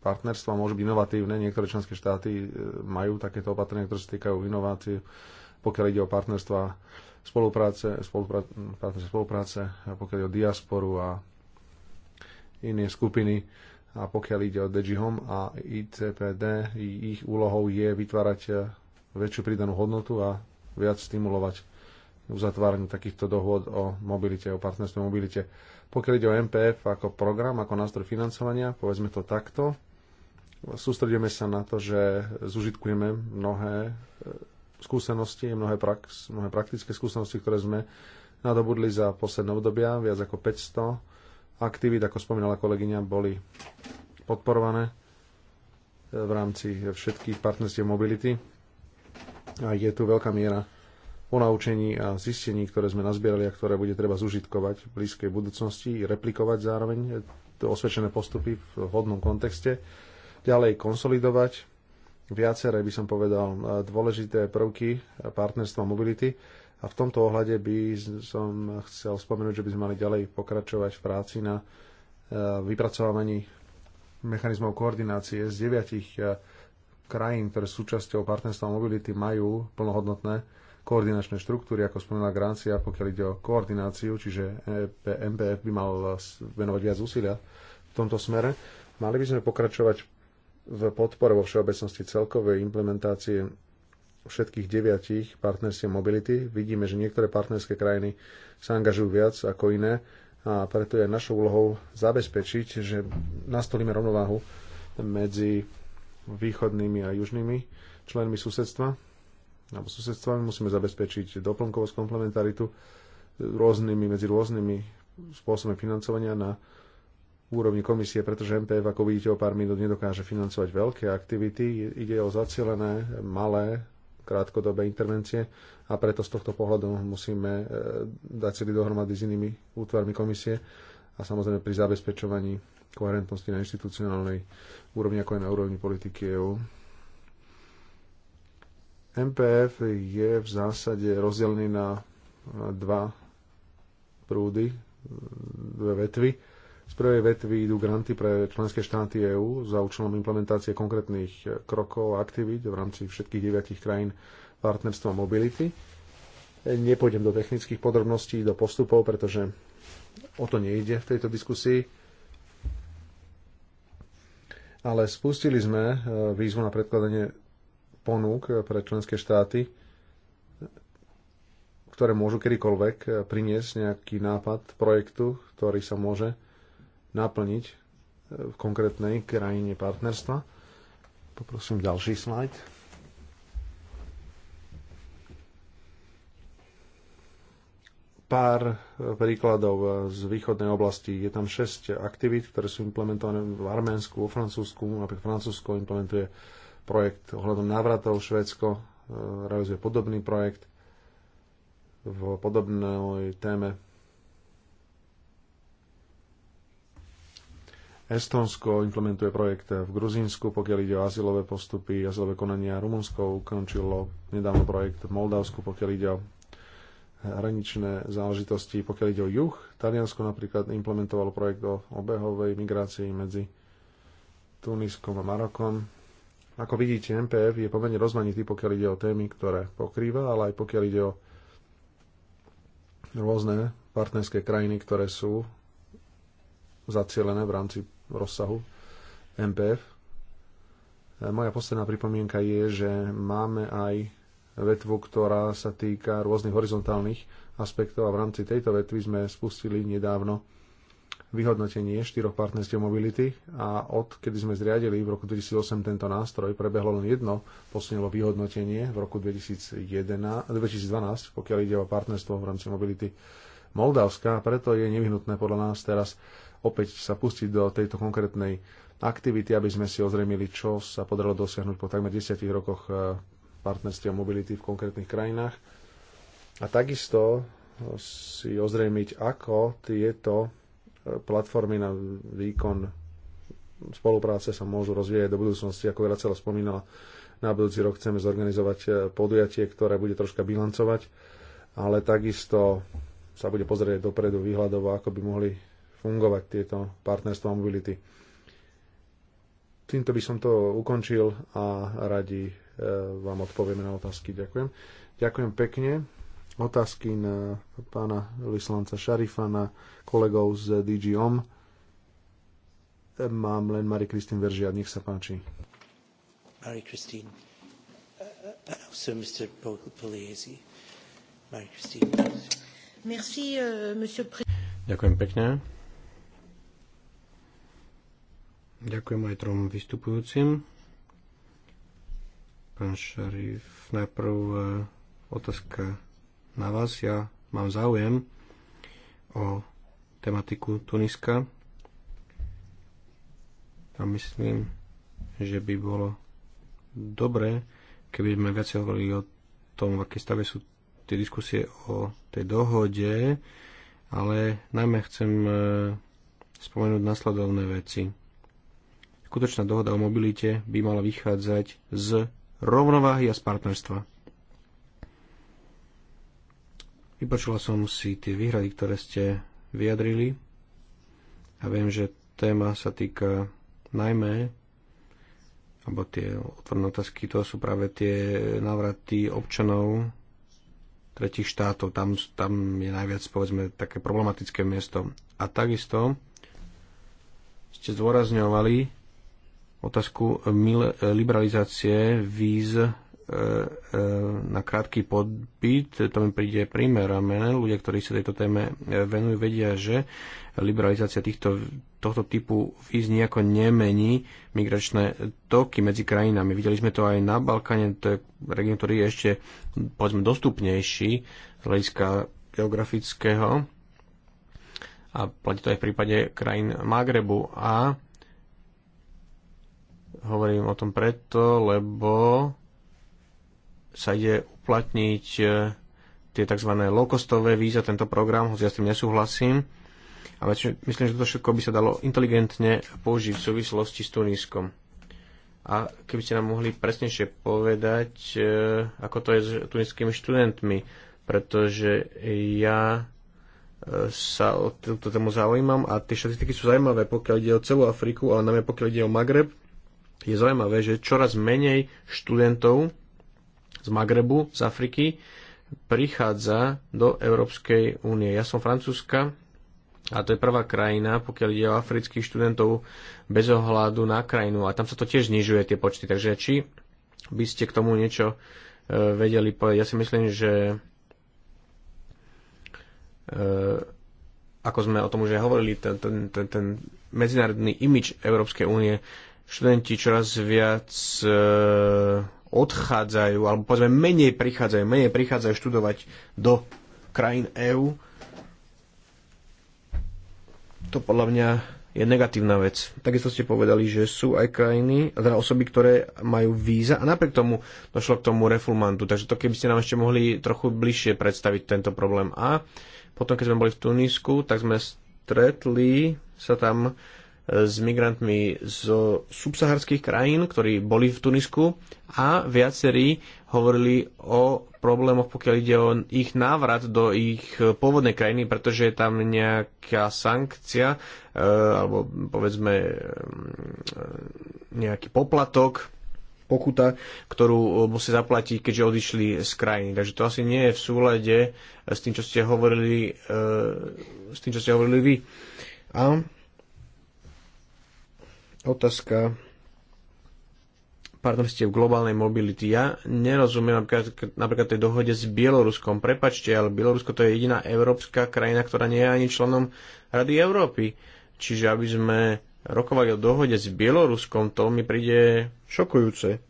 partnerstva môžu byť inovatívne. Niektoré členské štáty e, majú takéto opatrenia, ktoré sa týkajú inovácií, pokiaľ ide o partnerstva spolupráce, spolupráce, spolupráce pokiaľ ide o diasporu a iné skupiny. A pokiaľ ide o DGHOM a ICPD, ich úlohou je vytvárať e, väčšiu pridanú hodnotu a viac stimulovať uzatváranie takýchto dohôd o mobilite, o partnerstve mobilite. Pokiaľ ide o MPF ako program, ako nástroj financovania, povedzme to takto, sústredíme sa na to, že zužitkujeme mnohé e, skúsenosti, mnohé, prax, mnohé praktické skúsenosti, ktoré sme nadobudli za posledné obdobia, viac ako 500 aktivít, ako spomínala kolegyňa, boli podporované e, v rámci všetkých partnerstiev mobility a je tu veľká miera ponaučení a zistení, ktoré sme nazbierali a ktoré bude treba zužitkovať v blízkej budúcnosti, replikovať zároveň osvedčené postupy v hodnom kontexte, ďalej konsolidovať viaceré, by som povedal, dôležité prvky partnerstva mobility a v tomto ohľade by som chcel spomenúť, že by sme mali ďalej pokračovať v práci na e, vypracovávaní mechanizmov koordinácie z deviatich e, krajín, ktoré sú súčasťou partnerstva mobility, majú plnohodnotné koordinačné štruktúry, ako spomínala Grancia, pokiaľ ide o koordináciu, čiže e MPF by mal venovať viac úsilia v tomto smere. Mali by sme pokračovať v podpore vo všeobecnosti celkovej implementácie všetkých deviatich partnerstiev mobility. Vidíme, že niektoré partnerské krajiny sa angažujú viac ako iné a preto je našou úlohou zabezpečiť, že nastolíme rovnováhu medzi východnými a južnými členmi susedstva alebo susedstvami musíme zabezpečiť doplnkovosť, komplementaritu rôznymi, medzi rôznymi spôsobmi financovania na úrovni komisie, pretože MPF, ako vidíte, o pár minút nedokáže financovať veľké aktivity. Ide o zacielené, malé, krátkodobé intervencie a preto z tohto pohľadu musíme e, dať celý dohromady s inými útvarmi komisie a samozrejme pri zabezpečovaní koherentnosti na inštitucionálnej úrovni, ako aj na úrovni politiky EÚ. MPF je v zásade rozdelený na dva prúdy, dve vetvy. Z prvej vetvy idú granty pre členské štáty EÚ za účelom implementácie konkrétnych krokov a aktivít v rámci všetkých deviatich krajín partnerstva mobility. Nepôjdem do technických podrobností, do postupov, pretože o to nejde v tejto diskusii ale spustili sme e, výzvu na predkladanie ponúk e, pre členské štáty, ktoré môžu kedykoľvek e, priniesť nejaký nápad projektu, ktorý sa môže naplniť v konkrétnej krajine partnerstva. Poprosím ďalší slajd. pár eh, príkladov eh, z východnej oblasti. Je tam 6 aktivít, ktoré sú implementované v Arménsku, vo Francúzsku. Napríklad Francúzsko implementuje projekt ohľadom návratov, Švédsko eh, realizuje podobný projekt v podobnej téme. Estonsko implementuje projekt v Gruzínsku, pokiaľ ide o azylové postupy, azylové konania. Rumunsko ukončilo nedávno projekt v Moldavsku, pokiaľ ide o hraničné záležitosti. Pokiaľ ide o juh, Taliansko napríklad implementovalo projekt o obehovej migrácii medzi Tuniskom a Marokom. Ako vidíte, MPF je pomerne rozmanitý, pokiaľ ide o témy, ktoré pokrýva, ale aj pokiaľ ide o rôzne partnerské krajiny, ktoré sú zacielené v rámci rozsahu MPF. E, moja posledná pripomienka je, že máme aj vetvu, ktorá sa týka rôznych horizontálnych aspektov a v rámci tejto vetvy sme spustili nedávno vyhodnotenie štyroch partnerstiev mobility a kedy sme zriadili v roku 2008 tento nástroj, prebehlo len jedno posunilo vyhodnotenie v roku 2011, 2012, pokiaľ ide o partnerstvo v rámci mobility Moldavska, preto je nevyhnutné podľa nás teraz opäť sa pustiť do tejto konkrétnej aktivity, aby sme si ozremili, čo sa podarilo dosiahnuť po takmer 10 rokoch e, a mobility v konkrétnych krajinách. A takisto si ozrejmiť, ako tieto e, platformy na výkon spolupráce sa môžu rozvíjať do budúcnosti. Ako Veracela spomínala, na budúci rok chceme zorganizovať e, podujatie, ktoré bude troška bilancovať, ale takisto sa bude pozrieť dopredu výhľadovo, ako by mohli fungovať tieto partnerstva mobility. Týmto by som to ukončil a radi E, vám odpovieme na otázky. Ďakujem. Ďakujem pekne. Otázky na pána vyslanca Šarifa, na kolegov z DGOM. Mám len Marie Kristín Veržia, nech sa páči. Marie Kristín. Also uh, uh, Mr. Pugliese. Mari Kristín. Merci, uh, monsieur pre... Ďakujem pekne. Ďakujem aj trom vystupujúcim. Pán Šarif, najprv eh, otázka na vás. Ja mám záujem o tematiku Tuniska a myslím, že by bolo dobré, keby sme viac hovorili o tom, v akej stave sú tie diskusie o tej dohode, ale najmä chcem eh, spomenúť nasledovné veci. Skutočná dohoda o mobilite by mala vychádzať z rovnováhy a z partnerstva. Vypočula som si tie výhrady, ktoré ste vyjadrili a viem, že téma sa týka najmä alebo tie otvorné otázky, to sú práve tie návraty občanov tretich štátov. Tam, tam je najviac, povedzme, také problematické miesto. A takisto ste zdôrazňovali otázku eh, eh, liberalizácie víz eh, na krátky podbyt, to mi príde primerané. Ľudia, ktorí sa tejto téme venujú, vedia, že liberalizácia týchto, tohto typu víz nejako nemení migračné toky medzi krajinami. Videli sme to aj na Balkáne, to je region, ktorý je ešte povedzme dostupnejší z hľadiska geografického a platí to aj v prípade krajín Magrebu a Hovorím o tom preto, lebo sa ide uplatniť e, tie tzv. low-costové víza, tento program, hoci ja s tým nesúhlasím. Ale myslím, že to všetko by sa dalo inteligentne použiť v súvislosti s Tuniskom. A keby ste nám mohli presnejšie povedať, e, ako to je s tuniskými študentmi, pretože ja e, sa o túto tému zaujímam a tie štatistiky sú zaujímavé, pokiaľ ide o celú Afriku, ale najmä pokiaľ ide o Magreb je zaujímavé, že čoraz menej študentov z Magrebu, z Afriky, prichádza do Európskej únie. Ja som francúzska a to je prvá krajina, pokiaľ ide o afrických študentov bez ohľadu na krajinu a tam sa to tiež znižuje tie počty. Takže či by ste k tomu niečo e, vedeli povedať? Ja si myslím, že e, ako sme o tom už aj hovorili, ten, ten, ten, ten medzinárodný imič Európskej únie študenti čoraz viac e, odchádzajú, alebo povedzme menej prichádzajú, menej prichádzajú študovať do krajín EÚ. To podľa mňa je negatívna vec. Takisto ste povedali, že sú aj krajiny, teda osoby, ktoré majú víza a napriek tomu došlo k tomu refulmantu. Takže to keby ste nám ešte mohli trochu bližšie predstaviť tento problém. A potom, keď sme boli v Tunisku, tak sme stretli sa tam s migrantmi z subsaharských krajín, ktorí boli v Tunisku a viacerí hovorili o problémoch, pokiaľ ide o ich návrat do ich pôvodnej krajiny, pretože je tam nejaká sankcia e, alebo povedzme e, nejaký poplatok, pokuta, ktorú e, musí zaplatiť, keďže odišli z krajiny. Takže to asi nie je v súlade s tým, čo ste hovorili, s tým, čo ste hovorili vy. A otázka partnerstiev globálnej mobility. Ja nerozumiem napríklad, napríklad tej dohode s Bieloruskom. Prepačte, ale Bielorusko to je jediná európska krajina, ktorá nie je ani členom Rady Európy. Čiže aby sme rokovali o dohode s Bieloruskom, to mi príde šokujúce.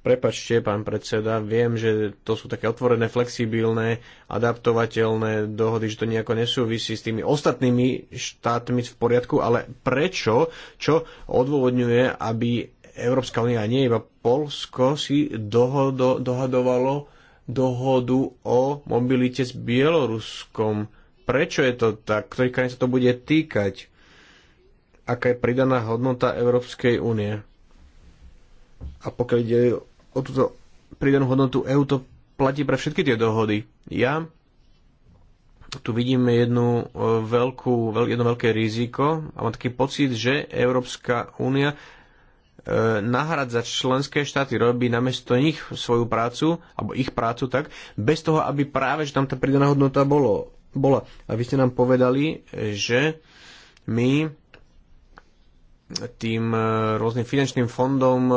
Prepačte, pán predseda, viem, že to sú také otvorené, flexibilné, adaptovateľné dohody, že to nejako nesúvisí s tými ostatnými štátmi v poriadku, ale prečo, čo odôvodňuje, aby Európska únia, nie iba Polsko, si dohodo, dohadovalo dohodu o mobilite s Bieloruskom. Prečo je to tak? Ktorých krajín sa to bude týkať? Aká je pridaná hodnota Európskej únie? A pokiaľ ide o túto pridanú hodnotu EU, to platí pre všetky tie dohody. Ja tu vidím jednu e, veľkú, jedno veľké riziko a mám taký pocit, že Európska únia e, nahradza členské štáty, robí namiesto nich svoju prácu, alebo ich prácu tak, bez toho, aby práve, že tam tá pridaná hodnota bolo, bola. A vy ste nám povedali, e, že my tým e, rôznym finančným fondom e,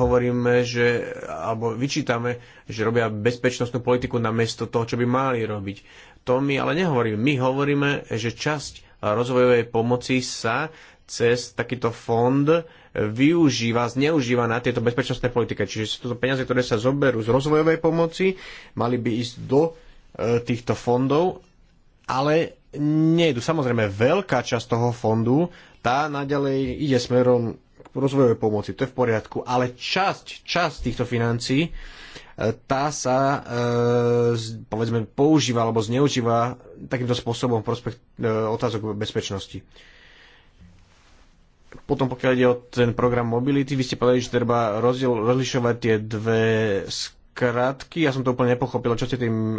hovoríme, že, alebo vyčítame, že robia bezpečnostnú politiku namiesto toho, čo by mali robiť. To my ale nehovoríme. My hovoríme, že časť rozvojovej pomoci sa cez takýto fond využíva, zneužíva na tieto bezpečnostné politike. Čiže sú to peniaze, ktoré sa zoberú z rozvojovej pomoci, mali by ísť do e, týchto fondov ale nie je tu samozrejme veľká časť toho fondu, tá naďalej ide smerom k rozvojovej pomoci, to je v poriadku, ale časť, časť týchto financií e, tá sa e, povedzme používa alebo zneužíva takýmto spôsobom v prospech e, otázok bezpečnosti. Potom pokiaľ ide o ten program mobility, vy ste povedali, že treba rozlišovať tie dve krátky, ja som to úplne nepochopil, čo ste tým e,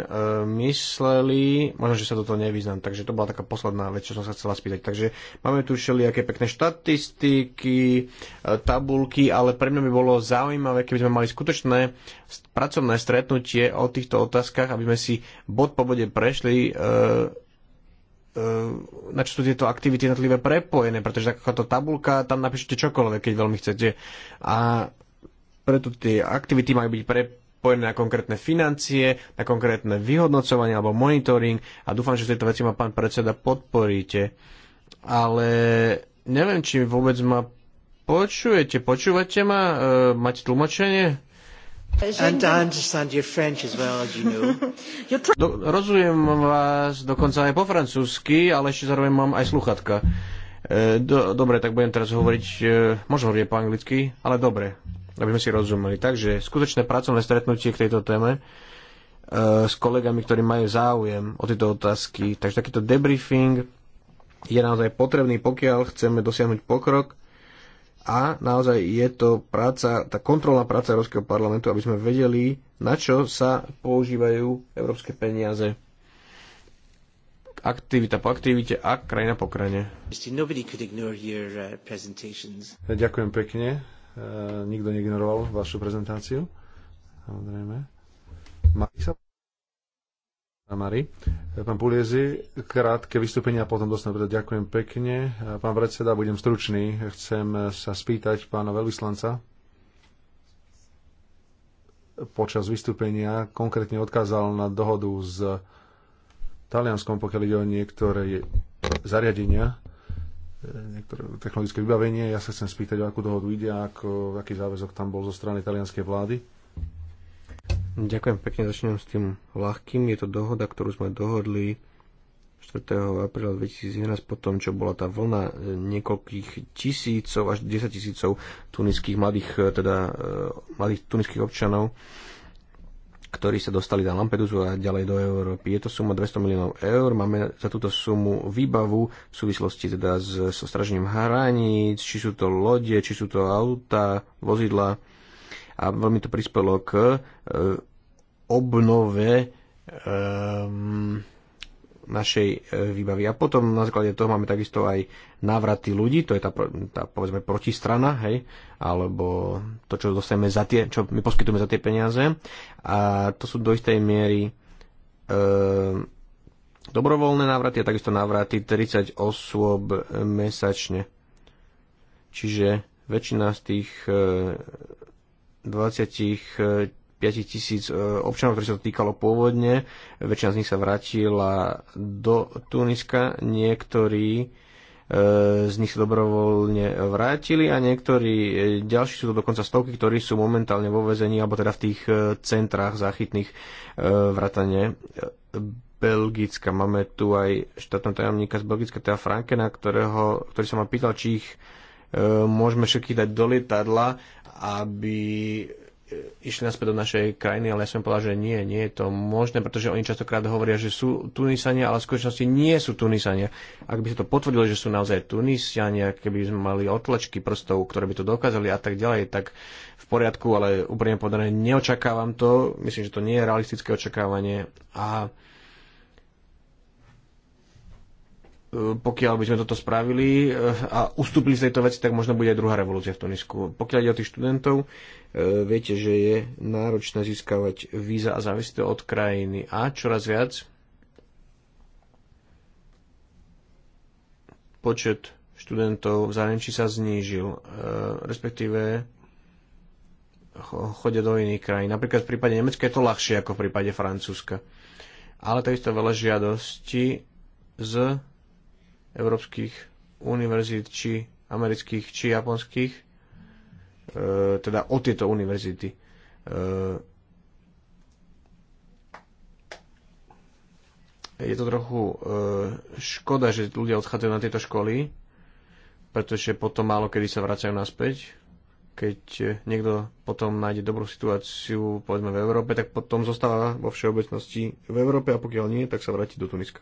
mysleli, možno, že sa do toho nevyznam, takže to bola taká posledná vec, čo som sa chcela spýtať. Takže máme tu všelijaké pekné štatistiky, e, tabulky, ale pre mňa by bolo zaujímavé, keby sme mali skutočné pracovné stretnutie o týchto otázkach, aby sme si bod po bode prešli, e, e na čo sú tieto aktivity jednotlivé prepojené, pretože takáto tabulka, tam napíšete čokoľvek, keď veľmi chcete. A preto tie aktivity majú byť prepojené spojené na konkrétne financie, na konkrétne vyhodnocovanie alebo monitoring a dúfam, že tieto veci ma pán predseda podporíte. Ale neviem, či vôbec ma počujete. Počúvate ma? E, máte tlmočenie? And I understand French as well, as you know. Do, rozumiem vás dokonca aj po francúzsky, ale ešte zároveň mám aj sluchatka. E, do, dobre, tak budem teraz hovoriť, e, možno hovoriť po anglicky, ale dobre, aby sme si rozumeli. Takže skutočné pracovné stretnutie k tejto téme e, s kolegami, ktorí majú záujem o tieto otázky. Takže takýto debriefing je naozaj potrebný, pokiaľ chceme dosiahnuť pokrok a naozaj je to práca, tá kontrolná práca Európskeho parlamentu, aby sme vedeli, na čo sa používajú európske peniaze aktivita po aktivite a krajina po krajine. Uh, ďakujem pekne. E, nikto neignoroval vašu prezentáciu. Samozrejme. Mali sa... Mari. E, pán Puliezi, krátke vystúpenie a potom dostaneme ďakujem pekne. E, pán predseda, budem stručný. Chcem sa spýtať pána veľvyslanca počas vystúpenia konkrétne odkázal na dohodu z Talianskom, pokiaľ ide o niektoré zariadenia, e, niektoré technologické vybavenie. Ja sa chcem spýtať, o akú dohodu ide a ako, aký záväzok tam bol zo strany talianskej vlády. Ďakujem pekne, začnem s tým ľahkým. Je to dohoda, ktorú sme dohodli 4. apríla 2011 po tom, čo bola tá vlna e, niekoľkých tisícov až 10 tisícov tuniských mladých, e, teda mladých tuniských občanov, ktorí sa dostali na Lampedusu a ďalej do Európy. Je to suma 200 miliónov eur. Máme za túto sumu výbavu v súvislosti teda s so stražením hraníc, či sú to lode, či sú to auta, vozidla. A veľmi to prispelo k eh, obnove ehm, našej e, výbavy. A potom na základe toho máme takisto aj návraty ľudí, to je tá, tá povedzme protistrana, hej, alebo to, čo dostaneme za tie, čo my poskytujeme za tie peniaze. A to sú do istej miery e, dobrovoľné návraty a takisto návraty 30 osôb mesačne. Čiže väčšina z tých e, 20 5 tisíc e, občanov, ktorí sa to týkalo pôvodne. Väčšina z nich sa vrátila do Tuniska, niektorí e, z nich sa dobrovoľne vrátili a niektorí e, ďalší sú to dokonca stovky, ktorí sú momentálne vo vezení alebo teda v tých centrách záchytných vrátane Belgická. Máme tu aj štátneho tajomníka z Belgická, teda Frankena, ktorého, ktorý sa ma pýtal, či ich môžeme všetkých dať do lietadla, aby išli naspäť do našej krajiny, ale ja som povedal, že nie, nie je to možné, pretože oni častokrát hovoria, že sú Tunisania, ale v skutočnosti nie sú Tunisania. Ak by sa to potvrdilo, že sú naozaj Tunisania, keby sme mali otlačky prstov, ktoré by to dokázali a tak ďalej, tak v poriadku, ale úprimne povedané, neočakávam to. Myslím, že to nie je realistické očakávanie a E, pokiaľ by sme toto spravili e, a ustúpili z tejto veci, tak možno bude aj druhá revolúcia v Tunisku. Pokiaľ ide o tých študentov, e, viete, že je náročné získavať víza a závisť od krajiny a čoraz viac počet študentov v zahraničí sa znížil, respektíve chodia do iných krajín. Napríklad v prípade Nemecka je to ľahšie ako v prípade Francúzska. Ale takisto veľa žiadostí z európskych univerzít, či amerických, či japonských, e, teda o tieto univerzity. E, je to trochu e, škoda, že ľudia odchádzajú na tieto školy, pretože potom málo kedy sa vracajú naspäť. Keď e, niekto potom nájde dobrú situáciu, povedzme v Európe, tak potom zostáva vo všeobecnosti v Európe a pokiaľ nie, tak sa vráti do Tuniska.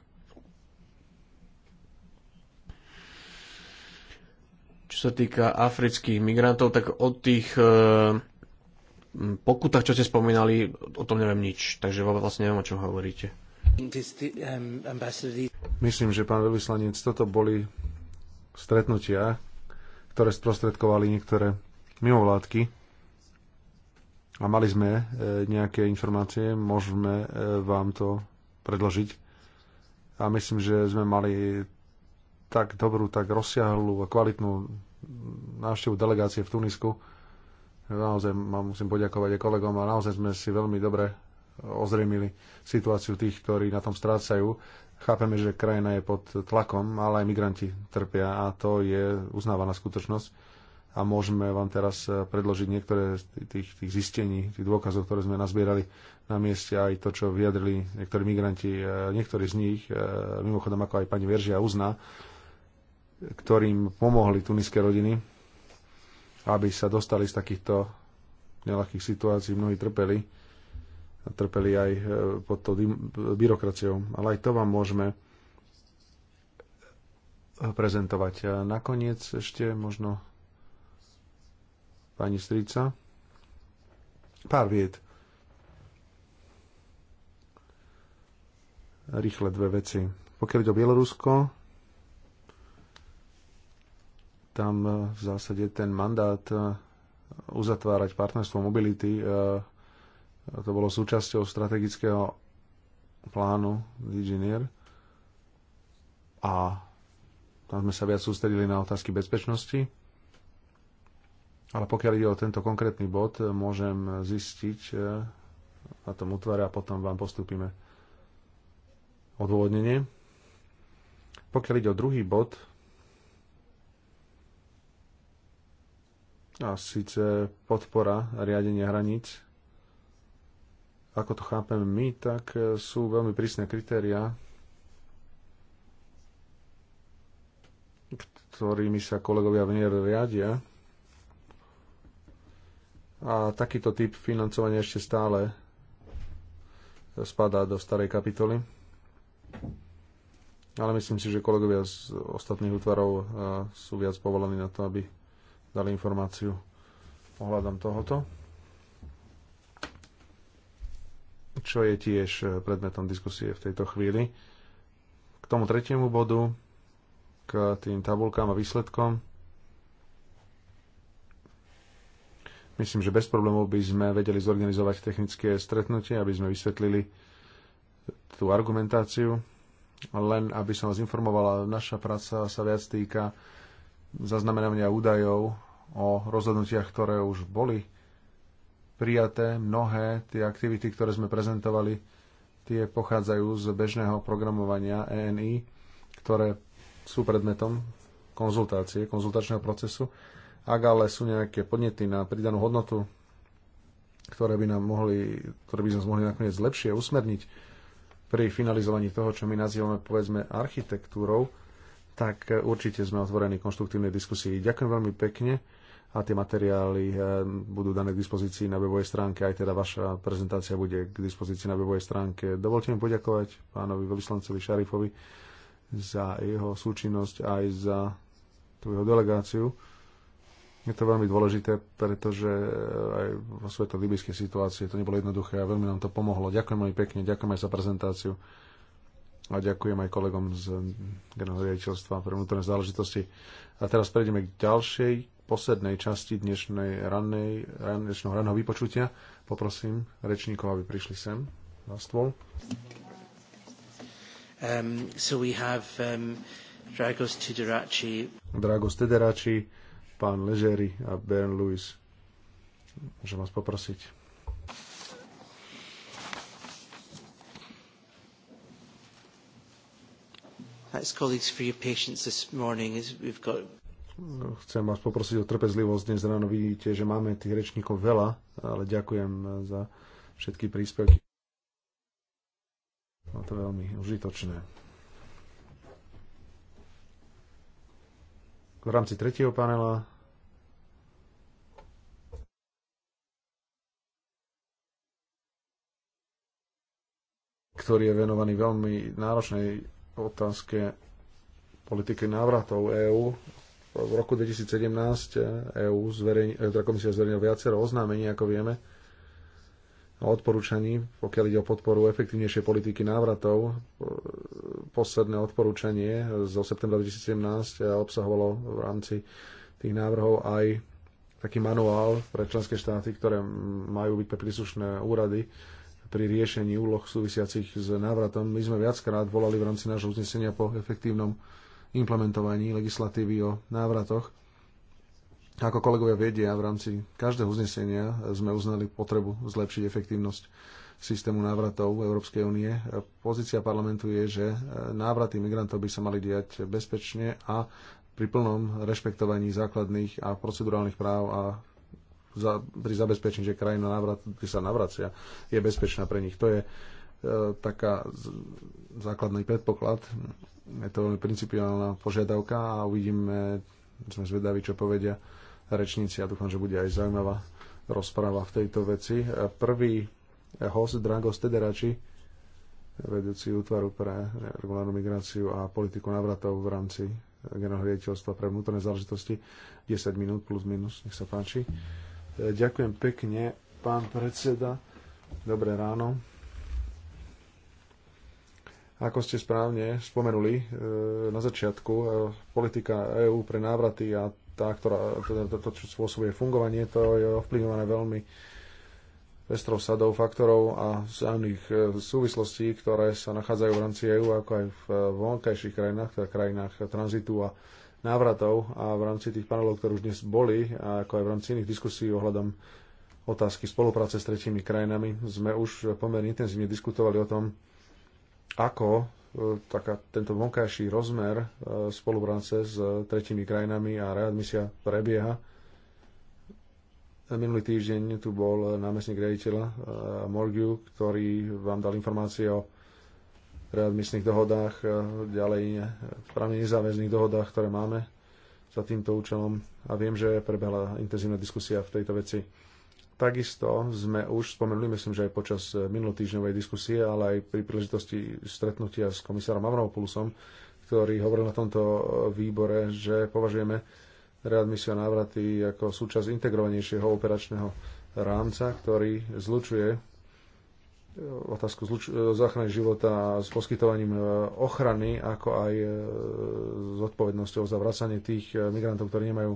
Čo sa týka afrických migrantov, tak o tých e, pokutách, čo ste spomínali, o tom neviem nič. Takže vlastne neviem, o čom hovoríte. Myslím, že pán veľvyslanec, toto boli stretnutia, ktoré sprostredkovali niektoré mimovládky a mali sme e, nejaké informácie, môžeme e, vám to predložiť. A myslím, že sme mali tak dobrú, tak rozsiahlú a kvalitnú návštevu delegácie v Tunisku. Naozaj ma musím poďakovať aj kolegom a naozaj sme si veľmi dobre ozrejmili situáciu tých, ktorí na tom strácajú. Chápeme, že krajina je pod tlakom, ale aj migranti trpia a to je uznávaná skutočnosť. A môžeme vám teraz predložiť niektoré z tých, tých zistení, tých dôkazov, ktoré sme nazbierali na mieste, aj to, čo vyjadrili niektorí migranti, niektorí z nich, eh, mimochodom ako aj pani Veržia uzná, ktorým pomohli tuniské rodiny, aby sa dostali z takýchto nelahkých situácií. Mnohí trpeli. Trpeli aj e, pod to byrokraciou. Ale aj to vám môžeme prezentovať. A nakoniec ešte možno pani Strica. Pár vied. Rýchle dve veci. Pokiaľ ide o Bielorusko, tam eh, v zásade ten mandát eh, uzatvárať partnerstvo mobility, eh, to bolo súčasťou strategického plánu Digineer a tam sme sa viac sústredili na otázky bezpečnosti. Ale pokiaľ ide o tento konkrétny bod, môžem zistiť na tom útvare a potom vám postupíme odôvodnenie. Pokiaľ ide o druhý bod, a síce podpora riadenia hraníc. Ako to chápeme my, tak sú veľmi prísne kritéria, ktorými sa kolegovia v NIR riadia. A takýto typ financovania ešte stále spadá do starej kapitoly. Ale myslím si, že kolegovia z ostatných útvarov sú viac povolení na to, aby dali informáciu ohľadom tohoto, čo je tiež e, predmetom diskusie v tejto chvíli. K tomu tretiemu bodu, k tým tabulkám a výsledkom, myslím, že bez problémov by sme vedeli zorganizovať technické stretnutie, aby sme vysvetlili tú argumentáciu. Len aby som vás informovala, naša práca sa viac týka zaznamenania údajov o rozhodnutiach, ktoré už boli prijaté. Mnohé tie aktivity, ktoré sme prezentovali, tie pochádzajú z bežného programovania ENI, ktoré sú predmetom konzultácie, konzultačného procesu. Ak ale sú nejaké podnety na pridanú hodnotu, ktoré by, nám mohli, ktoré by sme mohli nakoniec lepšie usmerniť pri finalizovaní toho, čo my nazývame povedzme architektúrou, tak určite sme otvorení konštruktívnej diskusii. Ďakujem veľmi pekne a tie materiály eh, budú dané k dispozícii na webovej stránke, aj teda vaša prezentácia bude k dispozícii na webovej stránke. Dovolte mi poďakovať pánovi veľvyslancovi Šarifovi za jeho súčinnosť aj za tú jeho delegáciu. Je to veľmi dôležité, pretože eh, aj vo sveto libyskej situácii to nebolo jednoduché a veľmi nám to pomohlo. Ďakujem veľmi pekne, ďakujem aj za prezentáciu a ďakujem aj kolegom z generálneho riaditeľstva pre vnútorné záležitosti. A teraz prejdeme k ďalšej, poslednej časti dnešnej rannej, dnešného ranného vypočutia. Poprosím rečníkov, aby prišli sem na stôl. Um, so we have um, Dragos Tudoraci. Dragos Tudoraci, pán Ležeri a Bern Lewis. Môžem vás poprosiť. No, chcem vás poprosiť o trpezlivosť. Dnes ráno vidíte, že máme tých rečníkov veľa, ale ďakujem za všetky príspevky. Bolo to veľmi užitočné. V rámci tretieho panela ktorý je venovaný veľmi náročnej otázke politiky návratov EÚ. V roku 2017 EÚ zverejne, teda komisia zverejnila viacero oznámení, ako vieme, a odporúčaní, pokiaľ ide o podporu efektívnejšej politiky návratov. Posledné odporúčanie zo septembra 2017 obsahovalo v rámci tých návrhov aj taký manuál pre členské štáty, ktoré majú byť pre príslušné úrady pri riešení úloh súvisiacich s návratom. My sme viackrát volali v rámci nášho uznesenia po efektívnom implementovaní legislatívy o návratoch. Ako kolegovia vedia, v rámci každého uznesenia sme uznali potrebu zlepšiť efektívnosť systému návratov Európskej únie. Pozícia parlamentu je, že návraty migrantov by sa mali diať bezpečne a pri plnom rešpektovaní základných a procedurálnych práv a za, pri zabezpečení, že krajina, navrat, kde sa navracia, je bezpečná pre nich. To je e, taká z, základný predpoklad. Je to veľmi principiálna požiadavka a uvidíme, sme zvedaví, čo povedia rečníci. Ja dúfam, že bude aj zaujímavá rozpráva v tejto veci. E, prvý host Dragos Tederači, vedúci útvaru pre regulárnu migráciu a politiku návratov v rámci generálneho riaditeľstva pre vnútorné záležitosti. 10 minút plus minus, nech sa páči. E, ďakujem pekne, pán predseda. Dobré ráno. Ako ste správne spomenuli e, na začiatku, e, politika EÚ pre návraty a tá, ktorá, teda to, to, čo spôsobuje fungovanie, to je ovplyvňované veľmi pestrou sadou faktorov a zájomných súvislostí, ktoré sa nachádzajú v rámci EÚ, ako aj v vonkajších krajinách, teda krajinách tranzitu a návratov a v rámci tých panelov, ktoré už dnes boli, a ako aj v rámci iných diskusí ohľadom otázky spolupráce s tretími krajinami, sme už pomerne intenzívne diskutovali o tom, ako e, taká, tento vonkajší rozmer e, spolupráce s tretími krajinami a readmisia prebieha. Minulý týždeň tu bol námestník riaditeľa e, Morgiu, ktorý vám dal informácie o readmisných dohodách, e, ďalej e, právne nezáväzných dohodách, ktoré máme za týmto účelom a viem, že prebehla intenzívna diskusia v tejto veci. Takisto sme už spomenuli, myslím, že aj počas e, minulotýždňovej diskusie, ale aj pri príležitosti stretnutia s komisárom Avramopoulosom, ktorý hovoril na tomto výbore, že považujeme readmisiu a návraty ako súčasť integrovanejšieho operačného rámca, ktorý zlučuje otázku záchrany života s poskytovaním e, ochrany, ako aj s e, odpovednosťou za vracanie tých e, migrantov, ktorí nemajú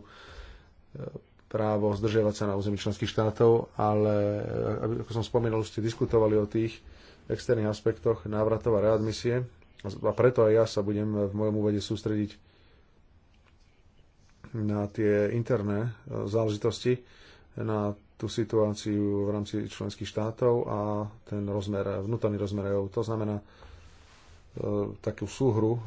právo zdržiavať sa na území členských štátov, ale ako som spomínal, už ste diskutovali o tých externých aspektoch návratov a readmisie a preto aj ja sa budem v mojom úvode sústrediť na tie interné záležitosti, na tú situáciu v rámci členských štátov a ten rozmer, vnútorný rozmer EU. To znamená e, takú súhru e,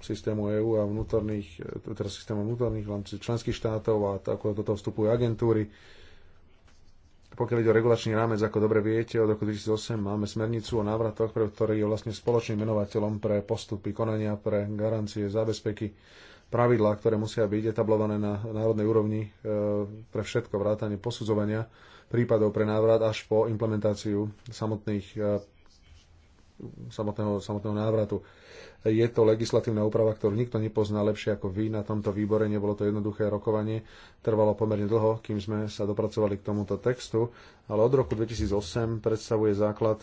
systému EÚ a vnútorných, e, teda systému vnútorných v rámci členských štátov a ako do toho vstupujú agentúry. Pokiaľ ide o regulačný rámec, ako dobre viete, od roku 2008 máme smernicu o návratoch, ktorý je vlastne spoločným menovateľom pre postupy konania, pre garancie, zábezpeky pravidlá, ktoré musia byť etablované na národnej úrovni e, pre všetko, vrátanie posudzovania prípadov pre návrat až po implementáciu samotných, e, samotného, samotného návratu. Je to legislatívna úprava, ktorú nikto nepozná lepšie ako vy na tomto výbore. Nebolo to jednoduché rokovanie. Trvalo pomerne dlho, kým sme sa dopracovali k tomuto textu, ale od roku 2008 predstavuje základ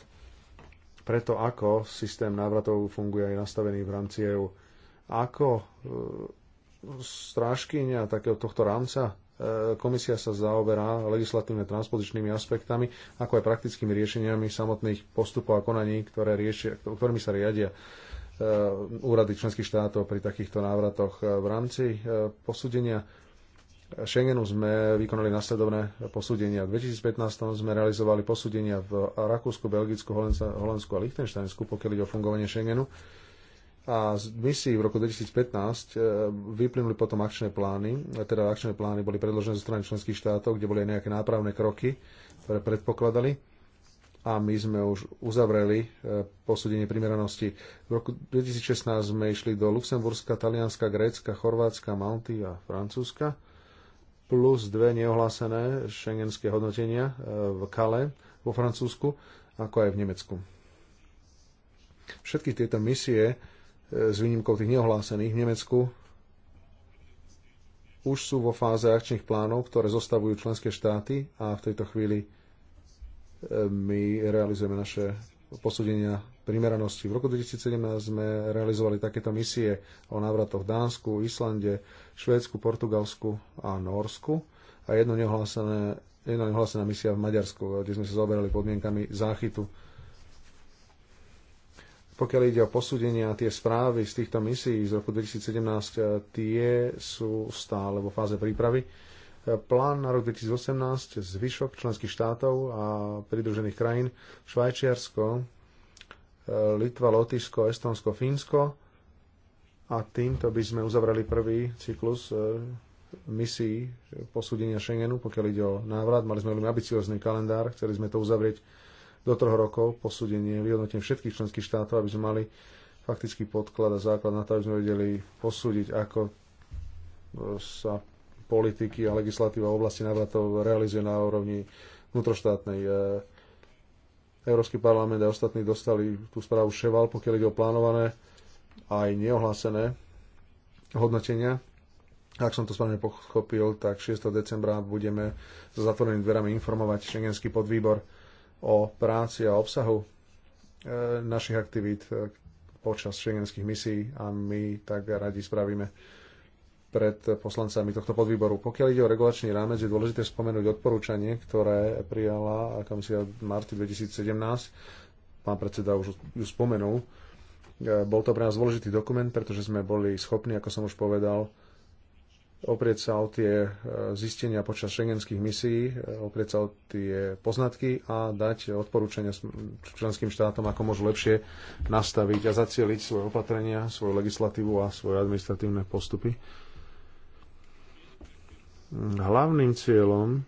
preto, ako systém návratov funguje aj nastavený v rámci EU ako e, strážkynia takého tohto rámca e, komisia sa zaoberá legislatívne transpozičnými aspektami, ako aj praktickými riešeniami samotných postupov a konaní, ktoré riešia, ktorými sa riadia e, úrady členských štátov pri takýchto návratoch. V rámci posúdenia Schengenu sme vykonali nasledovné posúdenia. V 2015 sme realizovali posúdenia v Rakúsku, Belgicku, Holandsku a Lichtensteinsku, pokiaľ ide o fungovanie Schengenu a z misií v roku 2015 e, vyplynuli potom akčné plány, e, teda akčné plány boli predložené zo strany členských štátov, kde boli aj nejaké nápravné kroky, ktoré predpokladali a my sme už uzavreli e, posúdenie primeranosti. V roku 2016 sme išli do Luxemburska, Talianska, Grécka, Chorvátska, Malty a Francúzska plus dve neohlásené šengenské hodnotenia v Kale vo Francúzsku, ako aj v Nemecku. Všetky tieto misie s výnimkou tých neohlásených v Nemecku, už sú vo fáze akčných plánov, ktoré zostavujú členské štáty a v tejto chvíli e, my realizujeme naše posúdenia primeranosti. V roku 2017 sme realizovali takéto misie o návratoch v Dánsku, Islande, Švédsku, Portugalsku a Norsku a jedno neohlásené, jedna neohlásená misia v Maďarsku, kde sme sa zaoberali podmienkami záchytu pokiaľ ide o posúdenia, tie správy z týchto misií z roku 2017, e, tie sú stále vo fáze prípravy. E, plán na rok 2018, zvyšok členských štátov a pridružených krajín, Švajčiarsko, e, Litva, Lotyšsko, Estonsko, Fínsko a týmto by sme uzavreli prvý cyklus misií posúdenia Schengenu, pokiaľ ide o návrat. Mali sme veľmi ambiciózny kalendár, chceli sme to uzavrieť do troch rokov posúdenie, vyhodnotenie všetkých členských štátov, aby sme mali faktický podklad a základ na to, aby sme vedeli posúdiť, ako e, sa politiky a legislatíva v oblasti návratov realizuje na úrovni vnútroštátnej. E, Európsky parlament a ostatní dostali tú správu Ševal, pokiaľ ide o plánované aj neohlásené hodnotenia. Ak som to správne pochopil, tak 6. decembra budeme za zatvorenými dverami informovať šengenský podvýbor o práci a obsahu e, našich aktivít e, počas šengenských misií a my tak radi spravíme pred poslancami tohto podvýboru. Pokiaľ ide o regulačný rámec, je dôležité spomenúť odporúčanie, ktoré prijala komisia v marci 2017. Pán predseda už ju spomenul. E, bol to pre nás dôležitý dokument, pretože sme boli schopní, ako som už povedal, oprieť sa o tie e, zistenia počas šengenských misií, e, oprieť sa o tie poznatky a dať odporúčania členským štátom, ako môžu lepšie nastaviť a zacieliť svoje opatrenia, svoju legislatívu a svoje administratívne postupy. Hlavným cieľom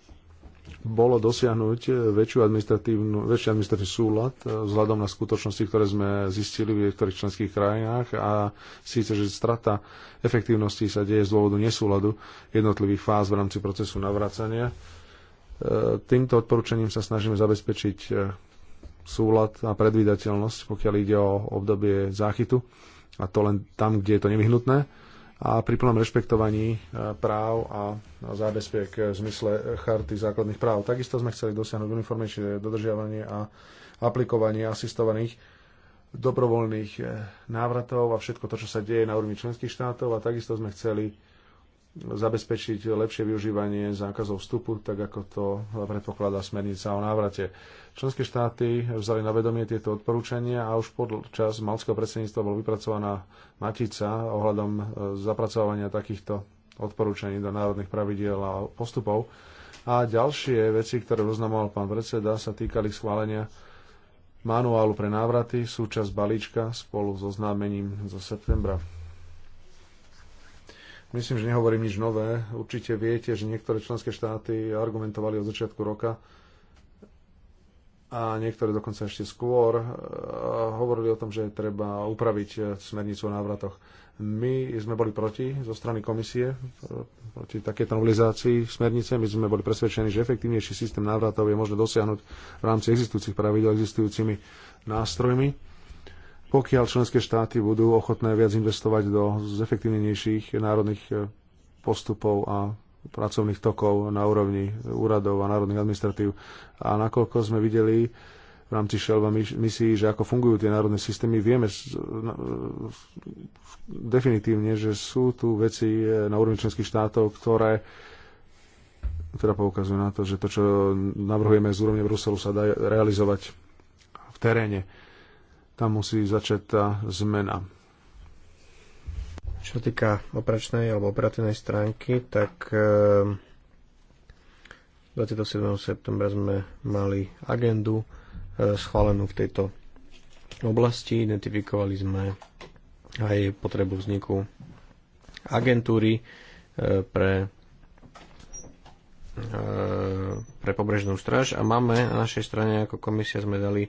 bolo dosiahnuť e, väčšiu administratívnu, väčší administratívny súlad e, vzhľadom na skutočnosti, ktoré sme zistili v niektorých členských krajinách a síce, že strata efektívnosti sa deje z dôvodu nesúladu jednotlivých fáz v rámci procesu navracania. E, týmto odporúčaním sa snažíme zabezpečiť súlad a predvídateľnosť, pokiaľ ide o obdobie záchytu a to len tam, kde je to nevyhnutné a pri plnom rešpektovaní e, práv a zábezpiek v zmysle charty základných práv. Takisto sme chceli dosiahnuť uniformnejšie dodržiavanie a aplikovanie asistovaných dobrovoľných e, návratov a všetko to, čo sa deje na úrovni členských štátov a takisto sme chceli zabezpečiť lepšie využívanie zákazov vstupu, tak ako to predpokladá smernica o návrate. Členské štáty vzali na vedomie tieto odporúčania a už podčas malského predsedníctva bola vypracovaná matica ohľadom e, zapracovania takýchto odporúčaní do národných pravidiel a postupov. A ďalšie veci, ktoré oznamoval pán predseda, sa týkali schválenia manuálu pre návraty, súčasť balíčka spolu s so oznámením zo septembra. Myslím, že nehovorím nič nové. Určite viete, že niektoré členské štáty argumentovali od začiatku roka a niektoré dokonca ešte skôr e, hovorili o tom, že treba upraviť e, smernicu o návratoch. My sme boli proti zo strany komisie, proti takéto novelizácii smernice. My sme boli presvedčení, že efektívnejší systém návratov je možné dosiahnuť v rámci existujúcich pravidel, existujúcimi nástrojmi pokiaľ členské štáty budú ochotné viac investovať do zefektívnejších národných e, postupov a pracovných tokov na úrovni úradov a národných administratív. A nakoľko sme videli v rámci Šelba misií, že ako fungujú tie národné systémy, vieme e, definitívne, že sú tu veci e, na úrovni členských štátov, ktoré teda poukazujú na to, že to, čo navrhujeme z úrovne Bruselu, sa dá realizovať v teréne tam musí začať tá zmena. Čo týka operačnej alebo operatívnej stránky, tak 27. Eh, septembra sme mali agendu eh, schválenú v tejto oblasti. Identifikovali sme aj potrebu vzniku agentúry eh, pre pre pobrežnú straž a máme na našej strane ako komisia sme dali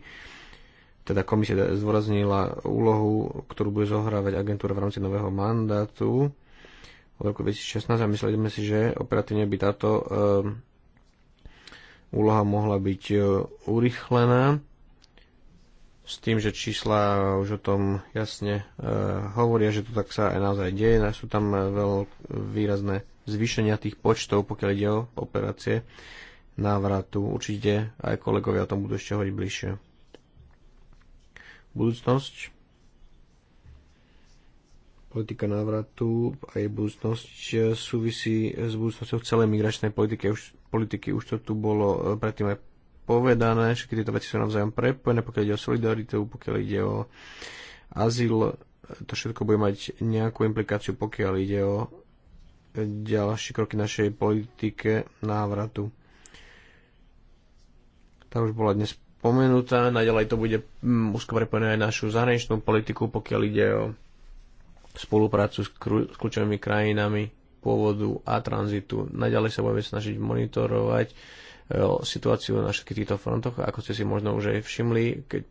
teda komisia zdôraznila úlohu, ktorú bude zohrávať agentúra v rámci nového mandátu od roku 2016 a mysleli sme si, že operatívne by táto e, úloha mohla byť e, urychlená s tým, že čísla už o tom jasne e, hovoria, že to tak sa aj naozaj deje. Sú tam e, veľmi výrazné zvýšenia tých počtov, pokiaľ ide o operácie návratu. Určite aj kolegovia o tom budú ešte hovoriť bližšie budúcnosť. Politika návratu a jej budúcnosť eh, súvisí s budúcnosťou celej migračnej politiky. Už, politiky. Už to tu bolo eh, predtým aj povedané. Všetky tieto veci sú navzájom prepojené, pokiaľ ide o solidaritu, pokiaľ ide o azyl. Eh, to všetko bude mať nejakú implikáciu, pokiaľ ide o ďalšie kroky našej politike návratu. Tá už bola dnes pomenutá, naďalej to bude mm, úzko prepojené aj našu zahraničnú politiku, pokiaľ ide o spoluprácu s, kru, s kľúčovými krajinami pôvodu a tranzitu. Naďalej sa budeme snažiť monitorovať e, situáciu na všetkých týchto frontoch, ako ste si možno už aj všimli, keď,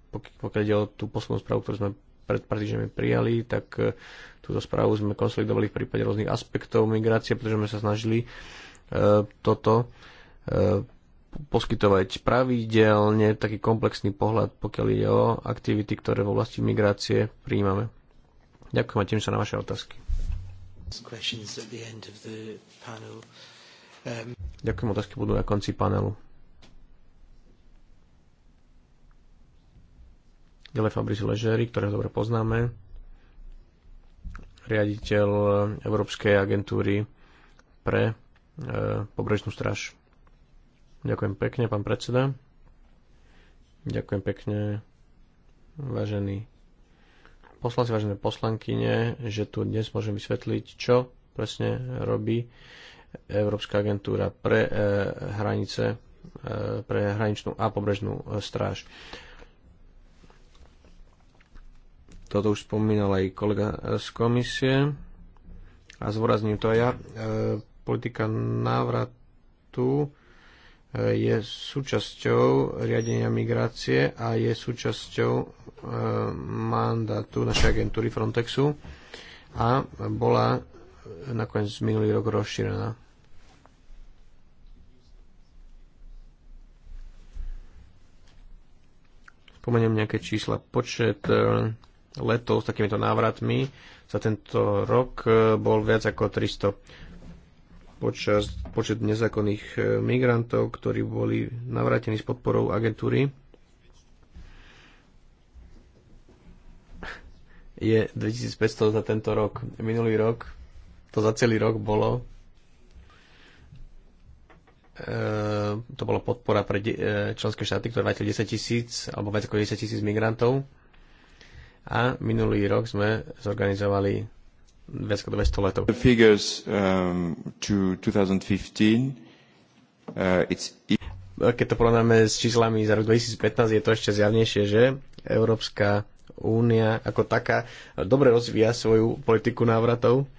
pokiaľ ide o tú poslednú správu, ktorú sme pred pár týždňami prijali, tak e, túto správu sme konsolidovali v prípade rôznych aspektov migrácie, pretože sme sa snažili e, toto poskytovať pravidelne taký komplexný pohľad, pokiaľ ide o aktivity, ktoré v oblasti migrácie príjmame. Ďakujem a tým sa na vaše otázky. Um, Ďakujem, otázky budú na konci panelu. Ďalej Fabrice Ležery, ktorého dobre poznáme, riaditeľ Európskej agentúry pre e, pobrežnú straž. Ďakujem pekne, pán predseda. Ďakujem pekne, vážení poslanci, vážené poslankyne, že tu dnes môžem vysvetliť, čo presne robí Európska agentúra pre eh, hranice, eh, pre hraničnú a pobrežnú eh, stráž. Toto už spomínal aj kolega z komisie a zvorazním to aj ja. politika návratu je súčasťou riadenia migrácie a je súčasťou e, mandátu našej agentúry Frontexu a bola nakoniec minulý rok rozšírená. Spomeniem nejaké čísla. Počet e, letov s takýmito návratmi za tento rok e, bol viac ako 300 počas, počet nezákonných e, migrantov, ktorí boli navrátení s podporou agentúry, je 2500 za tento rok. Minulý rok, to za celý rok bolo, e, to bola podpora pre de, e, členské štáty, ktoré vrátili 10 tisíc alebo viac ako 10 tisíc migrantov. A minulý rok sme zorganizovali viac ako 200 letov. The figures um, to 2015 uh, it's e- keď to porovnáme s číslami za rok 2015, je to ešte zjavnejšie, že Európska únia ako taká dobre rozvíja svoju politiku návratov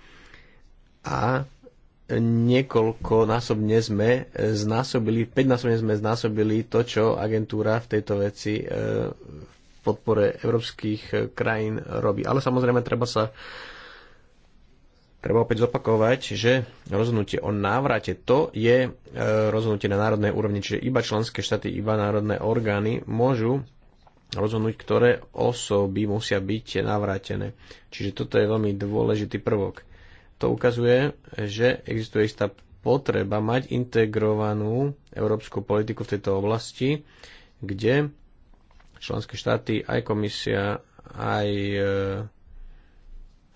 a niekoľko násobne sme znásobili, 5 násobne sme znásobili to, čo agentúra v tejto veci e, v podpore európskych krajín robí. Ale samozrejme treba sa treba opäť zopakovať, že rozhodnutie o návrate to je e, rozhodnutie na národnej úrovni, čiže iba členské štáty, iba národné orgány môžu rozhodnúť, ktoré osoby musia byť navrátené. Čiže toto je veľmi dôležitý prvok. To ukazuje, že existuje istá potreba mať integrovanú európsku politiku v tejto oblasti, kde členské štáty, aj komisia, aj e,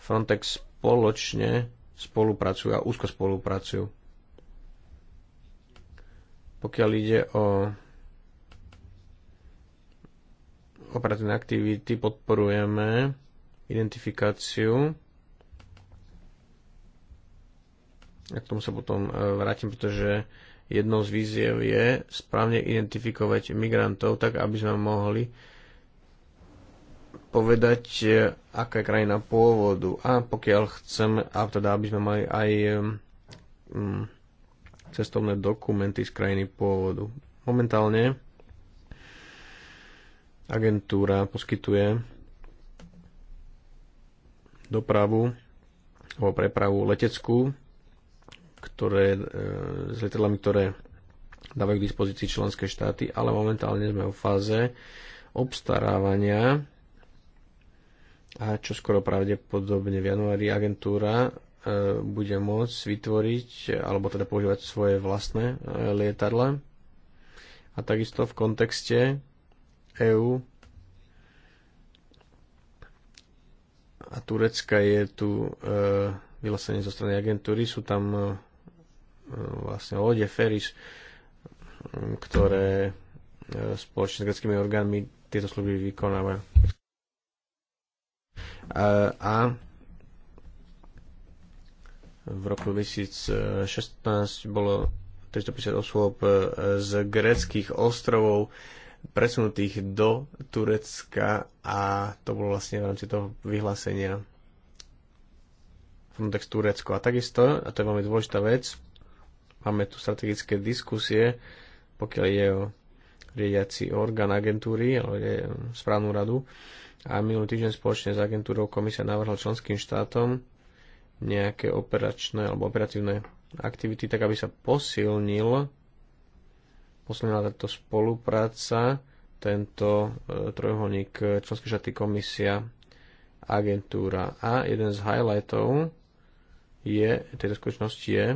Frontex spoločne spolupracujú a úzko spolupracujú. Pokiaľ ide o operatívne aktivity, podporujeme identifikáciu. A k tomu sa potom e, vrátim, pretože jednou z víziev je správne identifikovať migrantov, tak aby sme mohli povedať, e, aká je krajina pôvodu. A pokiaľ chceme, a teda aby sme mali aj um, cestovné dokumenty z krajiny pôvodu. Momentálne agentúra poskytuje dopravu alebo prepravu leteckú, ktoré, e, s letadlami, ktoré dávajú k dispozícii členské štáty, ale momentálne sme v fáze obstarávania a čo skoro pravdepodobne v januári agentúra e, bude môcť vytvoriť alebo teda používať svoje vlastné e, lietadla. A takisto v kontexte EÚ a Turecka je tu e, vylesenie zo strany agentúry, sú tam e, vlastne lode, ferries, e, ktoré e, spoločne s greckými orgánmi tieto služby vykonávajú a v roku 2016 bolo 350 osôb e, z greckých ostrovov presunutých do Turecka a to bolo vlastne v rámci toho vyhlásenia Frontex Turecko. A takisto, a to je veľmi dôležitá vec, máme tu strategické diskusie, pokiaľ je o riadiaci orgán agentúry, alebo správnu radu, a minulý týždeň spoločne s agentúrou komisia navrhla členským štátom nejaké operačné alebo operatívne aktivity, tak aby sa posilnil posilnila táto spolupráca, tento e, trojuholník e, členské štáty komisia agentúra. A jeden z highlightov je, tejto skutočnosti je,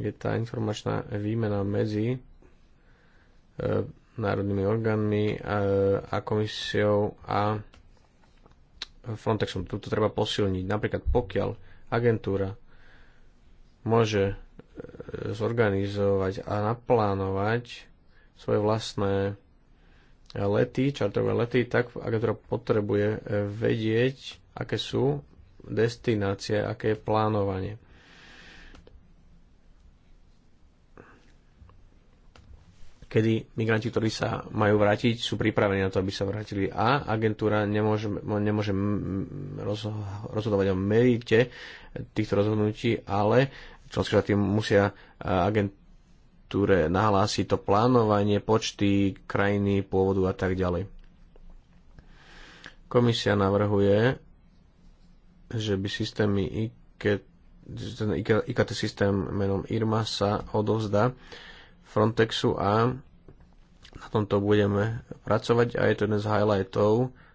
je tá informačná výmena medzi e, národnými orgánmi e, a komisiou a Frontexom. Tuto treba posilniť. Napríklad pokiaľ agentúra môže e, zorganizovať a naplánovať svoje vlastné lety, čartové lety, tak agentúra potrebuje e, vedieť, aké sú destinácie, aké je plánovanie. kedy migranti, ktorí sa majú vrátiť, sú pripravení na to, aby sa vrátili. A agentúra nemôže, nemôže rozhodovať o merite týchto rozhodnutí, ale členské štáty musia e, agentúre nahlásiť to plánovanie, počty, krajiny, pôvodu a tak ďalej. Komisia navrhuje, že by systémy IKT, ten IKT systém menom IRMA sa odovzda Frontexu a na tomto budeme pracovať a je to jeden z highlightov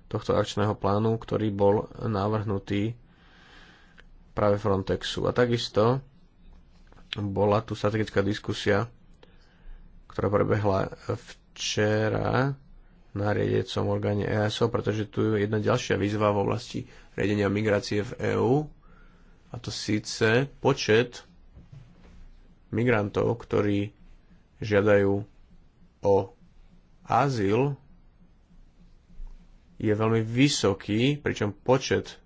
tohto akčného plánu, ktorý bol navrhnutý práve Frontexu. A takisto bola tu strategická diskusia, ktorá prebehla včera na riedecom orgáne EASO, pretože tu je jedna ďalšia výzva v oblasti riadenia migrácie v EÚ, a to síce počet migrantov, ktorí žiadajú o azyl, je veľmi vysoký, pričom počet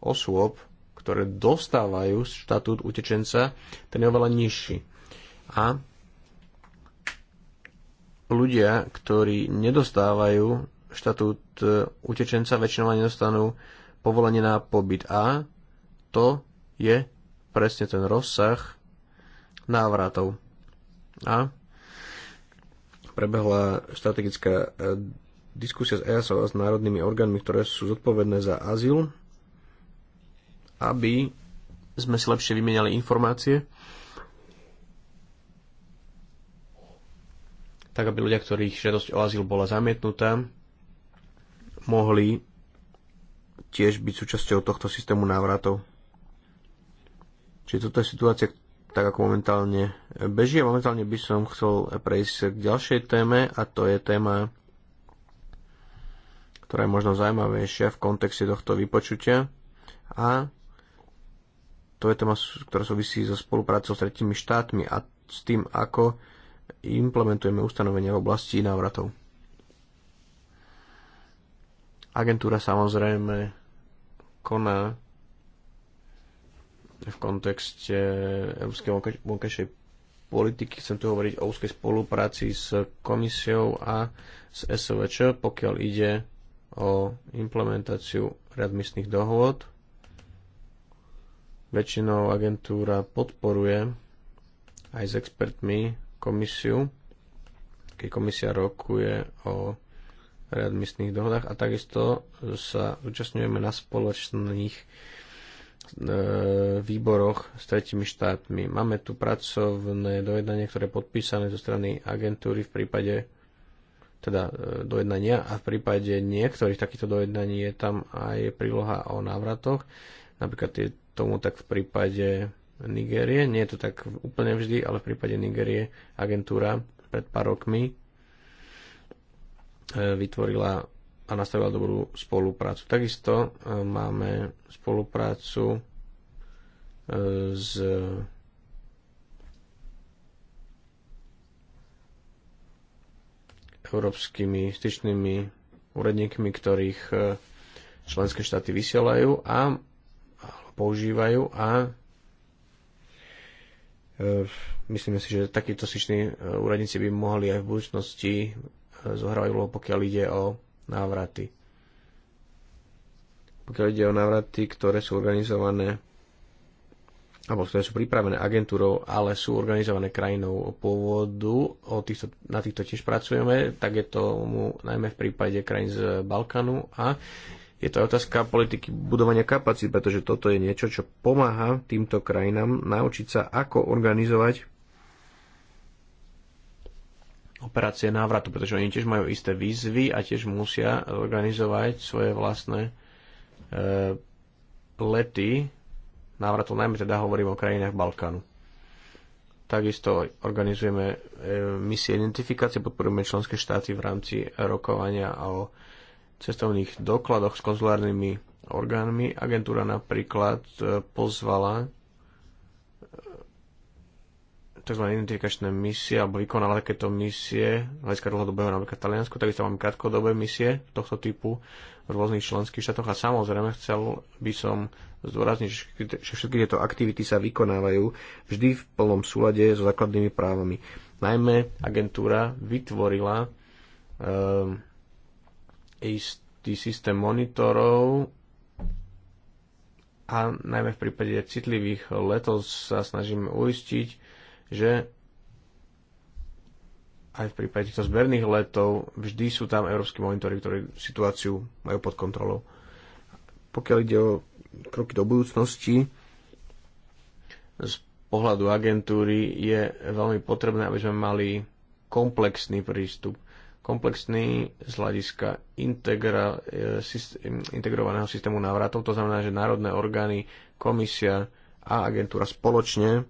osôb, ktoré dostávajú štatút utečenca, ten je oveľa nižší. A ľudia, ktorí nedostávajú štatút e, utečenca, väčšinou nedostanú povolenie na pobyt. A to je presne ten rozsah návratov a prebehla strategická e, diskusia s EASO a s národnými orgánmi, ktoré sú zodpovedné za azyl, aby sme si lepšie vymieniali informácie, tak aby ľudia, ktorých žiadosť o azyl bola zamietnutá, mohli tiež byť súčasťou tohto systému návratov. Čiže toto je situácia, tak ako momentálne beží. A momentálne by som chcel prejsť k ďalšej téme a to je téma, ktorá je možno zaujímavejšia v kontexte tohto vypočutia a to je téma, ktorá súvisí so spoluprácou s tretími štátmi a s tým, ako implementujeme ustanovenia v oblasti návratov. Agentúra samozrejme koná v kontexte európskej vonkajšej politiky. Chcem tu hovoriť o úzkej spolupráci s komisiou a s SOVČ, pokiaľ ide o implementáciu readmisných dohôd. Väčšinou agentúra podporuje aj s expertmi komisiu, keď komisia rokuje o readmisných dohodách a takisto sa zúčastňujeme na spoločných E, výboroch s tretimi štátmi. Máme tu pracovné dojednanie, ktoré je podpísané zo strany agentúry v prípade teda e, dojednania a v prípade niektorých takýchto dojednaní je tam aj príloha o návratoch. Napríklad je tomu tak v prípade Nigérie. Nie je to tak úplne vždy, ale v prípade Nigérie agentúra pred pár rokmi e, vytvorila a nastavila dobrú spoluprácu. Takisto e, máme spoluprácu e, s európskymi styčnými úradníkmi, ktorých e, členské štáty vysielajú a používajú a myslíme si, že takíto styční úradníci by mohli aj v budúcnosti zohrávať úlohu, pokiaľ ide o návraty. Pokiaľ ide o návraty, ktoré sú organizované alebo ktoré sú pripravené agentúrou, ale sú organizované krajinou pôvodu, o týchto, na týchto tiež pracujeme, tak je to najmä v prípade krajín z Balkánu a je to aj otázka politiky budovania kapacít, pretože toto je niečo, čo pomáha týmto krajinám naučiť sa, ako organizovať operácie návratu, pretože oni tiež majú isté výzvy a tiež musia organizovať svoje vlastné e, lety návratu, najmä teda hovorím o krajinách Balkánu. Takisto organizujeme e, misie identifikácie, podporujeme členské štáty v rámci rokovania o cestovných dokladoch s konzulárnymi orgánmi. Agentúra napríklad e, pozvala tzv. identifikačné misie alebo vykonala takéto misie, hľadiska dlhodobého napríklad Taliansku, takisto mám krátkodobé misie tohto typu v rôznych členských štátoch a samozrejme chcel by som zdôrazniť, že všetky tieto aktivity sa vykonávajú vždy v plnom súlade so základnými právami. Najmä agentúra vytvorila e, istý systém monitorov a najmä v prípade citlivých letov sa snažíme uistiť, že aj v prípade týchto zberných letov vždy sú tam európsky monitory, ktorí situáciu majú pod kontrolou. Pokiaľ ide o kroky do budúcnosti, z pohľadu agentúry je veľmi potrebné, aby sme mali komplexný prístup. Komplexný z hľadiska integra, eh, systém, integrovaného systému návratov, to znamená, že národné orgány, komisia a agentúra spoločne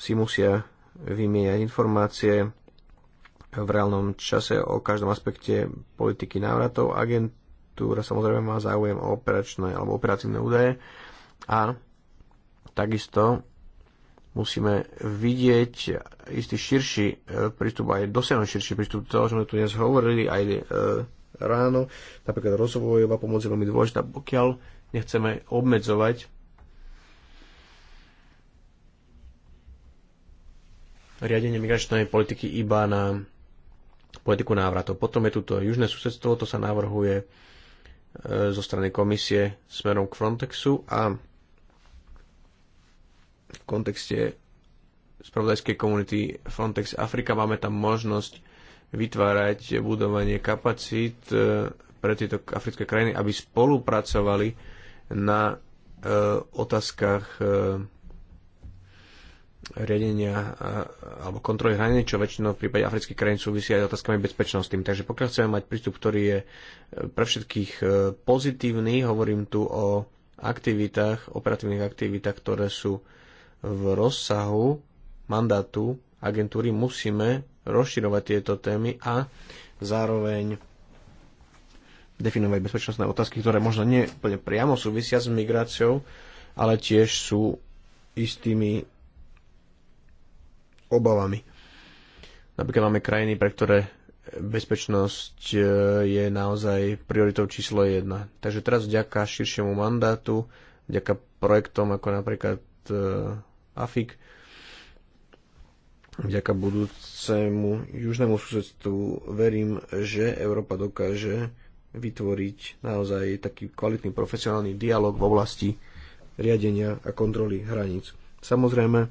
si musia vymieňať informácie v reálnom čase o každom aspekte politiky návratov. Agentúra samozrejme má záujem o operačné alebo operatívne údaje a takisto musíme vidieť istý širší e, prístup, aj dosiahnuť širší prístup. To, čo sme tu dnes hovorili, aj e, ráno, napríklad rozvojová pomoc je veľmi dôležitá, pokiaľ nechceme obmedzovať riadenie migračnej politiky iba na politiku návratov. Potom je tu to južné susedstvo, to sa navrhuje e, zo strany komisie smerom k Frontexu a v kontexte spravodajskej komunity Frontex Afrika máme tam možnosť vytvárať budovanie kapacít e, pre tieto africké krajiny, aby spolupracovali na e, otázkach riadenia eh, alebo kontroly hraní, čo väčšinou v prípade afrických krajín súvisí aj s otázkami bezpečnosti. Takže pokiaľ chceme mať prístup, ktorý je eh, pre všetkých eh, pozitívny, hovorím tu o aktivitách, operatívnych aktivitách, ktoré sú v rozsahu mandátu agentúry, musíme rozširovať tieto témy a zároveň definovať bezpečnostné otázky, ktoré možno nie úplne priamo súvisia s migráciou, ale tiež sú istými obavami. Napríklad máme krajiny, pre ktoré bezpečnosť e, je naozaj prioritou číslo 1. Takže teraz vďaka širšiemu mandátu, vďaka projektom ako napríklad e, AFIK, vďaka budúcemu južnému susedstvu verím, že Európa dokáže vytvoriť naozaj taký kvalitný profesionálny dialog v oblasti riadenia a kontroly hraníc. Samozrejme,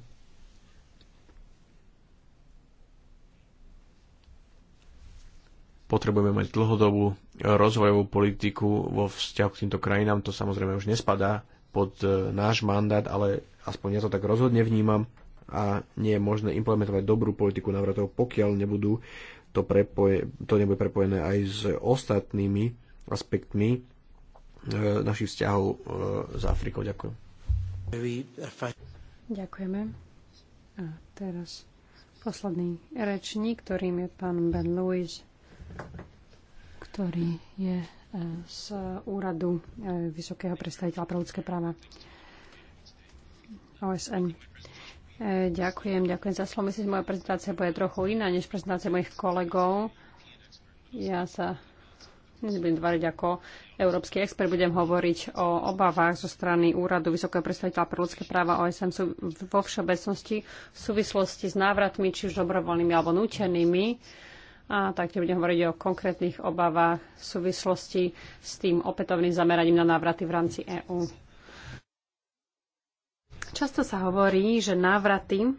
potrebujeme mať dlhodobú rozvojovú politiku vo vzťahu k týmto krajinám. To samozrejme už nespadá pod e, náš mandát, ale aspoň ja to tak rozhodne vnímam a nie je možné implementovať dobrú politiku návratov, pokiaľ nebudú to, prepoje, to nebude prepojené aj s ostatnými aspektmi e, našich vzťahov e, s Afrikou. Ďakujem. Ďakujeme. A teraz posledný rečník, ktorým je pán Ben Louis ktorý je e, z úradu e, Vysokého predstaviteľa pre ľudské práva OSN. E, ďakujem, ďakujem za slovo. Myslím, že moja prezentácia bude trochu iná než prezentácia mojich kolegov. Ja sa nebudem tvariť ako európsky expert, budem hovoriť o obavách zo strany Úradu Vysokého predstaviteľa pre ľudské práva OSN vo všeobecnosti v súvislosti s návratmi, či už dobrovoľnými alebo nútenými a taktiež budem hovoriť o konkrétnych obavách v súvislosti s tým opätovným zameraním na návraty v rámci EÚ. Často sa hovorí, že návraty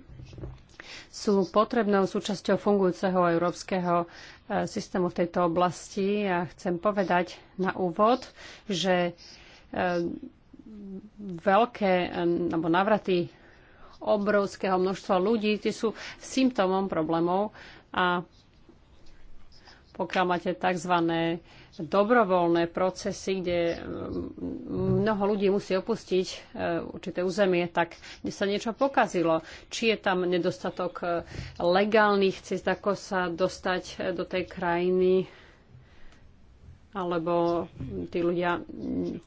sú potrebnou súčasťou fungujúceho európskeho e, systému v tejto oblasti. A ja chcem povedať na úvod, že e, veľké alebo návraty obrovského množstva ľudí, tie sú symptómom problémov a pokiaľ máte tzv. dobrovoľné procesy, kde mm, mnoho ľudí musí opustiť e, určité územie, tak kde sa niečo pokazilo. Či je tam nedostatok e, legálnych cest, ako sa dostať e, do tej krajiny, alebo tí ľudia,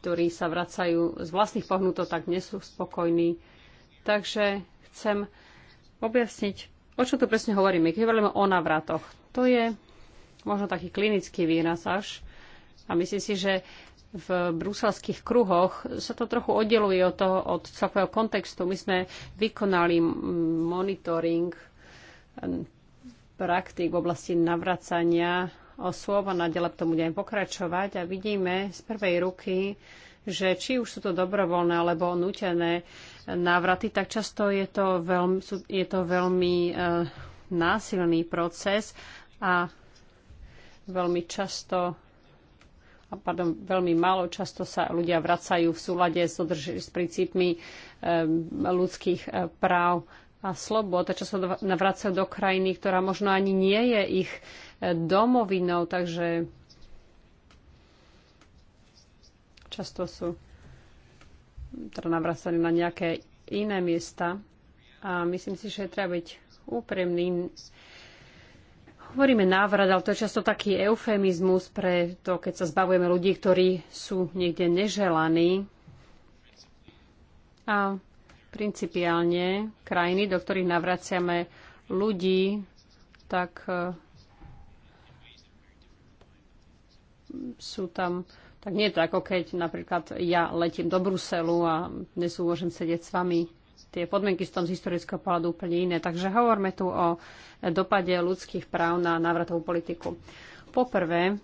ktorí sa vracajú z vlastných pohnutok, tak nie sú spokojní. Takže chcem objasniť, o čo tu presne hovoríme. Keď hovoríme o navratoch, to je možno taký klinický výraz až. A myslím si, že v bruselských kruhoch sa to trochu oddeluje od, toho, od celkového kontextu. My sme vykonali monitoring praktik v oblasti navracania osôb a nadalej k tomu budeme pokračovať a vidíme z prvej ruky, že či už sú to dobrovoľné alebo nutené návraty, tak často je to veľmi, je to veľmi e, násilný proces a Veľmi často a pardon, veľmi málo často sa ľudia vracajú v súlade s, održ- s princípmi ľudských e, práv a slobod, a čo sa navracajú do krajiny, ktorá možno ani nie je ich e, domovinou, takže často sú teda navracaní na nejaké iné miesta. A myslím si, že treba byť úprimný. Hovoríme návrat, ale to je často taký eufemizmus pre to, keď sa zbavujeme ľudí, ktorí sú niekde neželaní. A principiálne krajiny, do ktorých navraciame ľudí, tak e, sú tam, tak nie je to ako keď napríklad ja letím do Bruselu a dnes môžem sedieť s vami tie podmienky sú tam z historického pohľadu úplne iné. Takže hovorme tu o dopade ľudských práv na návratovú politiku. Poprvé,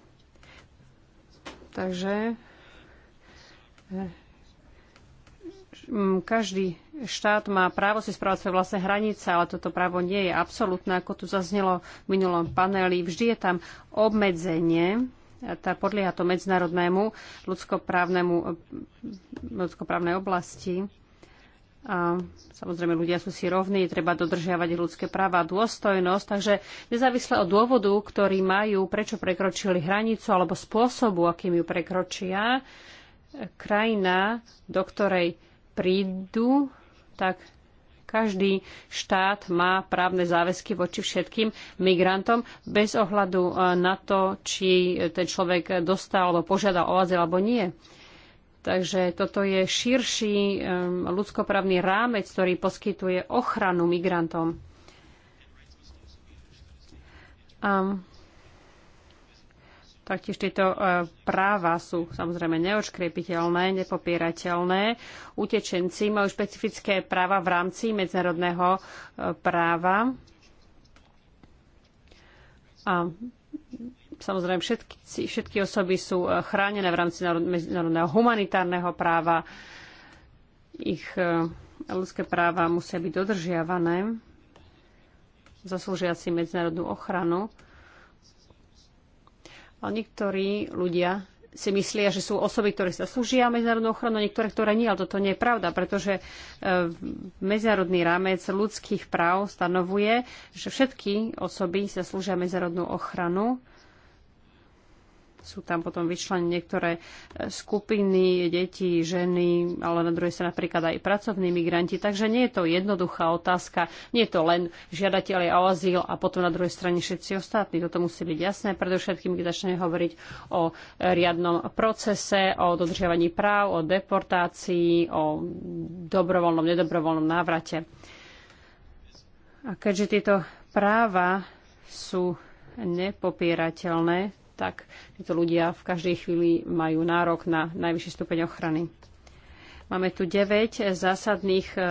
takže eh, každý štát má právo si spravať svoje vlastné hranice, ale toto právo nie je absolútne, ako tu zaznelo v minulom paneli. Vždy je tam obmedzenie, eh, tá podlieha to medzinárodnému ľudskoprávnemu, eh, ľudskoprávnej oblasti. A samozrejme, ľudia sú si rovní, treba dodržiavať ľudské práva a dôstojnosť. Takže nezávisle od dôvodu, ktorý majú, prečo prekročili hranicu alebo spôsobu, akým ju prekročia, krajina, do ktorej prídu, tak každý štát má právne záväzky voči všetkým migrantom bez ohľadu eh, na to, či ten človek dostal alebo požiadal o azyl alebo nie. Takže toto je širší ľudskoprávny rámec, ktorý poskytuje ochranu migrantom. A Taktiež tieto e, práva sú samozrejme neočkriepiteľné, nepopierateľné. Utečenci majú špecifické práva v rámci medzinárodného e, práva. A Samozrejme, všetky, všetky osoby sú e, chránené v rámci medzinárodného humanitárneho práva. Ich e, ľudské práva musia byť dodržiavané. Zaslúžia si medzinárodnú ochranu. Ale niektorí ľudia si myslia, že sú osoby, ktoré sa slúžia medzinárodnú ochranu, niektoré, ktoré nie, ale toto nie je pravda, pretože e, medzinárodný rámec ľudských práv stanovuje, že všetky osoby sa slúžia medzinárodnú ochranu sú tam potom vyčlenené niektoré e, skupiny, deti, ženy, ale na druhej strane napríklad aj pracovní migranti. Takže nie je to jednoduchá otázka, nie je to len žiadateľ o azyl a potom na druhej strane všetci ostatní. Toto musí byť jasné, predovšetkým, keď začne hovoriť o riadnom procese, o dodržiavaní práv, o deportácii, o dobrovoľnom, nedobrovoľnom návrate. A keďže tieto práva sú nepopierateľné, tak títo ľudia v každej chvíli majú nárok na najvyšší stupeň ochrany. Máme tu 9 zásadných e,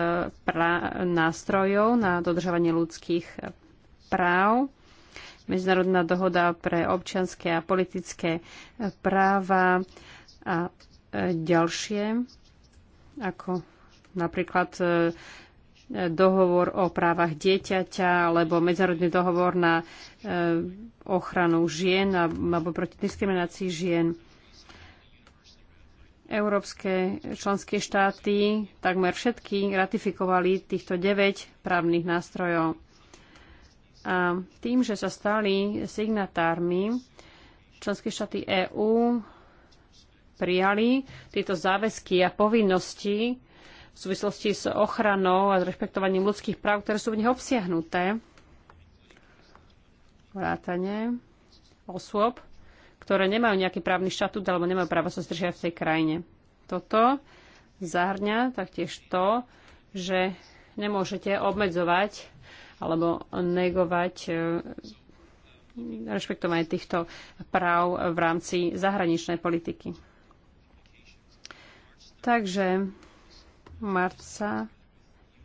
nástrojov na dodržovanie ľudských e, práv. Medzinárodná dohoda pre občianské a politické e, práva a ďalšie, ako napríklad dohovor o právach dieťaťa alebo medzárodný dohovor na e, ochranu žien alebo proti diskriminácii žien. Európske členské štáty takmer všetky ratifikovali týchto 9 právnych nástrojov. A tým, že sa stali signatármi, členské štáty EÚ prijali tieto záväzky a povinnosti v súvislosti s ochranou a s rešpektovaním ľudských práv, ktoré sú v nich obsiahnuté. Vrátane osôb, ktoré nemajú nejaký právny štatút alebo nemajú právo sa zdržiať v tej krajine. Toto zahrňa taktiež to, že nemôžete obmedzovať alebo negovať e, rešpektovanie týchto práv v rámci zahraničnej politiky. Takže marca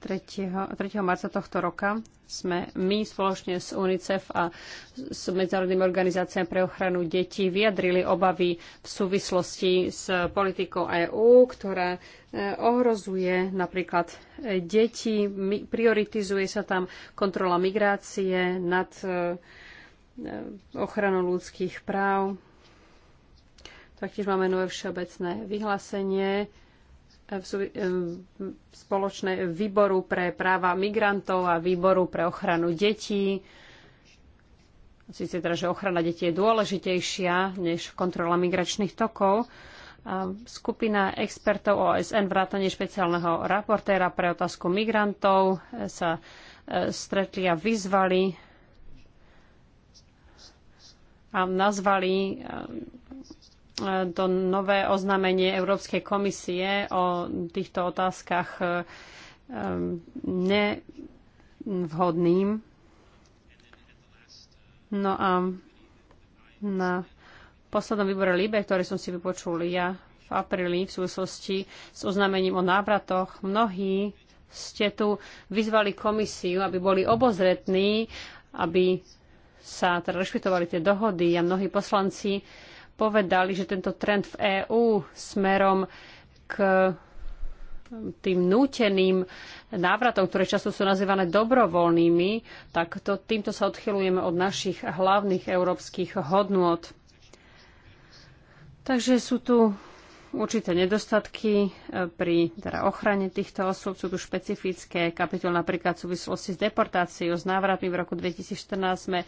3. 3. marca tohto roka sme my spoločne s UNICEF a s Medzinárodným organizáciám pre ochranu detí vyjadrili obavy v súvislosti s politikou EÚ, ktorá e, ohrozuje napríklad e, deti, prioritizuje sa tam kontrola migrácie nad e, ochranou ľudských práv. Taktiež máme nové všeobecné vyhlásenie v, e, spoločné výboru pre práva migrantov a výboru pre ochranu detí. Sice teda, že ochrana detí je dôležitejšia než kontrola migračných tokov. A skupina expertov OSN vrátane špeciálneho raportéra pre otázku migrantov e, sa e, stretli a vyzvali a nazvali to nové oznámenie Európskej komisie o týchto otázkach ehm, nevhodným. No a na poslednom výbore Libe, ktorý som si vypočul ja v apríli v súvislosti s oznámením o návratoch, mnohí ste tu vyzvali komisiu, aby boli obozretní, aby sa teda rešpitovali tie dohody a mnohí poslanci uh, povedali, že tento trend v EÚ smerom k tým núteným návratom, ktoré často sú nazývané dobrovoľnými, tak to, týmto sa odchylujeme od našich hlavných európskych hodnôt. Takže sú tu určité nedostatky e, pri teda ochrane týchto osôb. Sú tu špecifické kapitoly napríklad v súvislosti s deportáciou, s návratmi. V roku 2014 sme e,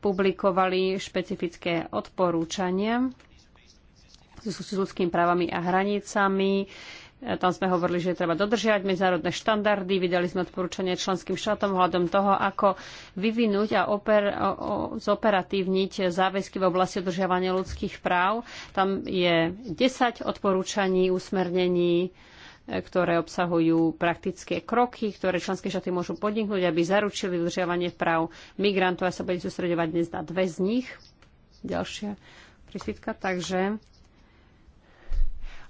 publikovali špecifické odporúčania s ľudskými právami a hranicami. E, tam sme hovorili, že treba dodržiavať medzinárodné štandardy, vydali sme odporúčanie členským štátom hľadom toho, ako vyvinúť a oper, o, o, zoperatívniť záväzky v oblasti dodržiavania ľudských práv. Tam je 10 odporúčaní, usmernení, e, ktoré obsahujú praktické kroky, ktoré členské štáty môžu podniknúť, aby zaručili dodržiavanie práv migrantov. Ja sa budem sústredovať dnes na dve z nich. Ďalšia prísvitka. Takže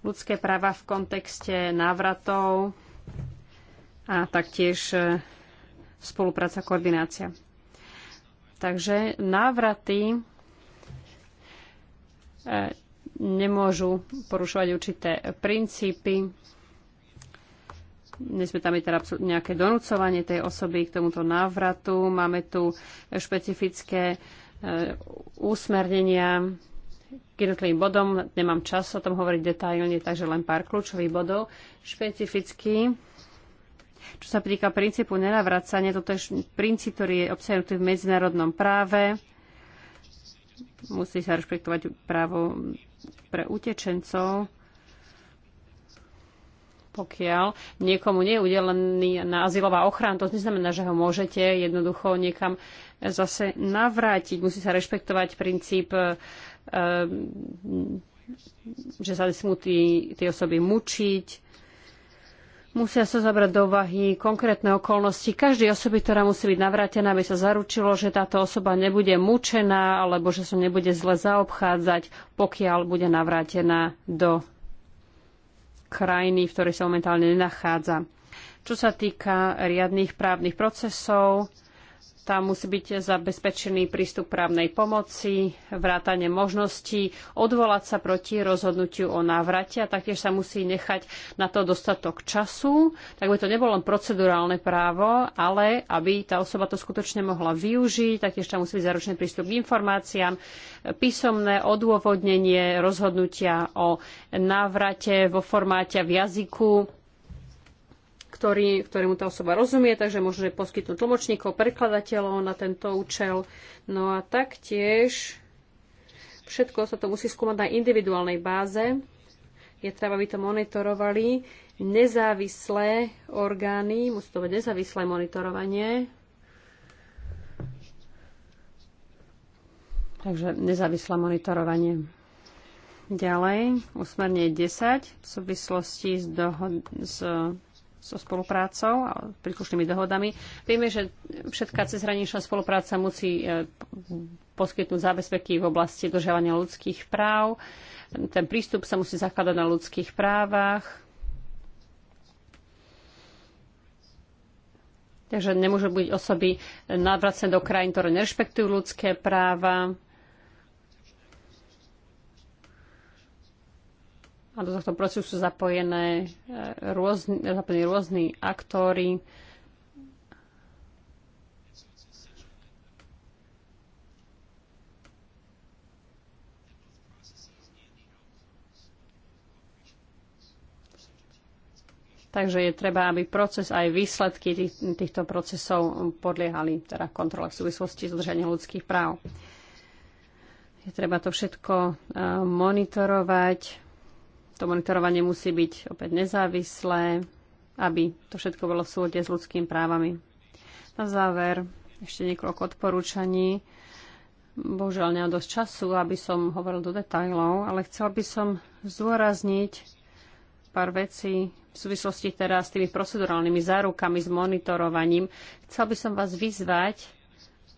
ľudské práva v kontexte návratov a taktiež e, spolupráca, koordinácia. Takže návraty e, nemôžu porušovať určité princípy. Nesme tam teda nejaké donúcovanie tej osoby k tomuto návratu. Máme tu špecifické úsmernenia e, k jednotlivým bodom. Nemám čas o tom hovoriť detailne, takže len pár kľúčových bodov. Špecificky, čo sa týka princípu nenavracania, toto je princíp, ktorý je obsiahnutý v medzinárodnom práve. Musí sa rešpektovať právo pre utečencov pokiaľ niekomu nie je udelený na azylová ochrana, to neznamená, že ho môžete jednoducho niekam zase navrátiť. Musí sa rešpektovať princíp Ehm, že sa nesmú tie osoby mučiť, Musia sa zabrať do úvahy konkrétne okolnosti každej osoby, ktorá musí byť navrátená, aby sa zaručilo, že táto osoba nebude mučená alebo že sa nebude zle zaobchádzať, pokiaľ bude navrátená do krajiny, v ktorej sa momentálne nenachádza. Čo sa týka riadných právnych procesov, tam musí byť zabezpečený prístup právnej pomoci, vrátanie možností odvolať sa proti rozhodnutiu o návrate a taktiež sa musí nechať na to dostatok času, tak by to nebolo len procedurálne právo, ale aby tá osoba to skutočne mohla využiť, taktiež tam musí byť zaručený prístup k informáciám, písomné odôvodnenie rozhodnutia o návrate vo formáte v jazyku, ktorý, ktorému tá osoba rozumie, takže môže poskytnúť tlmočníkov, prekladateľov na tento účel. No a taktiež všetko sa to musí skúmať na individuálnej báze. Je treba, aby to monitorovali nezávislé orgány, musí to byť nezávislé monitorovanie. Takže nezávislé monitorovanie. Ďalej, usmernenie 10 v súvislosti s, dohod- s so spoluprácou a príslušnými dohodami. Vieme, že všetká cezhraničná spolupráca musí e, poskytnúť zábezpeky v oblasti dožiavania ľudských práv. Ten prístup sa musí zakladať na ľudských právach. Takže nemôžu byť osoby navracené do krajín, ktoré nerešpektujú ľudské práva. a do tohto procesu sú zapojené e, rôzni, rôzni aktóry. Takže je treba, aby proces aj výsledky tých, týchto procesov podliehali teda kontrole v súvislosti s udržaním ľudských práv. Je treba to všetko e, monitorovať, to monitorovanie musí byť opäť nezávislé, aby to všetko bolo v súde s ľudskými právami. Na záver ešte niekoľko odporúčaní. Bohužiaľ, nemám dosť času, aby som hovoril do detajlov, ale chcel by som zdôrazniť pár vecí v súvislosti teraz s tými procedurálnymi zárukami, s monitorovaním. Chcel by som vás vyzvať,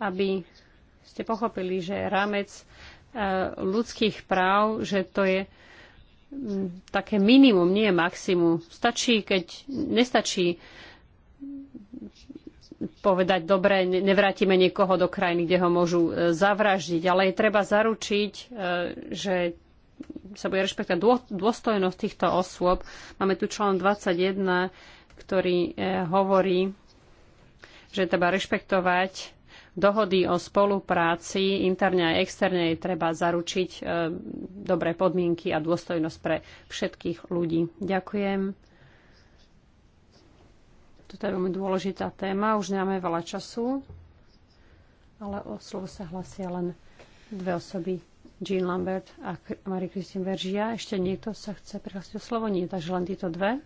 aby ste pochopili, že rámec eh, ľudských práv, že to je Mm, také minimum, nie maximum. Stačí, keď nestačí povedať, dobre, nevrátime niekoho do krajiny, kde ho môžu e, zavraždiť, ale je treba zaručiť, e, že sa bude rešpektovať dôstojnosť týchto osôb. Máme tu člán 21, ktorý e, hovorí, že treba rešpektovať dohody o spolupráci interne aj externe je treba zaručiť e, dobré podmienky a dôstojnosť pre všetkých ľudí. Ďakujem. Toto je veľmi dôležitá téma, už nemáme veľa času, ale o slovo sa hlasia len dve osoby. Jean Lambert a Marie-Christine Veržia. Ešte niekto sa chce prihlásiť o slovo? Nie, takže len títo dve.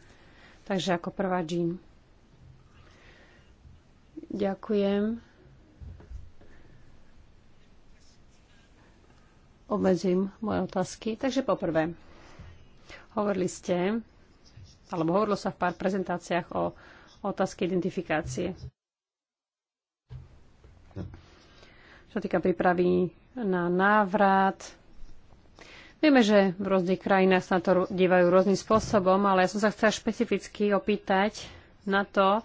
Takže ako prvá Jean. Ďakujem. obmedzím moje otázky. Takže poprvé, hovorili ste, alebo hovorilo sa v pár prezentáciách o otázke identifikácie. Čo týka prípravy na návrat, vieme, že v rôznych krajinách sa na to dívajú rôznym spôsobom, ale ja som sa chcela špecificky opýtať na to,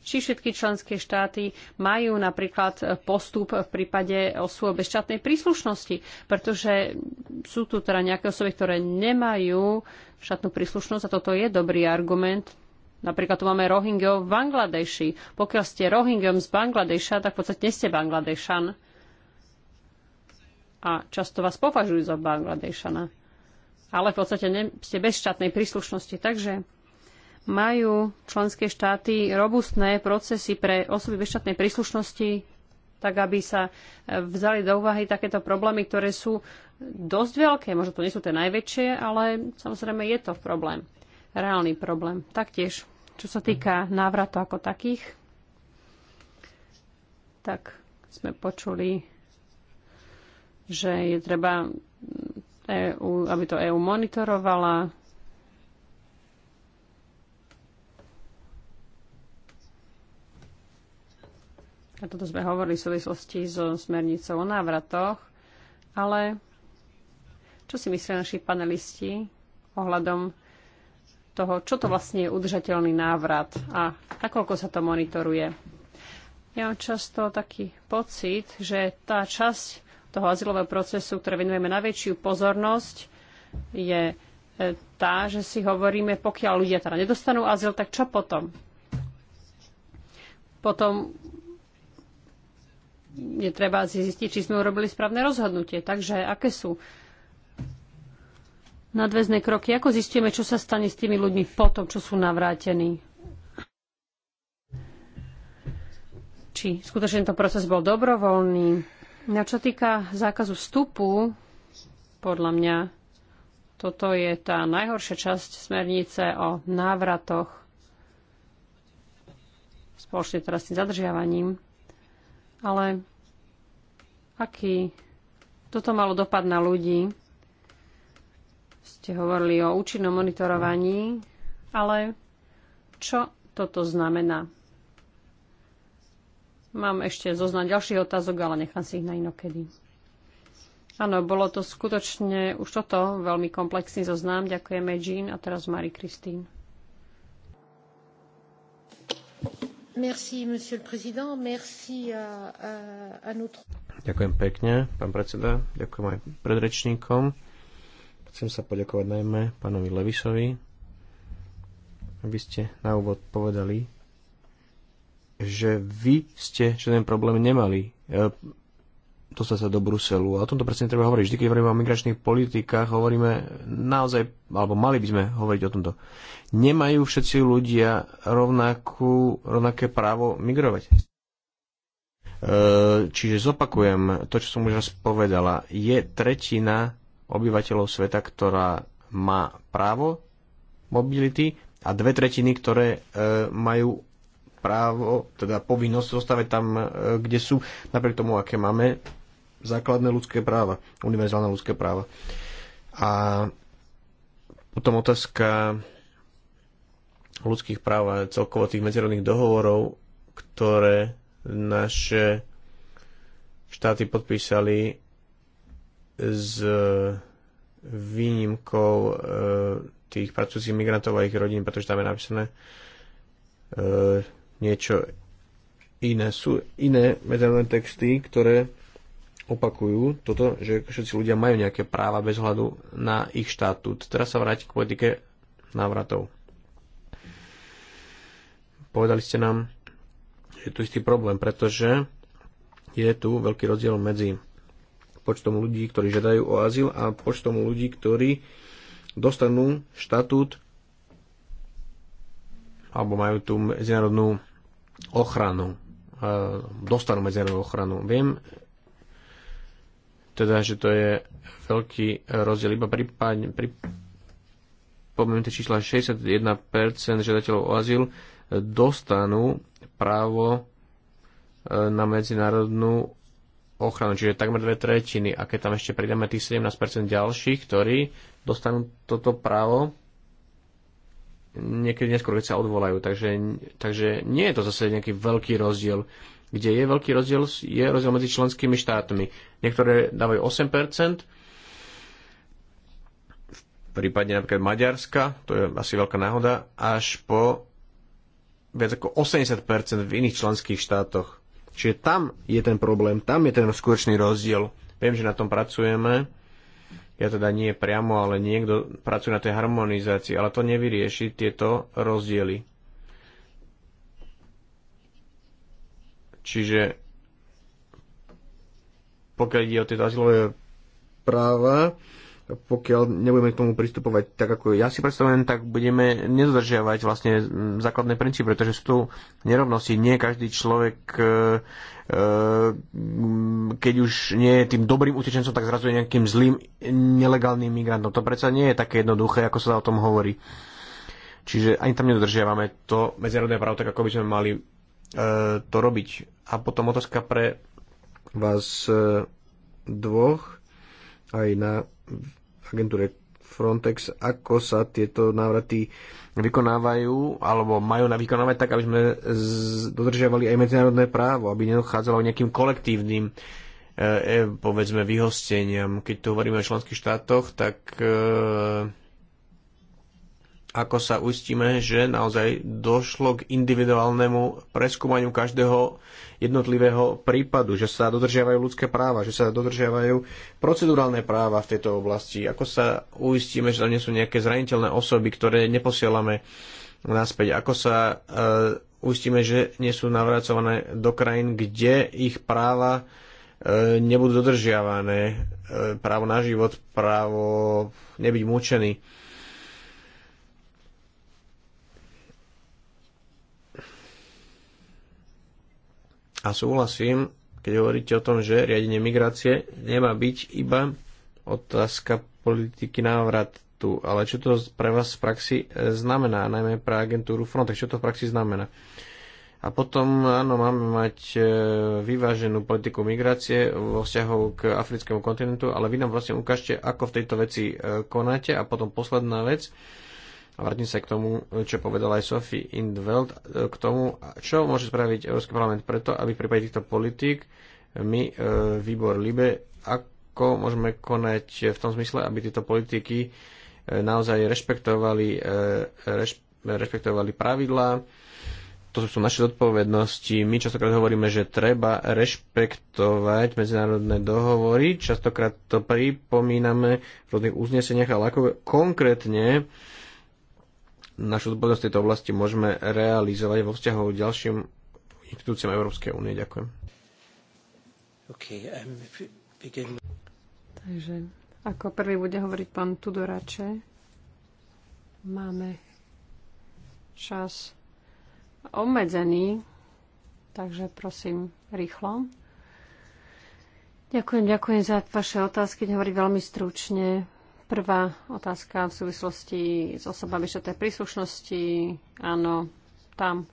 či všetky členské štáty majú napríklad postup v prípade osôb bez štátnej príslušnosti, pretože sú tu teda nejaké osoby, ktoré nemajú štátnu príslušnosť a toto je dobrý argument Napríklad tu máme Rohingyov v Bangladeši. Pokiaľ ste Rohingyom z Bangladeša, tak v podstate nie ste Bangladešan. A často vás považujú za Bangladešana. Ale v podstate ne, ste bez štátnej príslušnosti. Takže majú členské štáty robustné procesy pre osoby bez štátnej príslušnosti, tak aby sa e, vzali do úvahy takéto problémy, ktoré sú dosť veľké. Možno to nie sú tie najväčšie, ale samozrejme je to problém. Reálny problém. Taktiež, čo sa týka návratu ako takých, tak sme počuli, že je treba EU, aby to EU monitorovala, a toto sme hovorili v súvislosti so smernicou o návratoch, ale čo si myslia naši panelisti ohľadom toho, čo to vlastne je udržateľný návrat a nakoľko sa to monitoruje. Ja mám často taký pocit, že tá časť toho azylového procesu, ktoré venujeme najväčšiu pozornosť, je e, tá, že si hovoríme, pokiaľ ľudia teda nedostanú azyl, tak čo potom? Potom je treba zistiť, či sme urobili správne rozhodnutie. Takže aké sú nadväzné kroky? Ako zistíme, čo sa stane s tými ľuďmi potom, čo sú navrátení? Či skutočne tento proces bol dobrovoľný? Na čo týka zákazu vstupu, podľa mňa toto je tá najhoršia časť smernice o návratoch spoločne teraz s tým zadržiavaním ale aký toto malo dopad na ľudí? Ste hovorili o účinnom monitorovaní, ale čo toto znamená? Mám ešte zoznam ďalších otázok, ale nechám si ich na inokedy. Áno, bolo to skutočne už toto veľmi komplexný zoznam. Ďakujeme Jean a teraz Marie Christine. monsieur le président. Merci à, euh, à, euh, à notre... Ďakujem pekne, pán predseda. Ďakujem aj predrečníkom. Chcem sa poďakovať najmä pánovi Levisovi. aby ste na úvod povedali, že vy ste žiaden problém nemali e, dostať sa do Bruselu. A o tomto presne treba hovoriť. Vždy, keď hovoríme o migračných politikách, hovoríme naozaj, alebo mali by sme hovoriť o tomto. Nemajú všetci ľudia rovnakú, rovnaké právo migrovať. E, čiže zopakujem to, čo som už raz povedala. Je tretina obyvateľov sveta, ktorá má právo mobility a dve tretiny, ktoré e, majú právo, teda povinnosť zostávať tam, e, kde sú, napriek tomu, aké máme základné ľudské práva, univerzálne ľudské práva. A potom otázka ľudských práv a celkovo tých medzirodných dohovorov, ktoré naše štáty podpísali s výnimkou e, tých pracujúcich migrantov a ich rodín, pretože tam je napísané e, niečo iné. Sú iné medzirodné texty, ktoré opakujú toto, že všetci ľudia majú nejaké práva bez hľadu na ich štatút. Teraz sa vráti k politike návratov. Povedali ste nám, že je tu istý problém, pretože je tu veľký rozdiel medzi počtom ľudí, ktorí žiadajú o azyl a počtom ľudí, ktorí dostanú štatút alebo majú tú medzinárodnú ochranu. E, dostanú medzinárodnú ochranu. Viem, teda, že to je veľký rozdiel. Iba prípadne, pri, pomenuté čísla 61% žiadateľov o azyl dostanú právo e, na medzinárodnú ochranu, čiže takmer dve tretiny. A keď tam ešte pridáme tých 17% ďalších, ktorí dostanú toto právo, niekedy neskôr, keď sa odvolajú. Takže, takže nie je to zase nejaký veľký rozdiel kde je veľký rozdiel, je rozdiel medzi členskými štátmi. Niektoré dávajú 8%, v prípade napríklad Maďarska, to je asi veľká náhoda, až po viac ako 80% v iných členských štátoch. Čiže tam je ten problém, tam je ten skutočný rozdiel. Viem, že na tom pracujeme, ja teda nie priamo, ale niekto pracuje na tej harmonizácii, ale to nevyrieši tieto rozdiely. Čiže pokiaľ ide o tieto azylové práva, pokiaľ nebudeme k tomu pristupovať tak, ako ja si predstavujem, tak budeme nezodržiavať vlastne základné princípy, pretože sú tu nerovnosti. Nie každý človek, e, e, keď už nie je tým dobrým utečencom, tak zrazu je nejakým zlým nelegálnym migrantom. To predsa nie je také jednoduché, ako sa o tom hovorí. Čiže ani tam nedodržiavame to medzinárodné právo tak, ako by sme mali E, to robiť. A potom otázka pre vás e, dvoch aj na agentúre Frontex, ako sa tieto návraty vykonávajú alebo majú na vykonávať tak, aby sme dodržiavali aj medzinárodné právo, aby nedochádzalo nejakým kolektívnym e, e, povedzme vyhosteniam. Keď tu hovoríme o členských štátoch, tak ako sa uistíme, že naozaj došlo k individuálnemu preskúmaniu každého jednotlivého prípadu, že sa dodržiavajú ľudské práva, že sa dodržiavajú procedurálne práva v tejto oblasti, ako sa uistíme, že tam nie sú nejaké zraniteľné osoby, ktoré neposielame naspäť, ako sa e, uistíme, že nie sú navracované do krajín, kde ich práva e, nebudú dodržiavané, e, právo na život, právo nebyť mučený A súhlasím, keď hovoríte o tom, že riadenie migrácie nemá byť iba otázka politiky návratu. Ale čo to pre vás v praxi e, znamená, najmä pre agentúru Frontex, čo to v praxi znamená? A potom, áno, máme mať e, vyváženú politiku migrácie vo vzťahu k africkému kontinentu, ale vy nám vlastne ukážte, ako v tejto veci e, konáte. A potom posledná vec, a vrátim sa k tomu, čo povedala aj Sophie Indveld, e, k tomu, čo môže spraviť Európsky parlament preto, aby v prípade týchto politík e, my, e, výbor LIBE, ako môžeme konať v tom zmysle, aby tieto politiky naozaj rešpektovali, rešpektovali pravidlá, to sú naše zodpovednosti. My častokrát hovoríme, že treba rešpektovať medzinárodné dohovory. Častokrát to pripomíname v rôznych uzneseniach, ale ako konkrétne našu zodpovednosť v tejto oblasti môžeme realizovať vo vzťahu k ďalším inštitúciám Európskej únie. Ďakujem. Okay, um, begin... Takže ako prvý bude hovoriť pán Tudorače, máme čas obmedzený, takže prosím rýchlo. Ďakujem, ďakujem za vaše otázky. hovorí veľmi stručne. Prvá otázka v súvislosti s osobami štátnej príslušnosti. Áno, tam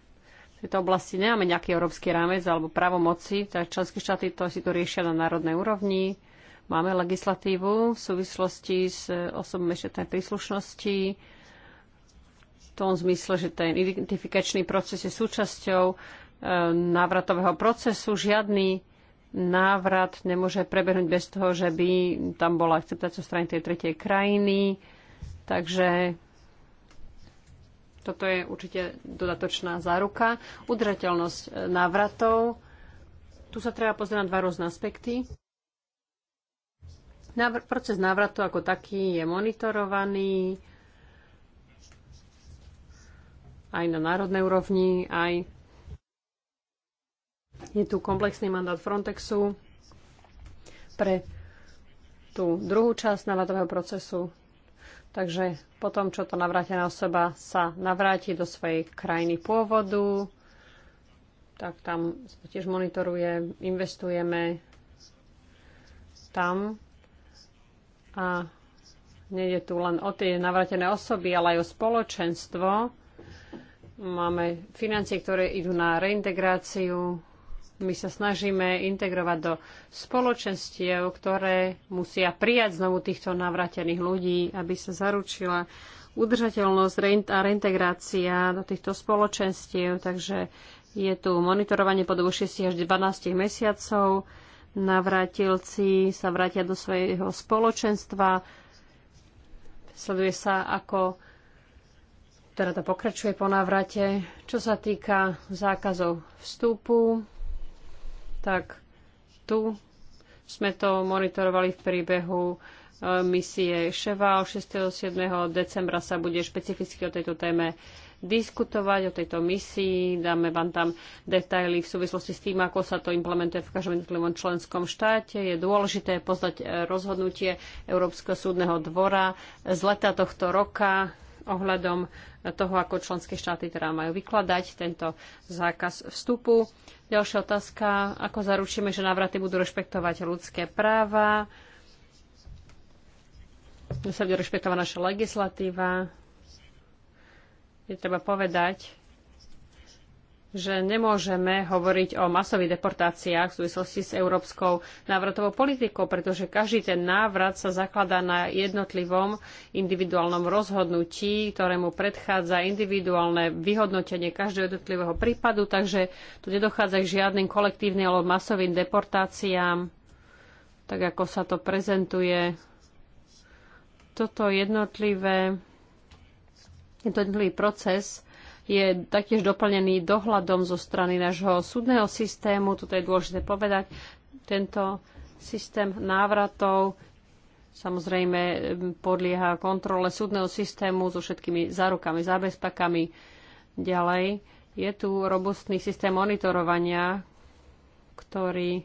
v tejto oblasti nemáme nejaký európsky rámec alebo právomoci, tak členské štáty to si to riešia na národnej úrovni. Máme legislatívu v súvislosti s osobami štátnej príslušnosti v tom zmysle, že ten identifikačný proces je súčasťou eh, návratového procesu. Žiadny návrat nemôže prebehnúť bez toho, že by tam bola akceptácia strany tej tretej krajiny. Takže toto je určite dodatočná záruka. Udržateľnosť e, návratov. Tu sa treba pozrieť na dva rôzne aspekty. Návr- proces návratu ako taký je monitorovaný aj na národnej úrovni, aj je tu komplexný mandát Frontexu pre tú druhú časť navratového procesu. Takže potom, čo to navrátená osoba sa navráti do svojej krajiny pôvodu, tak tam sa tiež monitoruje, investujeme tam. A nie je tu len o tie navratené osoby, ale aj o spoločenstvo. Máme financie, ktoré idú na reintegráciu my sa snažíme integrovať do spoločenstiev, ktoré musia prijať znovu týchto navratených ľudí, aby sa zaručila udržateľnosť a reintegrácia do týchto spoločenstiev. Takže je tu monitorovanie po dobu 6 až 12 mesiacov. Navrátilci sa vrátia do svojho spoločenstva. Sleduje sa, ako teda to pokračuje po návrate. Čo sa týka zákazov vstupu, tak tu sme to monitorovali v priebehu e, misie Ševa. 6. a 7. decembra sa bude špecificky o tejto téme diskutovať, o tejto misii. Dáme vám tam detaily v súvislosti s tým, ako sa to implementuje v každom jednotlivom členskom štáte. Je dôležité poznať e, rozhodnutie Európskeho súdneho dvora z leta tohto roka, ohľadom toho, ako členské štáty teda majú vykladať tento zákaz vstupu. Ďalšia otázka, ako zaručíme, že návraty budú rešpektovať ľudské práva, že sa bude rešpektovať naša legislatíva. Je treba povedať, že nemôžeme hovoriť o masových deportáciách v súvislosti s európskou návratovou politikou, pretože každý ten návrat sa zakladá na jednotlivom individuálnom rozhodnutí, ktorému predchádza individuálne vyhodnotenie každého jednotlivého prípadu, takže tu nedochádza k žiadnym kolektívnym alebo masovým deportáciám, tak ako sa to prezentuje. Toto jednotlivé, jednotlivý proces je taktiež doplnený dohľadom zo strany nášho súdneho systému. Toto je dôležité povedať. Tento systém návratov samozrejme podlieha kontrole súdneho systému so všetkými zárukami, zábezpakami. Ďalej je tu robustný systém monitorovania, ktorý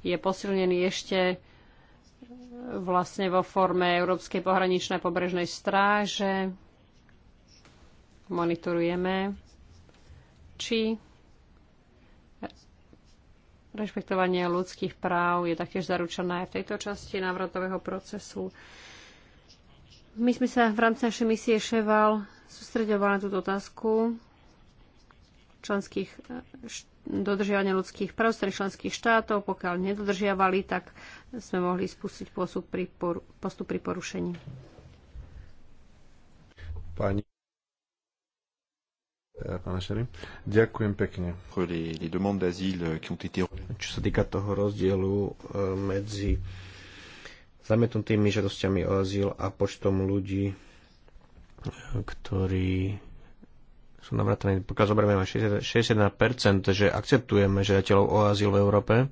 je posilnený ešte vlastne vo forme Európskej pohraničnej pobrežnej stráže monitorujeme, či rešpektovanie ľudských práv je taktiež zaručené aj v tejto časti návratového procesu. My sme sa v rámci našej misie Ševal sústredovali na túto otázku členských dodržiavania ľudských práv strany členských štátov. Pokiaľ nedodržiavali, tak sme mohli spustiť postup pri, poru, postup pri porušení. Pani teda, Ďakujem pekne. Eh, Čo sa týka toho rozdielu eh, medzi zamietnutými žiadosťami o azyl a počtom ľudí, eh, ktorí sú navratení, pokiaľ zoberieme 61%, že akceptujeme žiadateľov o azyl v Európe,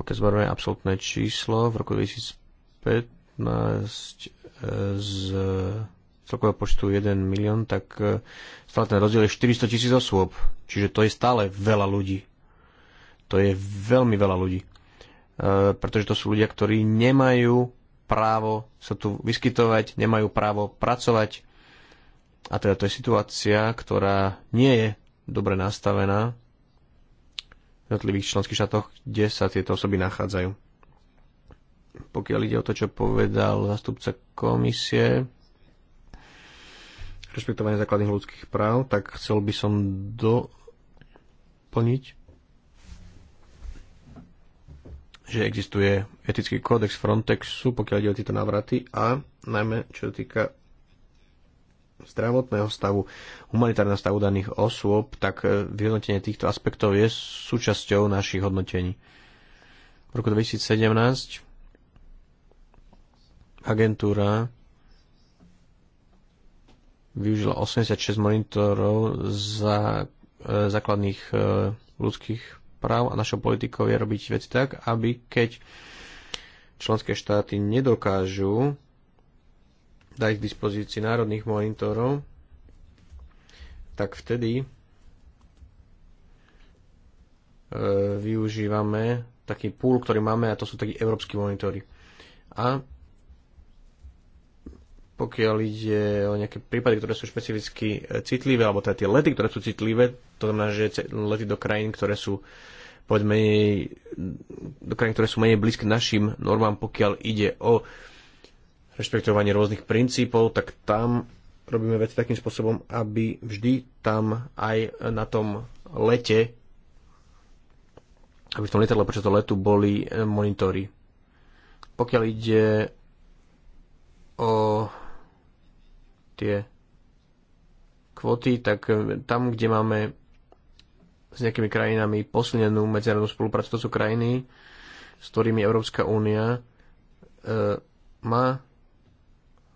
pokiaľ zoberieme absolútne číslo v roku 2015 z celkového počtu 1 milión, tak e, stále ten rozdiel je 400 tisíc osôb. Čiže to je stále veľa ľudí. To je veľmi veľa ľudí. E, pretože to sú ľudia, ktorí nemajú právo sa tu vyskytovať, nemajú právo pracovať. A teda to je situácia, ktorá nie je dobre nastavená v jednotlivých členských štátoch, kde sa tieto osoby nachádzajú. Pokiaľ ide o to, čo povedal zastupca komisie, rešpektovanie základných ľudských práv, tak chcel by som doplniť, že existuje etický kódex Frontexu, pokiaľ ide o tieto návraty a najmä čo sa týka zdravotného stavu, humanitárneho stavu daných osôb, tak e, vyhodnotenie týchto aspektov je súčasťou našich hodnotení. V roku 2017 agentúra využila 86 monitorov za e, základných e, ľudských práv a našou politikou je robiť veci tak, aby keď členské štáty nedokážu dať k dispozícii národných monitorov, tak vtedy e, využívame taký púl, ktorý máme a to sú takí európsky monitory. A pokiaľ ide o nejaké prípady, ktoré sú špecificky e, citlivé, alebo teda tie lety, ktoré sú citlivé, to znamená, že lety do krajín, ktoré sú povedzme, do krajín, ktoré sú menej blízke našim normám, pokiaľ ide o rešpektovanie rôznych princípov, tak tam robíme veci takým spôsobom, aby vždy tam aj na tom lete, aby v tom lietadle počas toho letu boli e, monitory. Pokiaľ ide o tie kvoty, tak e, tam, kde máme s nejakými krajinami posilnenú medzinárodnú spoluprácu, to sú krajiny, s ktorými Európska únia e, má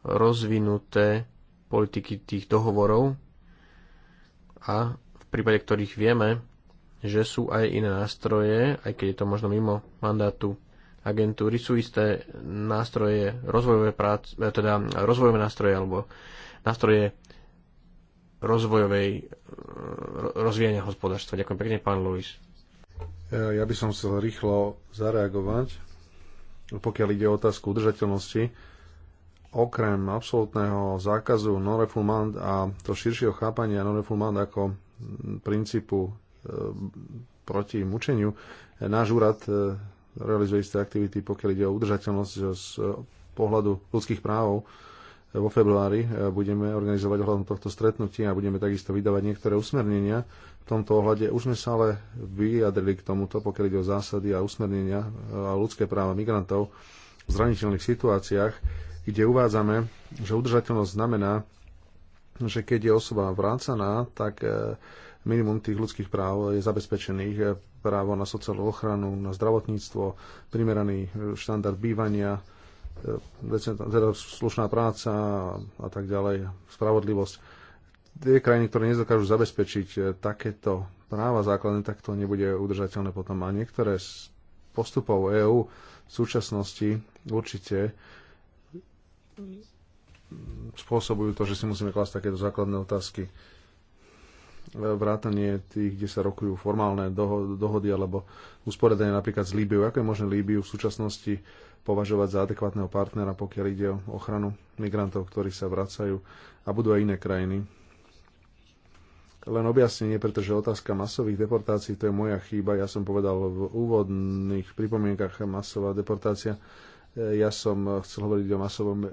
rozvinuté politiky tých dohovorov a v prípade ktorých vieme, že sú aj iné nástroje, aj keď je to možno mimo mandátu agentúry, sú isté nástroje, rozvojové, práce e, teda rozvojové nástroje alebo nástroje rozvojovej eh, rozvíjania hospodárstva. Ďakujem pekne, pán Luis. Eh, ja by som chcel rýchlo zareagovať, pokiaľ ide o otázku udržateľnosti. Okrem absolútneho zákazu non-refoulement a to širšieho chápania non-refoulement ako princípu eh, proti mučeniu, náš úrad realizuje isté aktivity, pokiaľ ide o udržateľnosť z pohľadu ľudských právov vo februári e, budeme organizovať ohľadom tohto stretnutia a budeme takisto vydávať niektoré usmernenia. V tomto ohľade už sme sa ale vyjadrili k tomuto, pokiaľ ide o zásady a usmernenia e, a ľudské práva migrantov v zraniteľných situáciách, kde uvádzame, že udržateľnosť znamená, že keď je osoba vrácaná, tak e, minimum tých ľudských práv je zabezpečených. Právo na sociálnu ochranu, na zdravotníctvo, primeraný štandard bývania, E, teda slušná práca a tak ďalej, spravodlivosť. Tie krajiny, ktoré nedokážu zabezpečiť e, takéto práva základné, tak to nebude udržateľné potom. A niektoré z postupov EÚ v súčasnosti určite spôsobujú to, že si musíme klásť takéto základné otázky. Vrátanie tých, kde sa rokujú formálne dohody alebo usporiadanie napríklad z Líbiu. Ako je možné Líbiu v súčasnosti považovať za adekvátneho partnera, pokiaľ ide o ochranu migrantov, ktorí sa vracajú a budú aj iné krajiny. Len objasnenie, pretože otázka masových deportácií, to je moja chyba. Ja som povedal v úvodných pripomienkach masová deportácia. E, ja som e, chcel hovoriť o masovom e,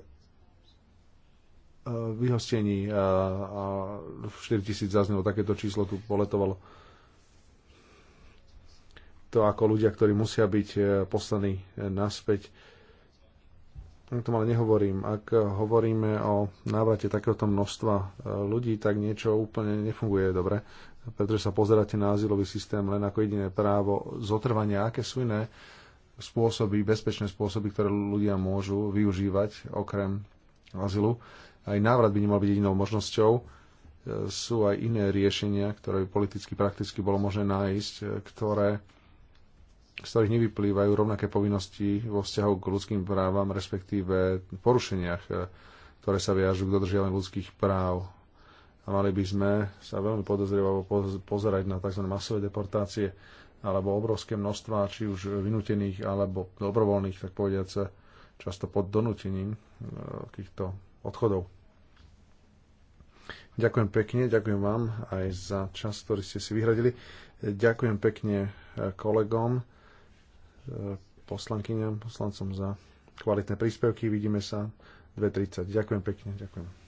vyhostení a 4000 zaznelo takéto číslo tu poletovalo to ako ľudia, ktorí musia byť e, poslaní e, naspäť. O tom ale nehovorím. Ak hovoríme o návrate takéhoto množstva e, ľudí, tak niečo úplne nefunguje dobre, pretože sa pozeráte na azylový systém len ako jediné právo zotrvania, aké sú iné spôsoby, bezpečné spôsoby, ktoré ľudia môžu využívať okrem azylu. Aj návrat by nemal byť jedinou možnosťou. Sú aj iné riešenia, ktoré by politicky, prakticky bolo možné nájsť, ktoré z ktorých nevyplývajú rovnaké povinnosti vo vzťahu k ľudským právam, respektíve porušeniach, eh, ktoré sa viažú k dodržiavaniu ľudských práv. A mali by sme sa veľmi podozrievavo pozerať na tzv. masové deportácie alebo obrovské množstva, či už vynútených alebo dobrovoľných, tak sa, často pod donútením eh, týchto odchodov. Ďakujem pekne, ďakujem vám aj za čas, ktorý ste si vyhradili. Ďakujem pekne eh, kolegom E, poslankyňam, poslancom za kvalitné príspevky. Vidíme sa 2.30. Ďakujem pekne. Ďakujem.